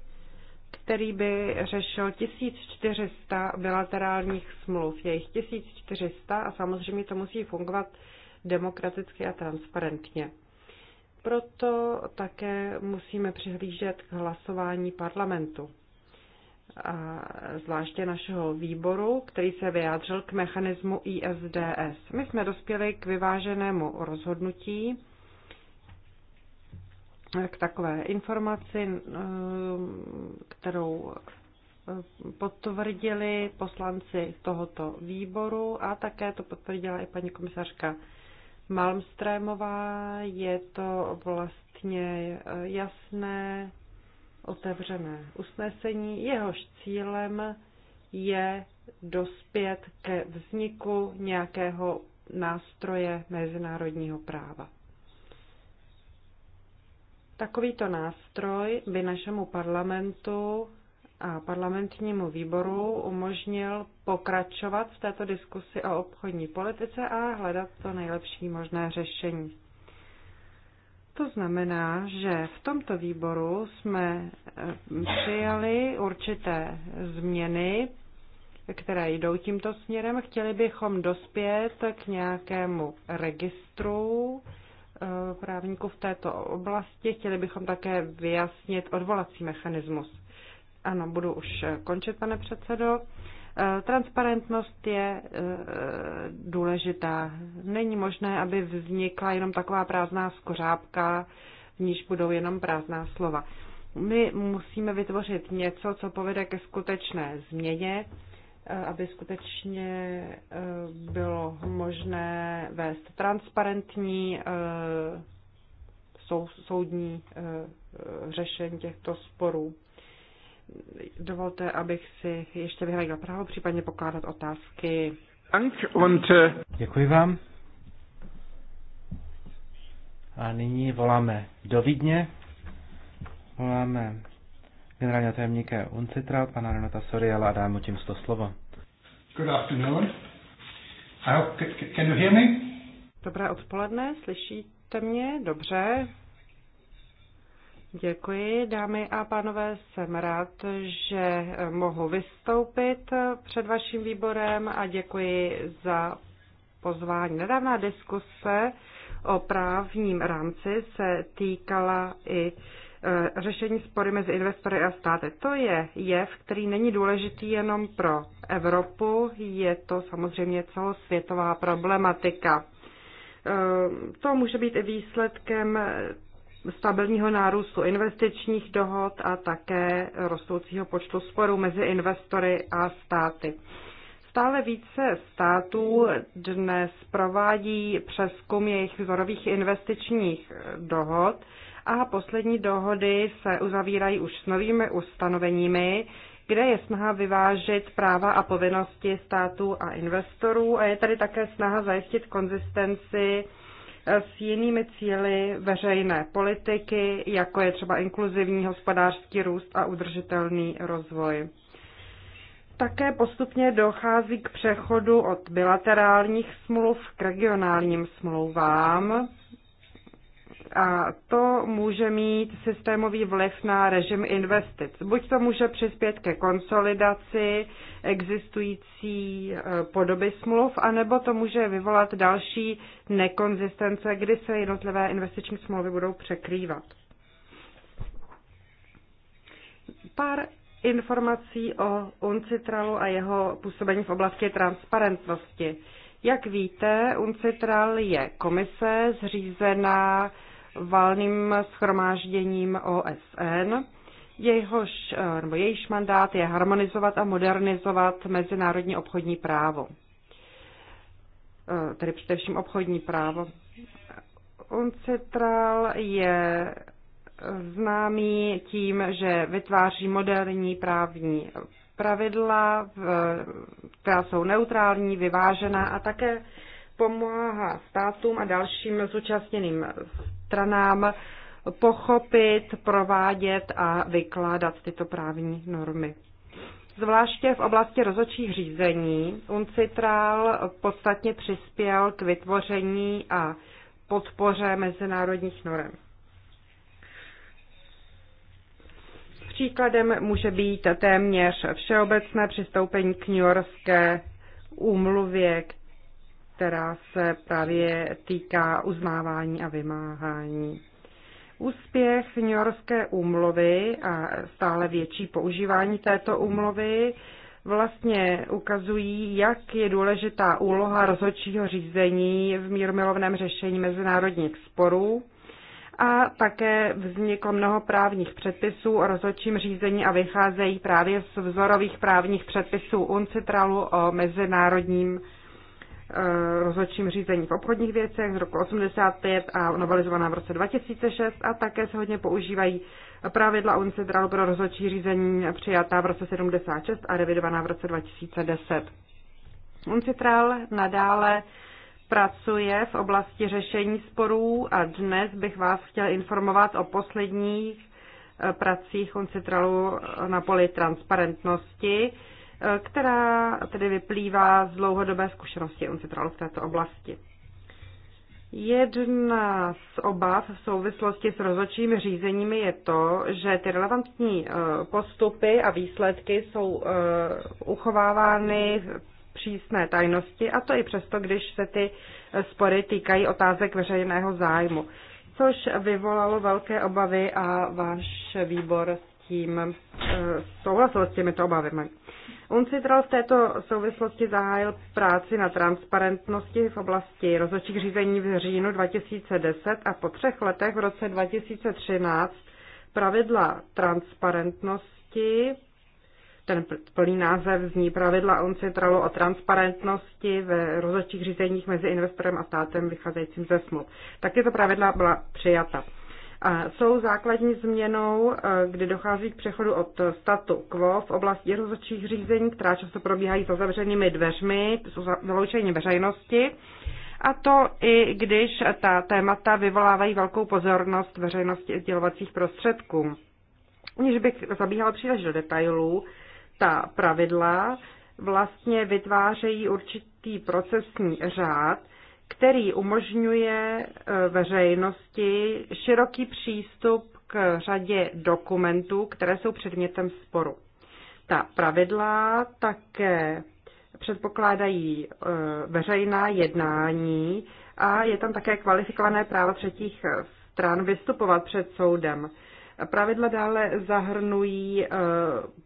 který by řešil 1400 bilaterálních smluv. Je jich 1400 a samozřejmě to musí fungovat demokraticky a transparentně. Proto také musíme přihlížet k hlasování parlamentu a zvláště našeho výboru, který se vyjádřil k mechanismu ISDS. My jsme dospěli k vyváženému rozhodnutí, k takové informaci, eh, kterou eh, potvrdili poslanci tohoto výboru a také to potvrdila i paní komisařka Malmstrémová. Je to vlastně eh, jasné otevřené usnesení. Jehož cílem je dospět ke vzniku nějakého nástroje mezinárodního práva. Takovýto nástroj by našemu parlamentu a parlamentnímu výboru umožnil pokračovat v této diskusi o obchodní politice a hledat to nejlepší možné řešení. To znamená, že v tomto výboru jsme eh, přijali určité změny, které jdou tímto směrem. Chtěli bychom dospět k nějakému registru právníků v této oblasti. Chtěli bychom také vyjasnit odvolací mechanismus. Ano, budu už končit, pane předsedo. Eh, transparentnost je eh, důležitá. Není možné, aby vznikla jenom taková prázdná skořápka, v níž budou jenom prázdná slova. My musíme vytvořit něco, co povede ke skutečné změně aby skutečně eh, bylo možné vést transparentní eh, soudní eh, řešení těchto sporů. Dovolte, abych si ještě vyhradil právo případně pokládat otázky. Děkuji vám. A nyní voláme do Vídně. Voláme generálního tajemníka UNCITRA, pana Renata Soriala a dám mu to slovo. Good afternoon. I hope, can you hear me? Dobré odpoledne, slyšíte mě? Dobře. Děkuji, dámy a pánové. Jsem rád, že mohu vystoupit před vaším výborem a děkuji za pozvání. Nedávná diskuse o právním rámci se týkala i E, řešení spory mezi investory a státy. To je jev, který není důležitý jenom pro Evropu, je to samozřejmě celosvětová problematika. E, to může být i výsledkem stabilního nárůstu investičních dohod a také rostoucího počtu sporů mezi investory a státy. Stále více států dnes provádí přeskum jejich vzorových investičních dohod, a poslední dohody se uzavírají už s novými ustanoveními, kde je snaha vyvážit práva a povinnosti států a investorů a je tady také snaha zajistit konzistenci eh, s jinými cíly veřejné politiky, jako je třeba inkluzivní hospodářský růst a udržitelný rozvoj. Také postupně dochází k přechodu od bilaterálních smluv k regionálním smlouvám a to může mít systémový vliv na režim investic. Buď to může přispět ke konsolidaci existující e, podoby smluv, anebo to může vyvolat další nekonzistence, kdy se jednotlivé investiční smlouvy budou překrývat. Pár informací o UNCITRALu a jeho působení v oblasti transparentnosti. Jak víte, UNCITRAL je komise zřízená valným schromážděním OSN. Jehož, nebo jejíž mandát je harmonizovat a modernizovat mezinárodní obchodní právo. Eh, tedy především obchodní právo. UNCITRAL je známý tím, že vytváří moderní právní pravidla, která jsou neutrální, vyvážená a také pomáhá státům a dalším zúčastněným stranám pochopit, provádět a vykládat tyto právní normy. Zvláště v oblasti rozhodčích řízení UNCITRAL podstatně přispěl k vytvoření a podpoře mezinárodních norem. Příkladem může být téměř všeobecné přistoupení k New Yorkské úmluvě, která se právě týká uznávání a vymáhání. Úspěch New Yorkské úmluvy a stále větší používání této úmluvy vlastně ukazují, jak je důležitá úloha rozhodčího řízení v mírmilovném řešení mezinárodních sporů a také vzniklo mnoho právních předpisů o rozhodčím řízení a vycházejí právě z vzorových právních předpisů UNCITRALu o mezinárodním Eh, rozhodčím řízení v obchodních věcech z roku 85 a novelizovaná v roce 2006 a také se hodně používají pravidla UNCITRALu pro rozhodčí řízení přijatá v roce 76 a revidovaná v roce 2010. UNCITRAL nadále pracuje v oblasti řešení sporů a dnes bych vás chtěl informovat o posledních eh, pracích UNCITRALu na poli transparentnosti Eh, která tedy vyplývá z dlouhodobé zkušenosti UNCITRALu v této oblasti. Jedna z obav v souvislosti s rozhodčími řízeními je to, že ty relevantní eh, postupy a výsledky jsou eh, uchovávány v přísné tajnosti a to i přesto, když se ty spory týkají otázek veřejného zájmu, což vyvolalo velké obavy a váš výbor s tím souhlasil s těmito obavami. UNCITRAL v této souvislosti zahájil práci na transparentnosti v oblasti rozhodčích řízení v říjnu 2010 a po třech letech v roce 2013 pravidla transparentnosti ten plný název zní pravidla UNCITRALu o transparentnosti ve rozhodčích řízeních mezi investorem a státem vycházejícím ze smluv. Taky to pravidla byla přijata jsou základní změnou, eh, kdy dochází k přechodu od statu quo v oblasti rozhodčích řízení, která často probíhají za zavřenými dveřmi, jsou vyloučení veřejnosti. A to i když ta témata vyvolávají velkou pozornost veřejnosti sdělovacích prostředků. Když bych zabíhala příliš do detailů, ta pravidla vlastně vytvářejí určitý procesní řád, který umožňuje eh, veřejnosti široký přístup k řadě dokumentů, které jsou předmětem sporu. Ta pravidla také předpokládají eh, veřejná jednání a je tam také kvalifikované právo třetích eh, stran vystupovat před soudem. Pravidla dále zahrnují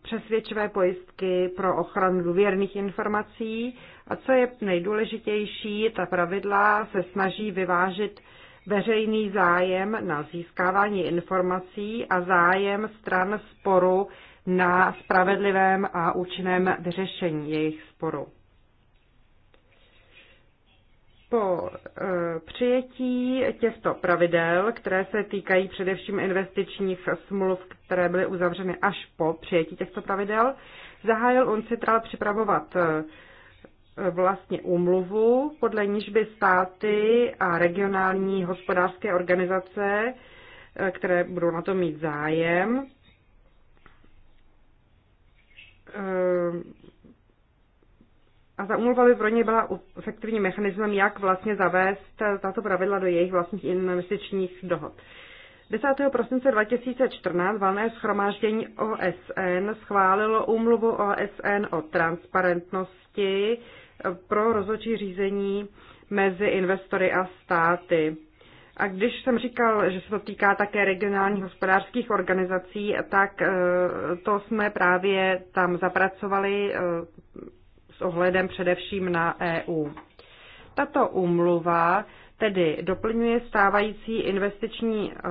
přesvědčivé pojistky pro ochranu důvěrných informací, a co je nejdůležitější, ta pravidla se snaží vyvážit veřejný zájem na získávání informací a zájem stran sporu na spravedlivém a účinném vyřešení jejich sporu. Po e, přijetí těchto pravidel, které se týkají především investičních smluv, které byly uzavřeny až po přijetí těchto pravidel, zahájil UNCITRAL připravovat e, vlastně umluvu podle níž by státy a regionální hospodářské organizace, eh, které budou na to mít zájem, eh, a ta umluva by pro ně byla efektivním mechanismem, jak vlastně zavést eh, tato pravidla do jejich vlastních investičních dohod. 10. prosince 2014 valné schromáždění OSN schválilo úmluvu OSN o transparentnosti pro rozhodčí řízení mezi investory a státy. A když jsem říkal, že se to týká také regionálních hospodářských organizací, tak e, to jsme právě tam zapracovali e, s ohledem především na EU. Tato úmluva Tedy doplňuje stávající investiční eh,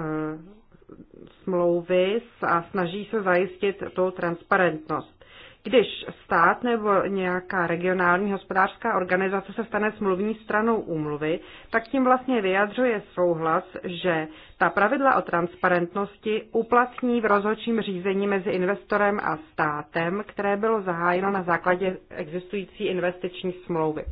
smlouvy a snaží se zajistit tu transparentnost. Když stát nebo nějaká regionální hospodářská organizace se stane smluvní stranou úmluvy, tak tím vlastně vyjadřuje souhlas, že ta pravidla o transparentnosti uplatní v rozhodčím řízení mezi investorem a státem, které bylo zahájeno na základě existující investiční smlouvy.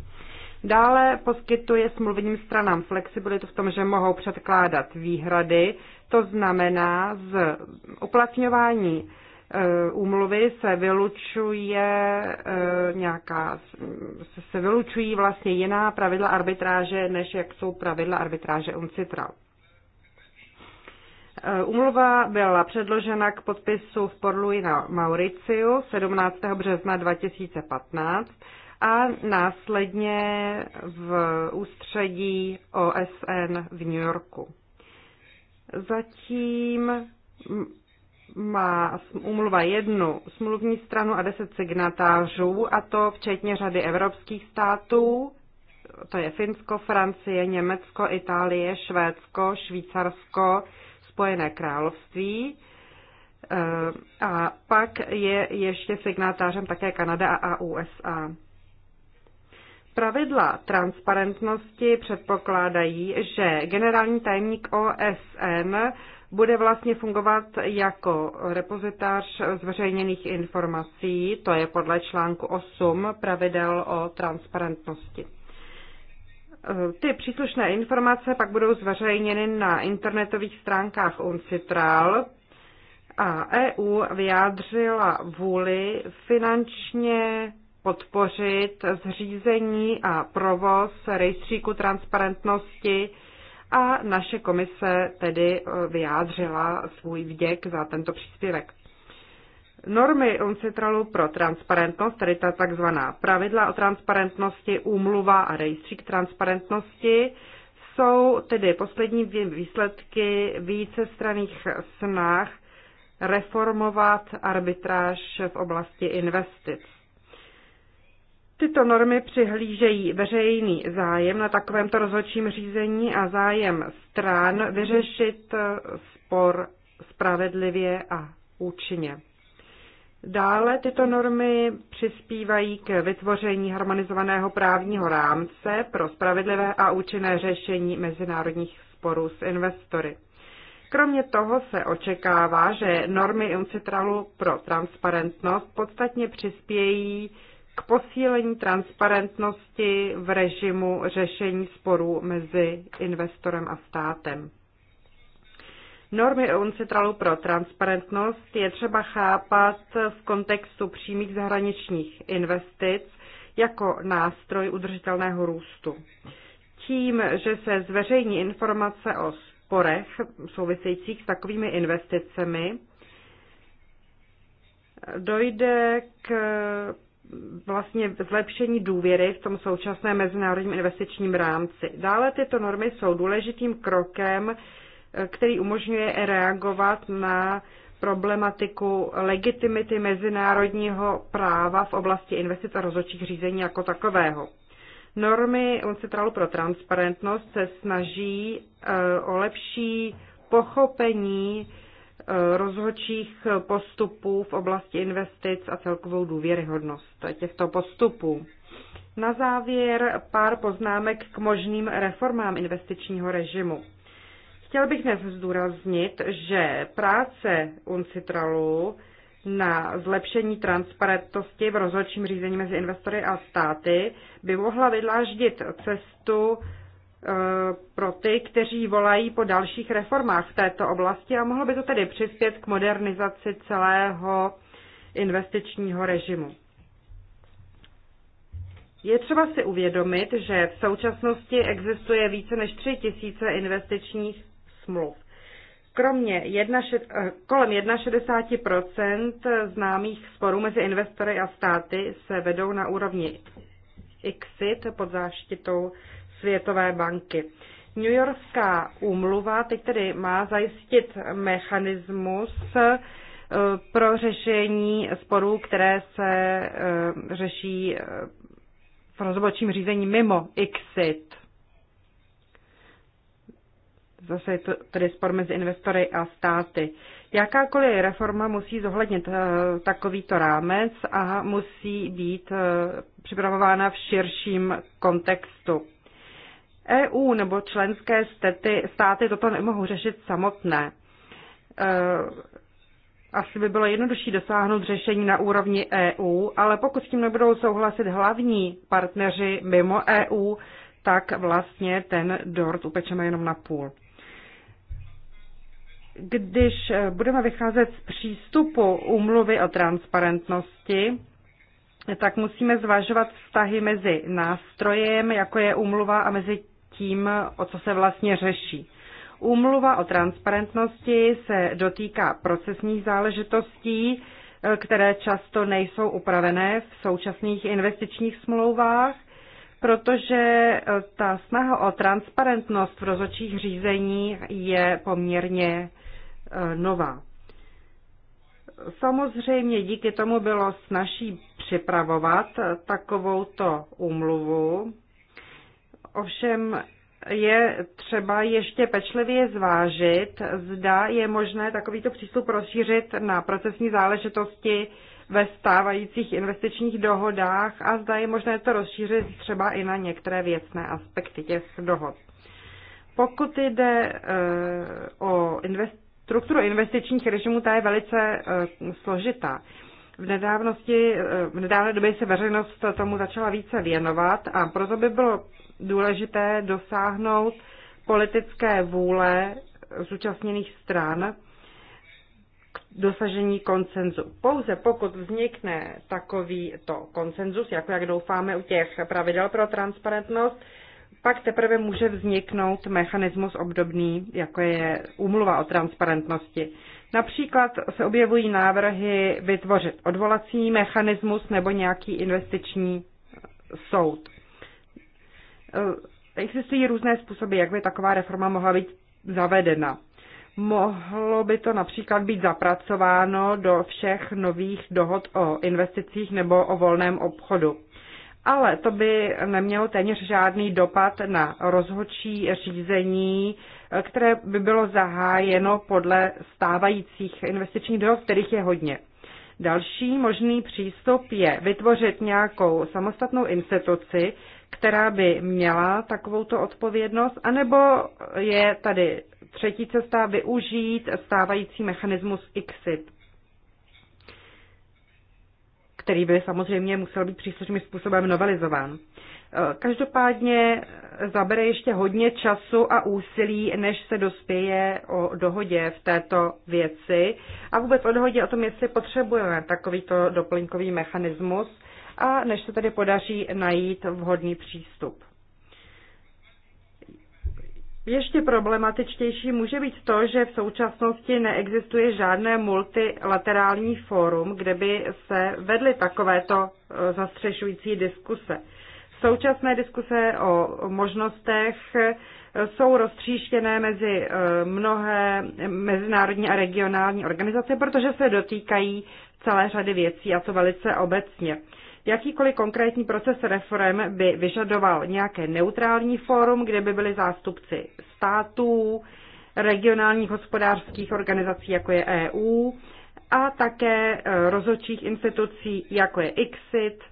Dále poskytuje smluvním stranám flexibilitu v tom, že mohou předkládat výhrady. To znamená, z uplatňování eh, úmluvy se vylučuje eh, nějaká, se vylučují vlastně jiná pravidla arbitráže, než jak jsou pravidla arbitráže UNCITRAL. Umluva eh, byla předložena k podpisu v Porluji na Mauriciu 17. března 2015 a následně v ústředí OSN v New Yorku. Zatím má umluva jednu smluvní stranu a deset signatářů, a to včetně řady evropských států, to je Finsko, Francie, Německo, Itálie, Švédsko, Švýcarsko, Spojené království. Eh, a pak je ještě signatářem také Kanada a USA. Pravidla transparentnosti předpokládají, že generální tajemník OSN bude vlastně fungovat jako repozitář zveřejněných informací, to je podle článku 8 pravidel o transparentnosti. Ty příslušné informace pak budou zveřejněny na internetových stránkách UNCITRAL a EU vyjádřila vůli finančně podpořit zřízení a provoz rejstříku transparentnosti a naše komise tedy eh, vyjádřila svůj vděk za tento příspěvek. Normy UNCITRALu pro transparentnost, tedy ta takzvaná pravidla o transparentnosti, úmluva a rejstřík transparentnosti, jsou tedy poslední dvě výsledky straných snah reformovat arbitráž v oblasti investic. Tyto normy přihlížejí veřejný zájem na takovémto rozhodčím řízení a zájem stran vyřešit eh, spor spravedlivě a účinně. Dále tyto normy přispívají k vytvoření harmonizovaného právního rámce pro spravedlivé a účinné řešení mezinárodních sporů s investory. Kromě toho se očekává, že normy UNCITRALu pro transparentnost podstatně přispějí k posílení transparentnosti v režimu řešení sporů mezi investorem a státem. Normy UNCITRALu pro transparentnost je třeba chápat v kontextu přímých zahraničních investic jako nástroj udržitelného růstu. Tím, že se zveřejní informace o sporech souvisejících s takovými investicemi, dojde k vlastně zlepšení důvěry v tom současném mezinárodním investičním rámci. Dále tyto normy jsou důležitým krokem, eh, který umožňuje reagovat na problematiku legitimity mezinárodního práva v oblasti investic a rozhodčích řízení jako takového. Normy Centrálu pro transparentnost se snaží eh, o lepší pochopení rozhodčích postupů v oblasti investic a celkovou důvěryhodnost těchto postupů. Na závěr pár poznámek k možným reformám investičního režimu. Chtěl bych dnes zdůraznit, že práce UNCITRALu na zlepšení transparentnosti v rozhodčím řízení mezi investory a státy by mohla vydláždit cestu Eh, pro ty, kteří volají po dalších reformách v této oblasti a mohlo by to tedy přispět k modernizaci celého investičního režimu. Je třeba si uvědomit, že v současnosti existuje více než 3 tisíce investičních smluv. Kromě jedna, eh, kolem 61% známých sporů mezi investory a státy se vedou na úrovni exit pod záštitou Světové banky. New Yorkská úmluva teď tedy má zajistit mechanismus eh, pro řešení sporů, které se eh, řeší eh, v rozhodčím řízení mimo ICSID. Zase je to tedy spor mezi investory a státy. Jakákoliv reforma musí zohlednit takovýto rámec a musí být připravována v širším kontextu. EU nebo členské stety, státy toto nemohou řešit samotné. E, asi by bylo jednodušší dosáhnout řešení na úrovni EU, ale pokud s tím nebudou souhlasit hlavní partneři mimo EU, tak vlastně ten dort upečeme jenom na půl. Když e, budeme vycházet z přístupu úmluvy o transparentnosti, tak musíme zvažovat vztahy mezi nástrojem, jako je úmluva, a mezi tím, o co se vlastně řeší. Úmluva o transparentnosti se dotýká procesních záležitostí, eh, které často nejsou upravené v současných investičních smlouvách, protože eh, ta snaha o transparentnost v rozhodčích řízení je poměrně eh, nová. Samozřejmě díky tomu bylo snaží připravovat takovouto úmluvu, Ovšem je třeba ještě pečlivě zvážit, zda je možné takovýto přístup rozšířit na procesní záležitosti ve stávajících investičních dohodách a zda je možné to rozšířit třeba i na některé věcné aspekty těch dohod. Pokud jde e, o invest- strukturu investičních režimů, ta je velice e, složitá. V, nedávnosti, eh, v nedávné době se veřejnost tomu začala více věnovat a proto by bylo důležité dosáhnout politické vůle zúčastněných stran k dosažení koncenzu. Pouze pokud vznikne takový to koncenzus, jako jak doufáme u těch pravidel pro transparentnost, pak teprve může vzniknout mechanismus obdobný, jako je úmluva o transparentnosti. Například se objevují návrhy vytvořit odvolací mechanismus nebo nějaký investiční soud. E, existují různé způsoby, jak by taková reforma mohla být zavedena. Mohlo by to například být zapracováno do všech nových dohod o investicích nebo o volném obchodu. Ale to by nemělo téměř žádný dopad na rozhodčí řízení které by bylo zahájeno podle stávajících investičních dohod, kterých je hodně. Další možný přístup je vytvořit nějakou samostatnou instituci, která by měla takovouto odpovědnost, anebo je tady třetí cesta využít stávající mechanismus ICSID, který by samozřejmě musel být příslušným způsobem novelizován. Každopádně zabere ještě hodně času a úsilí, než se dospěje o dohodě v této věci a vůbec o dohodě o tom, jestli potřebujeme takovýto doplňkový mechanismus a než se tedy podaří najít vhodný přístup. Ještě problematičtější může být to, že v současnosti neexistuje žádné multilaterální fórum, kde by se vedly takovéto e, zastřešující diskuse. Současné diskuse o možnostech jsou roztříštěné mezi eh, mnohé mezinárodní a regionální organizace, protože se dotýkají celé řady věcí a to velice obecně. Jakýkoliv konkrétní proces reform by vyžadoval nějaké neutrální fórum, kde by byli zástupci států, regionálních hospodářských organizací, jako je EU, a také eh, rozhodčích institucí, jako je ICSID,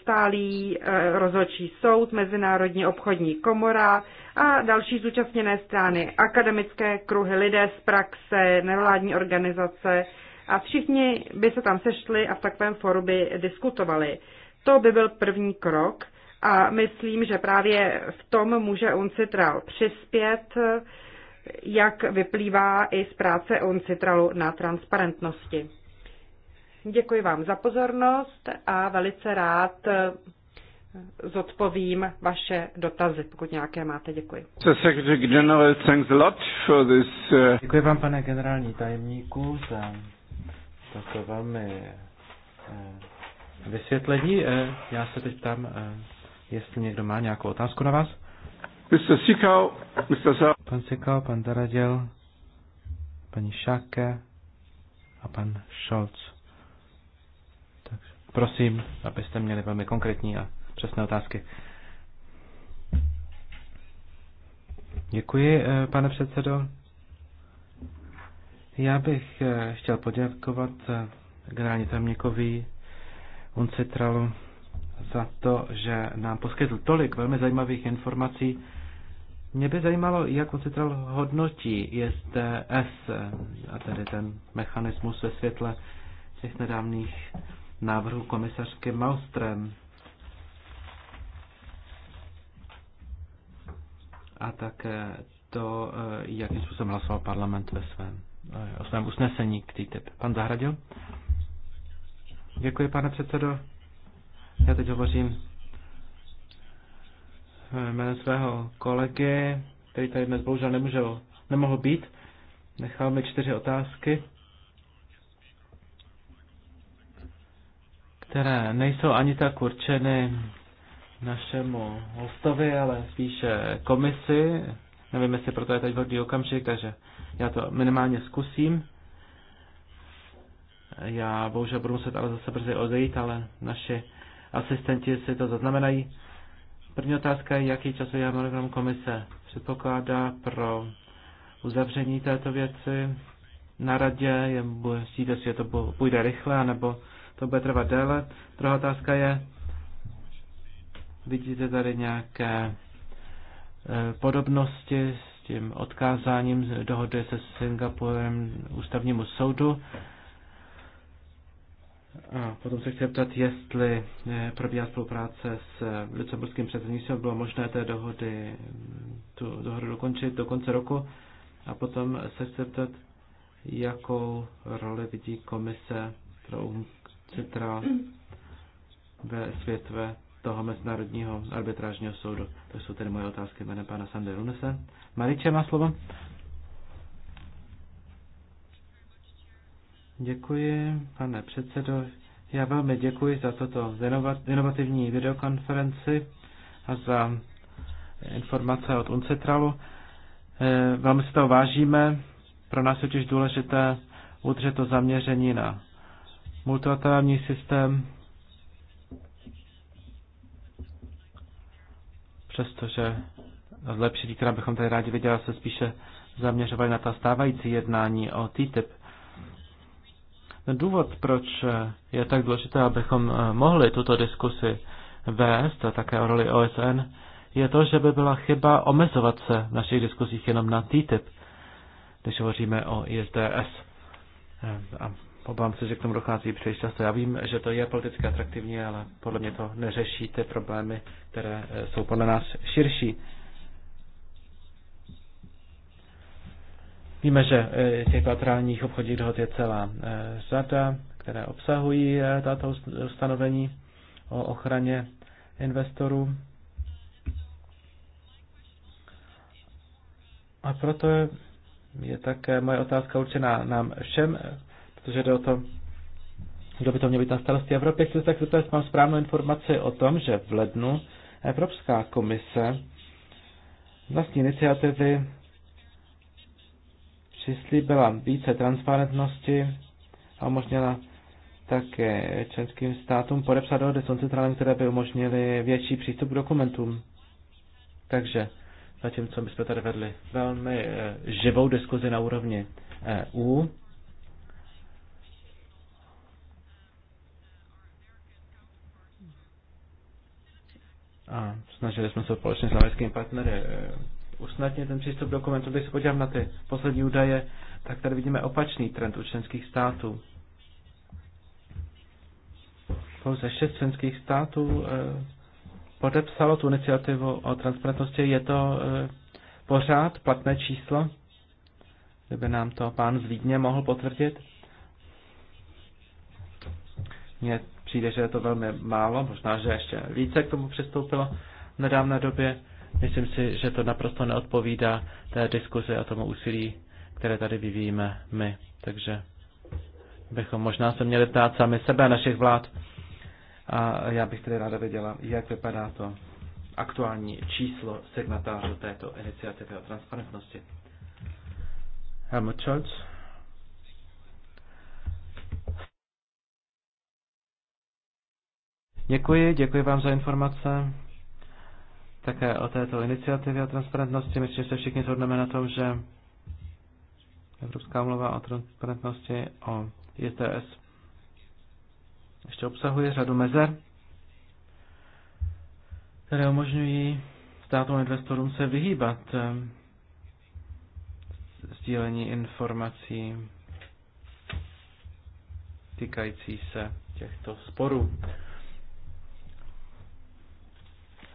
stálý eh, rozhodčí soud, Mezinárodní obchodní komora a další zúčastněné strany, akademické kruhy, lidé z praxe, nevládní organizace a všichni by se tam sešli a v takovém foru by diskutovali. To by byl první krok a myslím, že právě v tom může UNCITRAL přispět, jak vyplývá i z práce UNCITRALu na transparentnosti. Děkuji vám za pozornost a velice rád eh, zodpovím vaše dotazy, pokud nějaké máte. Děkuji. Děkuji vám, pane generální tajemníku, za toto velmi eh, vysvětlení. Eh, já se teď tam jestli někdo má nějakou otázku na vás. Mr. Sikau, Mr. pan Sikau, pan Daraděl, paní Šáke a pan Scholz. Prosím, abyste měli velmi konkrétní a přesné otázky. Děkuji, eh, pane předsedo. Já bych eh, chtěl poděkovat eh, generální tajemníkovi Uncitralu za to, že nám poskytl tolik velmi zajímavých informací. Mě by zajímalo, jak Uncitral hodnotí STS a tedy ten mechanismus ve světle těch nedávných návrhu komisařky Malstrem. A také to, eh, jakým způsobem hlasoval parlament ve svém, eh, o svém usnesení k TTIP. Pan Zahradil? Děkuji, pane předsedo. Já teď hovořím eh, jménem svého kolegy, který tady dnes bohužel nemohl být. Nechal mi čtyři otázky. které nejsou ani tak určeny našemu hostovi, ale spíše komisi. Nevím, jestli proto je teď hodný okamžik, takže já to minimálně zkusím. Já bohužel budu muset ale zase brzy odejít, ale naši asistenti si to zaznamenají. První otázka je, jaký časový harmonogram komise předpokládá pro uzavření této věci. Na radě je, myslíte to půjde rychle, nebo to bude trvat déle. Druhá otázka je, vidíte tady nějaké eh, podobnosti s tím odkázáním dohody se Singapurem ústavnímu soudu. A potom se chci ptat, jestli eh, probíhá spolupráce s eh, lucemburským předsednictvím, bylo možné té dohody, tu dohodu dokončit do konce roku. A potom se chci ptat, jakou roli vidí komise pro centrál ve světve toho Mezinárodního arbitrážního soudu. To jsou tedy moje otázky jménem pana Sandy Runese. Mariče má slovo. Děkuji, pane předsedo. Já velmi děkuji za toto inovativní videokonferenci a za informace od Uncetralu. Eh, velmi si to vážíme. Pro nás je totiž důležité udržet to zaměření na multilaterální systém, přestože zlepšení, která bychom tady rádi viděla, se spíše zaměřovali na ta stávající jednání o TTIP. Ten důvod, proč je tak důležité, abychom mohli tuto diskusi vést, a také o roli OSN, je to, že by byla chyba omezovat se v našich diskusích jenom na TTIP, když hovoříme o ISDS. A Obávám se, že k tomu dochází příliš často. Já vím, že to je politicky atraktivní, ale podle mě to neřeší ty problémy, které eh, jsou podle nás širší. Víme, že eh, těch bilaterálních obchodních dohod je celá eh, řada, které obsahují tato ustanovení o ochraně investorů. A proto je také moje otázka určená nám všem protože jde o to, kdo by to měl být na starosti Evropy. Chci se tak zeptat, mám správnou informaci o tom, že v lednu Evropská komise vlastní iniciativy přislíbila více transparentnosti a umožnila také členským státům podepsat dohody s centrálem, které by umožnily větší přístup k dokumentům. Takže zatímco my jsme tady vedli velmi eh, živou diskuzi na úrovni EU, eh, a snažili jsme se společně s americkými partnery eh, usnadnit ten přístup dokumentu. Když se podívám na ty poslední údaje, tak tady vidíme opačný trend u členských států. Pouze šest členských států eh, podepsalo tu iniciativu o transparentnosti. Je to eh, pořád platné číslo? Kdyby nám to pán z Vídně mohl potvrdit. Mě Přijde, že je to velmi málo, možná, že ještě více k tomu přistoupilo v nedávné době. Myslím si, že to naprosto neodpovídá té diskuzi a tomu úsilí, které tady vyvíjíme my. Takže bychom možná se měli ptát sami sebe, našich vlád. A já bych tedy ráda věděla, jak vypadá to aktuální číslo signatářů této iniciativy o transparentnosti. Helmut Scholz. Děkuji, děkuji vám za informace. Také o této iniciativě a transparentnosti. Myslím, že se všichni shodneme na tom, že Evropská mluva o transparentnosti, o ITS, ještě obsahuje řadu mezer, které umožňují státům investorům se vyhýbat eh, sdílení informací týkající se těchto sporů.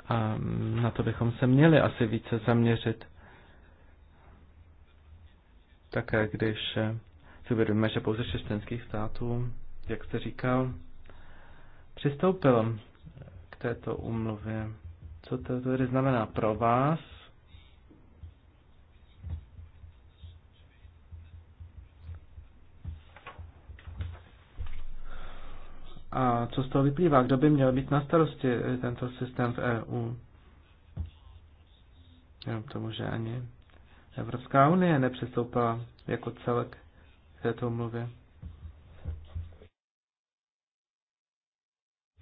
A na to bychom se měli asi více zaměřit. Také když si uvědomíme, že pouze šest členských států, jak jste říkal, přistoupil k této úmluvě. Co to tedy znamená pro vás? A co z toho vyplývá? Kdo by měl být na starosti eh, tento systém v EU? Jenom tomu, že ani Evropská unie nepřistoupila jako celek k této umluvě.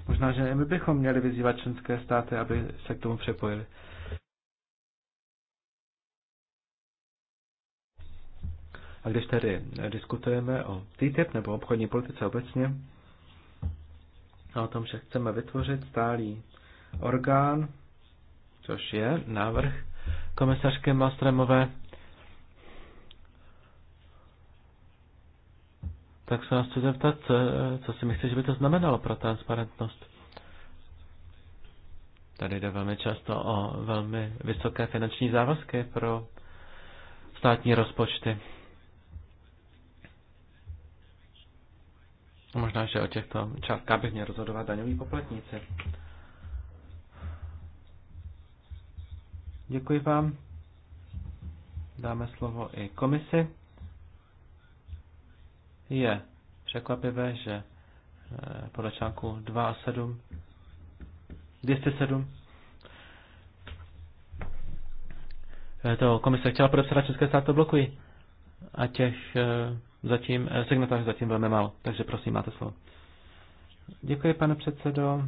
Možná, že my bychom měli vyzývat členské státy, aby se k tomu přepojili. A když tedy diskutujeme o TTIP e nebo obchodní politice obecně, a o tom, že chceme vytvořit stálý orgán, což je návrh komisařské Mastremové, tak se nás chci zeptat, co, eh, co si myslíš, že by to znamenalo pro transparentnost? Tady jde velmi často o velmi vysoké finanční závazky pro státní rozpočty. No, možná, že o těchto částkách bych měl rozhodovat daňový poplatníci. Děkuji vám. Dáme slovo i komisi. Je překvapivé, že eh, podle článku 2 a 7, 207, eh, to komise chtěla podepsat, české státy to blokují. A těch eh, zatím, eh, signatář zatím velmi málo, takže prosím, máte slovo. Děkuji, pane předsedo.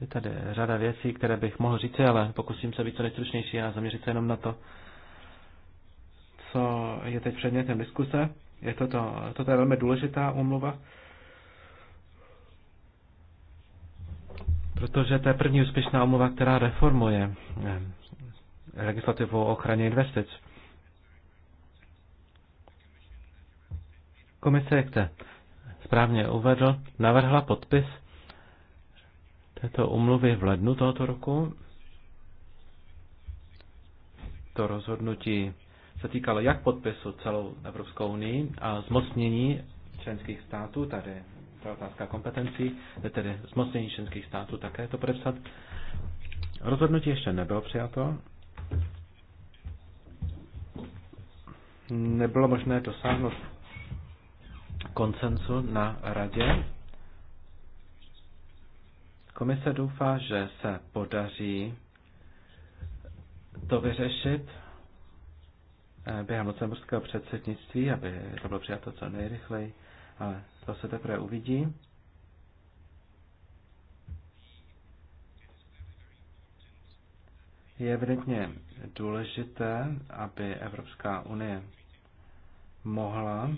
Je tady řada věcí, které bych mohl říct, ale pokusím se být co nejstručnější a zaměřit se jenom na to, co je teď předmětem diskuse. Je to to, toto je velmi důležitá umluva, protože to je první úspěšná umluva, která reformuje eh, legislativu o ochraně investic. Komise, jak jste správně uvedl, navrhla podpis této umluvy v lednu tohoto roku. To rozhodnutí se týkalo jak podpisu celou Evropskou unii a zmocnění členských států, tady ta otázka kompetencí, tedy zmocnění členských států také to podepsat. Rozhodnutí ještě nebylo přijato. Nebylo možné dosáhnout koncensu na radě. Komise doufá, že se podaří to vyřešit eh, během lucemburského předsednictví, aby to bylo přijato co nejrychleji, ale to se teprve uvidí. Je evidentně důležité, aby Evropská unie mohla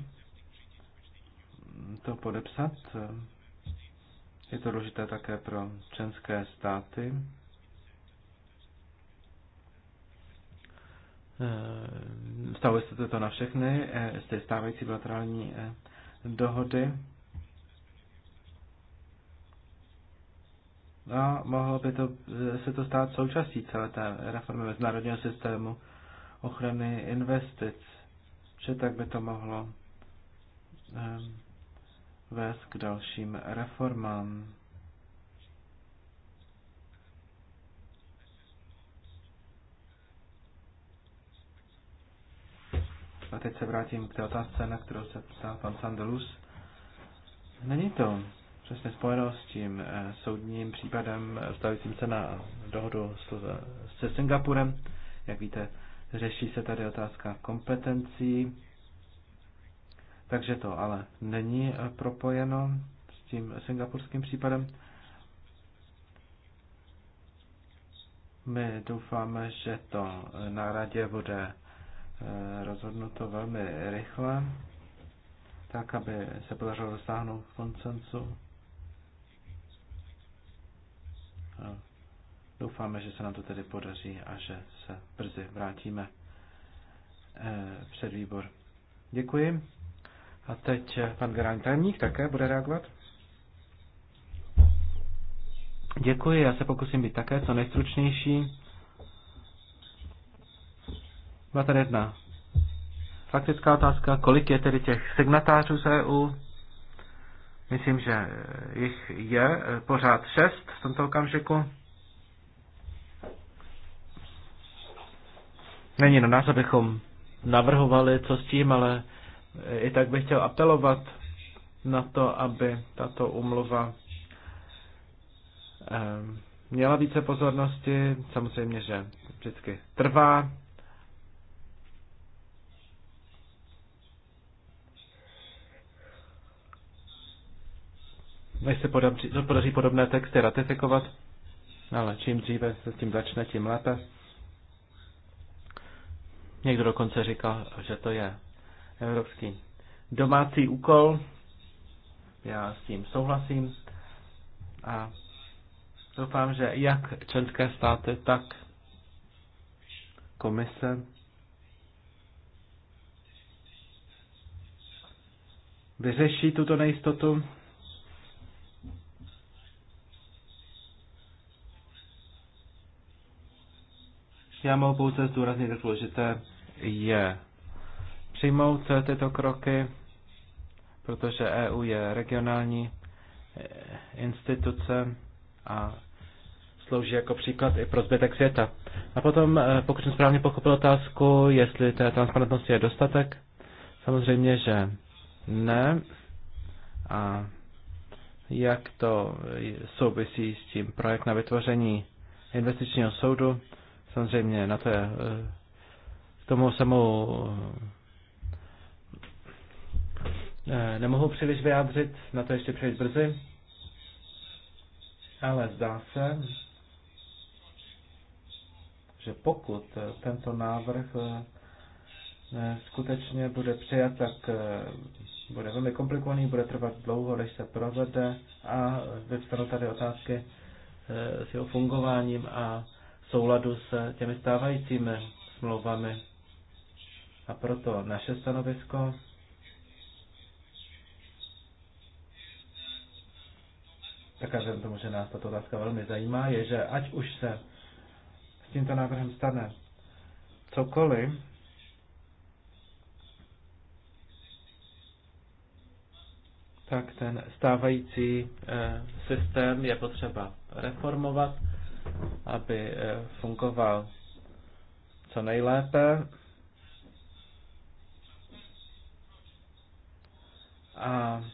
to podepsat. Je to důležité také pro členské státy. Stavuje eh, se to na všechny eh, z té stávající bilaterální eh, dohody. A mohlo by to, se to stát součástí celé té reformy mezinárodního systému ochrany investic, že tak by to mohlo um, vést k dalším reformám. A teď se vrátím k té otázce, na kterou se ptá pan Sandelus. Není to přesně spojeno s tím eh, soudním případem stavícím se na dohodu se Singapurem. Jak víte, řeší se tady otázka kompetencí takže to ale není eh, propojeno s tím singapurským případem. My doufáme, že to eh, na radě bude eh, rozhodnuto velmi rychle, tak, aby se podařilo dosáhnout koncensu. Doufáme, že se nám to tedy podaří a že se brzy vrátíme před výbor. Děkuji. A teď eh, pan generální tajemník také bude reagovat. Děkuji, já se pokusím být také co nejstručnější. Byla tady jedna faktická otázka, kolik je tedy těch signatářů z EU? Myslím, že eh, jich je eh, pořád šest v tomto okamžiku. Není na nás, abychom navrhovali, co s tím, ale i tak bych chtěl apelovat na to, aby tato umluva ehm, měla více pozornosti. Samozřejmě, že vždycky trvá. Než se podaří, no, podaří podobné texty ratifikovat, ale čím dříve se s tím začne, tím lépe. Někdo dokonce říkal, že to je evropský domácí úkol. Já s tím souhlasím a doufám, že jak členské státy, tak komise vyřeší tuto nejistotu. Já mohu pouze zdůraznit, že důležité je přijmout eh, tyto kroky, protože EU je regionální eh, instituce a slouží jako příklad i pro zbytek světa. A potom, eh, pokud jsem správně pochopil otázku, jestli té transparentnosti je dostatek, samozřejmě, že ne. A jak to souvisí s tím projekt na vytvoření investičního soudu, samozřejmě na to je, k tomu samou Eh, nemohu příliš vyjádřit, na to ještě příliš brzy, ale zdá se, že pokud tento návrh eh, eh, skutečně bude přijat, tak bude velmi komplikovaný, bude trvat dlouho, než se provede a vyvstanou tady otázky s jeho fungováním a souladu s těmi stávajícími smlouvami. A proto naše stanovisko každém tomu, že nás tato otázka velmi zajímá, je, že ať už se s tímto návrhem stane cokoliv, tak ten stávající eh, systém je potřeba reformovat, aby eh, fungoval co nejlépe. A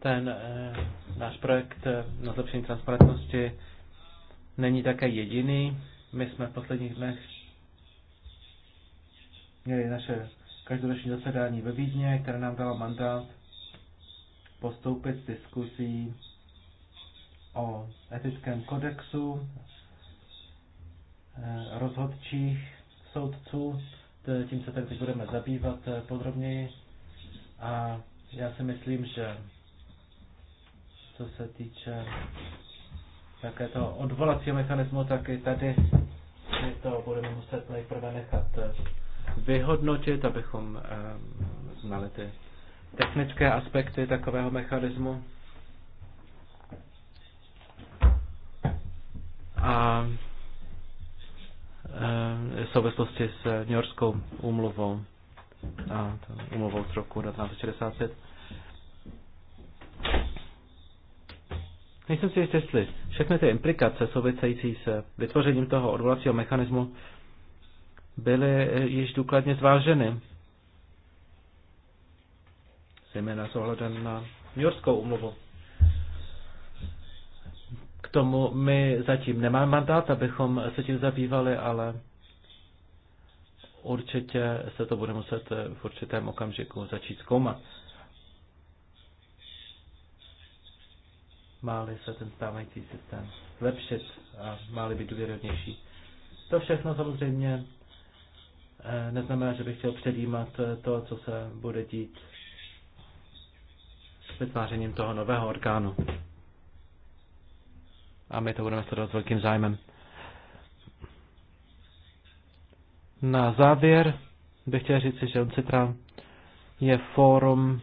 ten e, náš projekt eh, na zlepšení transparentnosti není také jediný. My jsme v posledních dnech měli naše každoroční zasedání ve Vídně, které nám dalo mandát postoupit s diskusí o etickém kodexu eh, rozhodčích soudců. Tím se tak budeme zabývat podrobněji. A já si myslím, že co se týče také toho odvolacího mechanismu, tak i tady my to budeme muset nejprve nechat eh, vyhodnotit, abychom eh, znali ty technické aspekty takového mechanismu. A eh, v souvislosti s New Yorkskou úmluvou a úmluvou z roku 1965. Nejsem si jistý, jestli všechny ty implikace související se vytvořením toho odvolacího mechanismu byly eh, již důkladně zváženy. Zejména s ohledem na New Yorkskou umluvu. K tomu my zatím nemáme mandát, abychom se tím zabývali, ale určitě se to bude muset eh, v určitém okamžiku začít zkoumat. máli se ten stávající systém zlepšit a máli být důvěrodnější. To všechno samozřejmě eh, neznamená, že bych chtěl předjímat eh, to, co se bude dít s vytvářením toho nového orgánu. A my to budeme sledovat s velkým zájmem. Na závěr bych chtěl říct, že Uncitral je fórum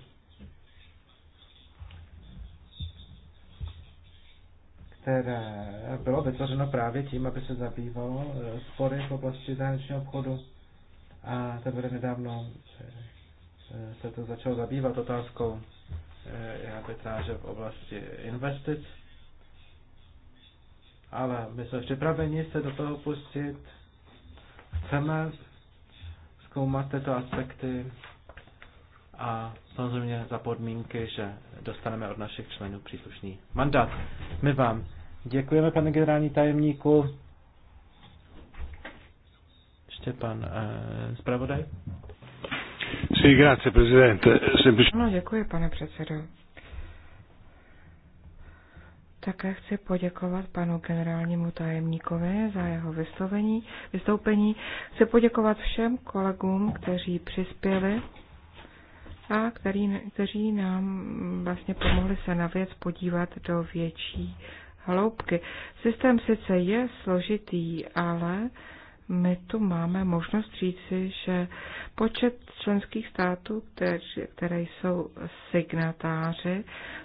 které bylo vytvořeno právě tím, aby se zabývalo eh, spory v oblasti zahraničního obchodu. A teprve nedávno eh, se to začalo zabývat otázkou eh, arbitráže v oblasti investic. Ale my jsme připraveni se do toho pustit. Chceme zkoumat tyto aspekty a samozřejmě za podmínky, že dostaneme od našich členů příslušný mandát. My vám děkujeme, pane generální tajemníku. Ještě pan eh, zpravodaj. Sí, grazie, prezidente. Ano, děkuji, pane předsedo. Také chci poděkovat panu generálnímu tajemníkovi za jeho vystoupení. Chci poděkovat všem kolegům, kteří přispěli a který, kteří nám vlastně pomohli se na věc podívat do větší hloubky. Systém sice je složitý, ale my tu máme možnost říci, že počet členských států, které jsou signatáři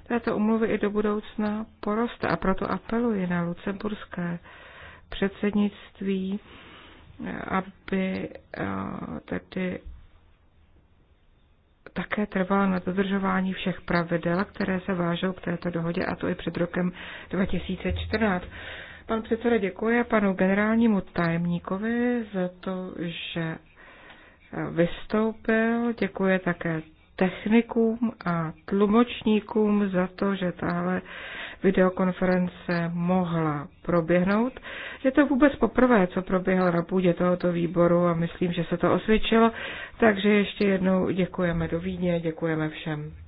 této umluvy i do budoucna poroste. A proto apeluji na lucemburské předsednictví, aby eh, tedy také trval na dodržování všech pravidel, které se vážou k této dohodě, a to i před rokem 2014. Pan předseda děkuje panu generálnímu tajemníkovi za to, že vystoupil. Děkuje také technikům a tlumočníkům za to, že tahle videokonference mohla proběhnout. Je to vůbec poprvé, co proběhla na půdě tohoto výboru a myslím, že se to osvědčilo, takže ještě jednou děkujeme do Vídně, děkujeme všem.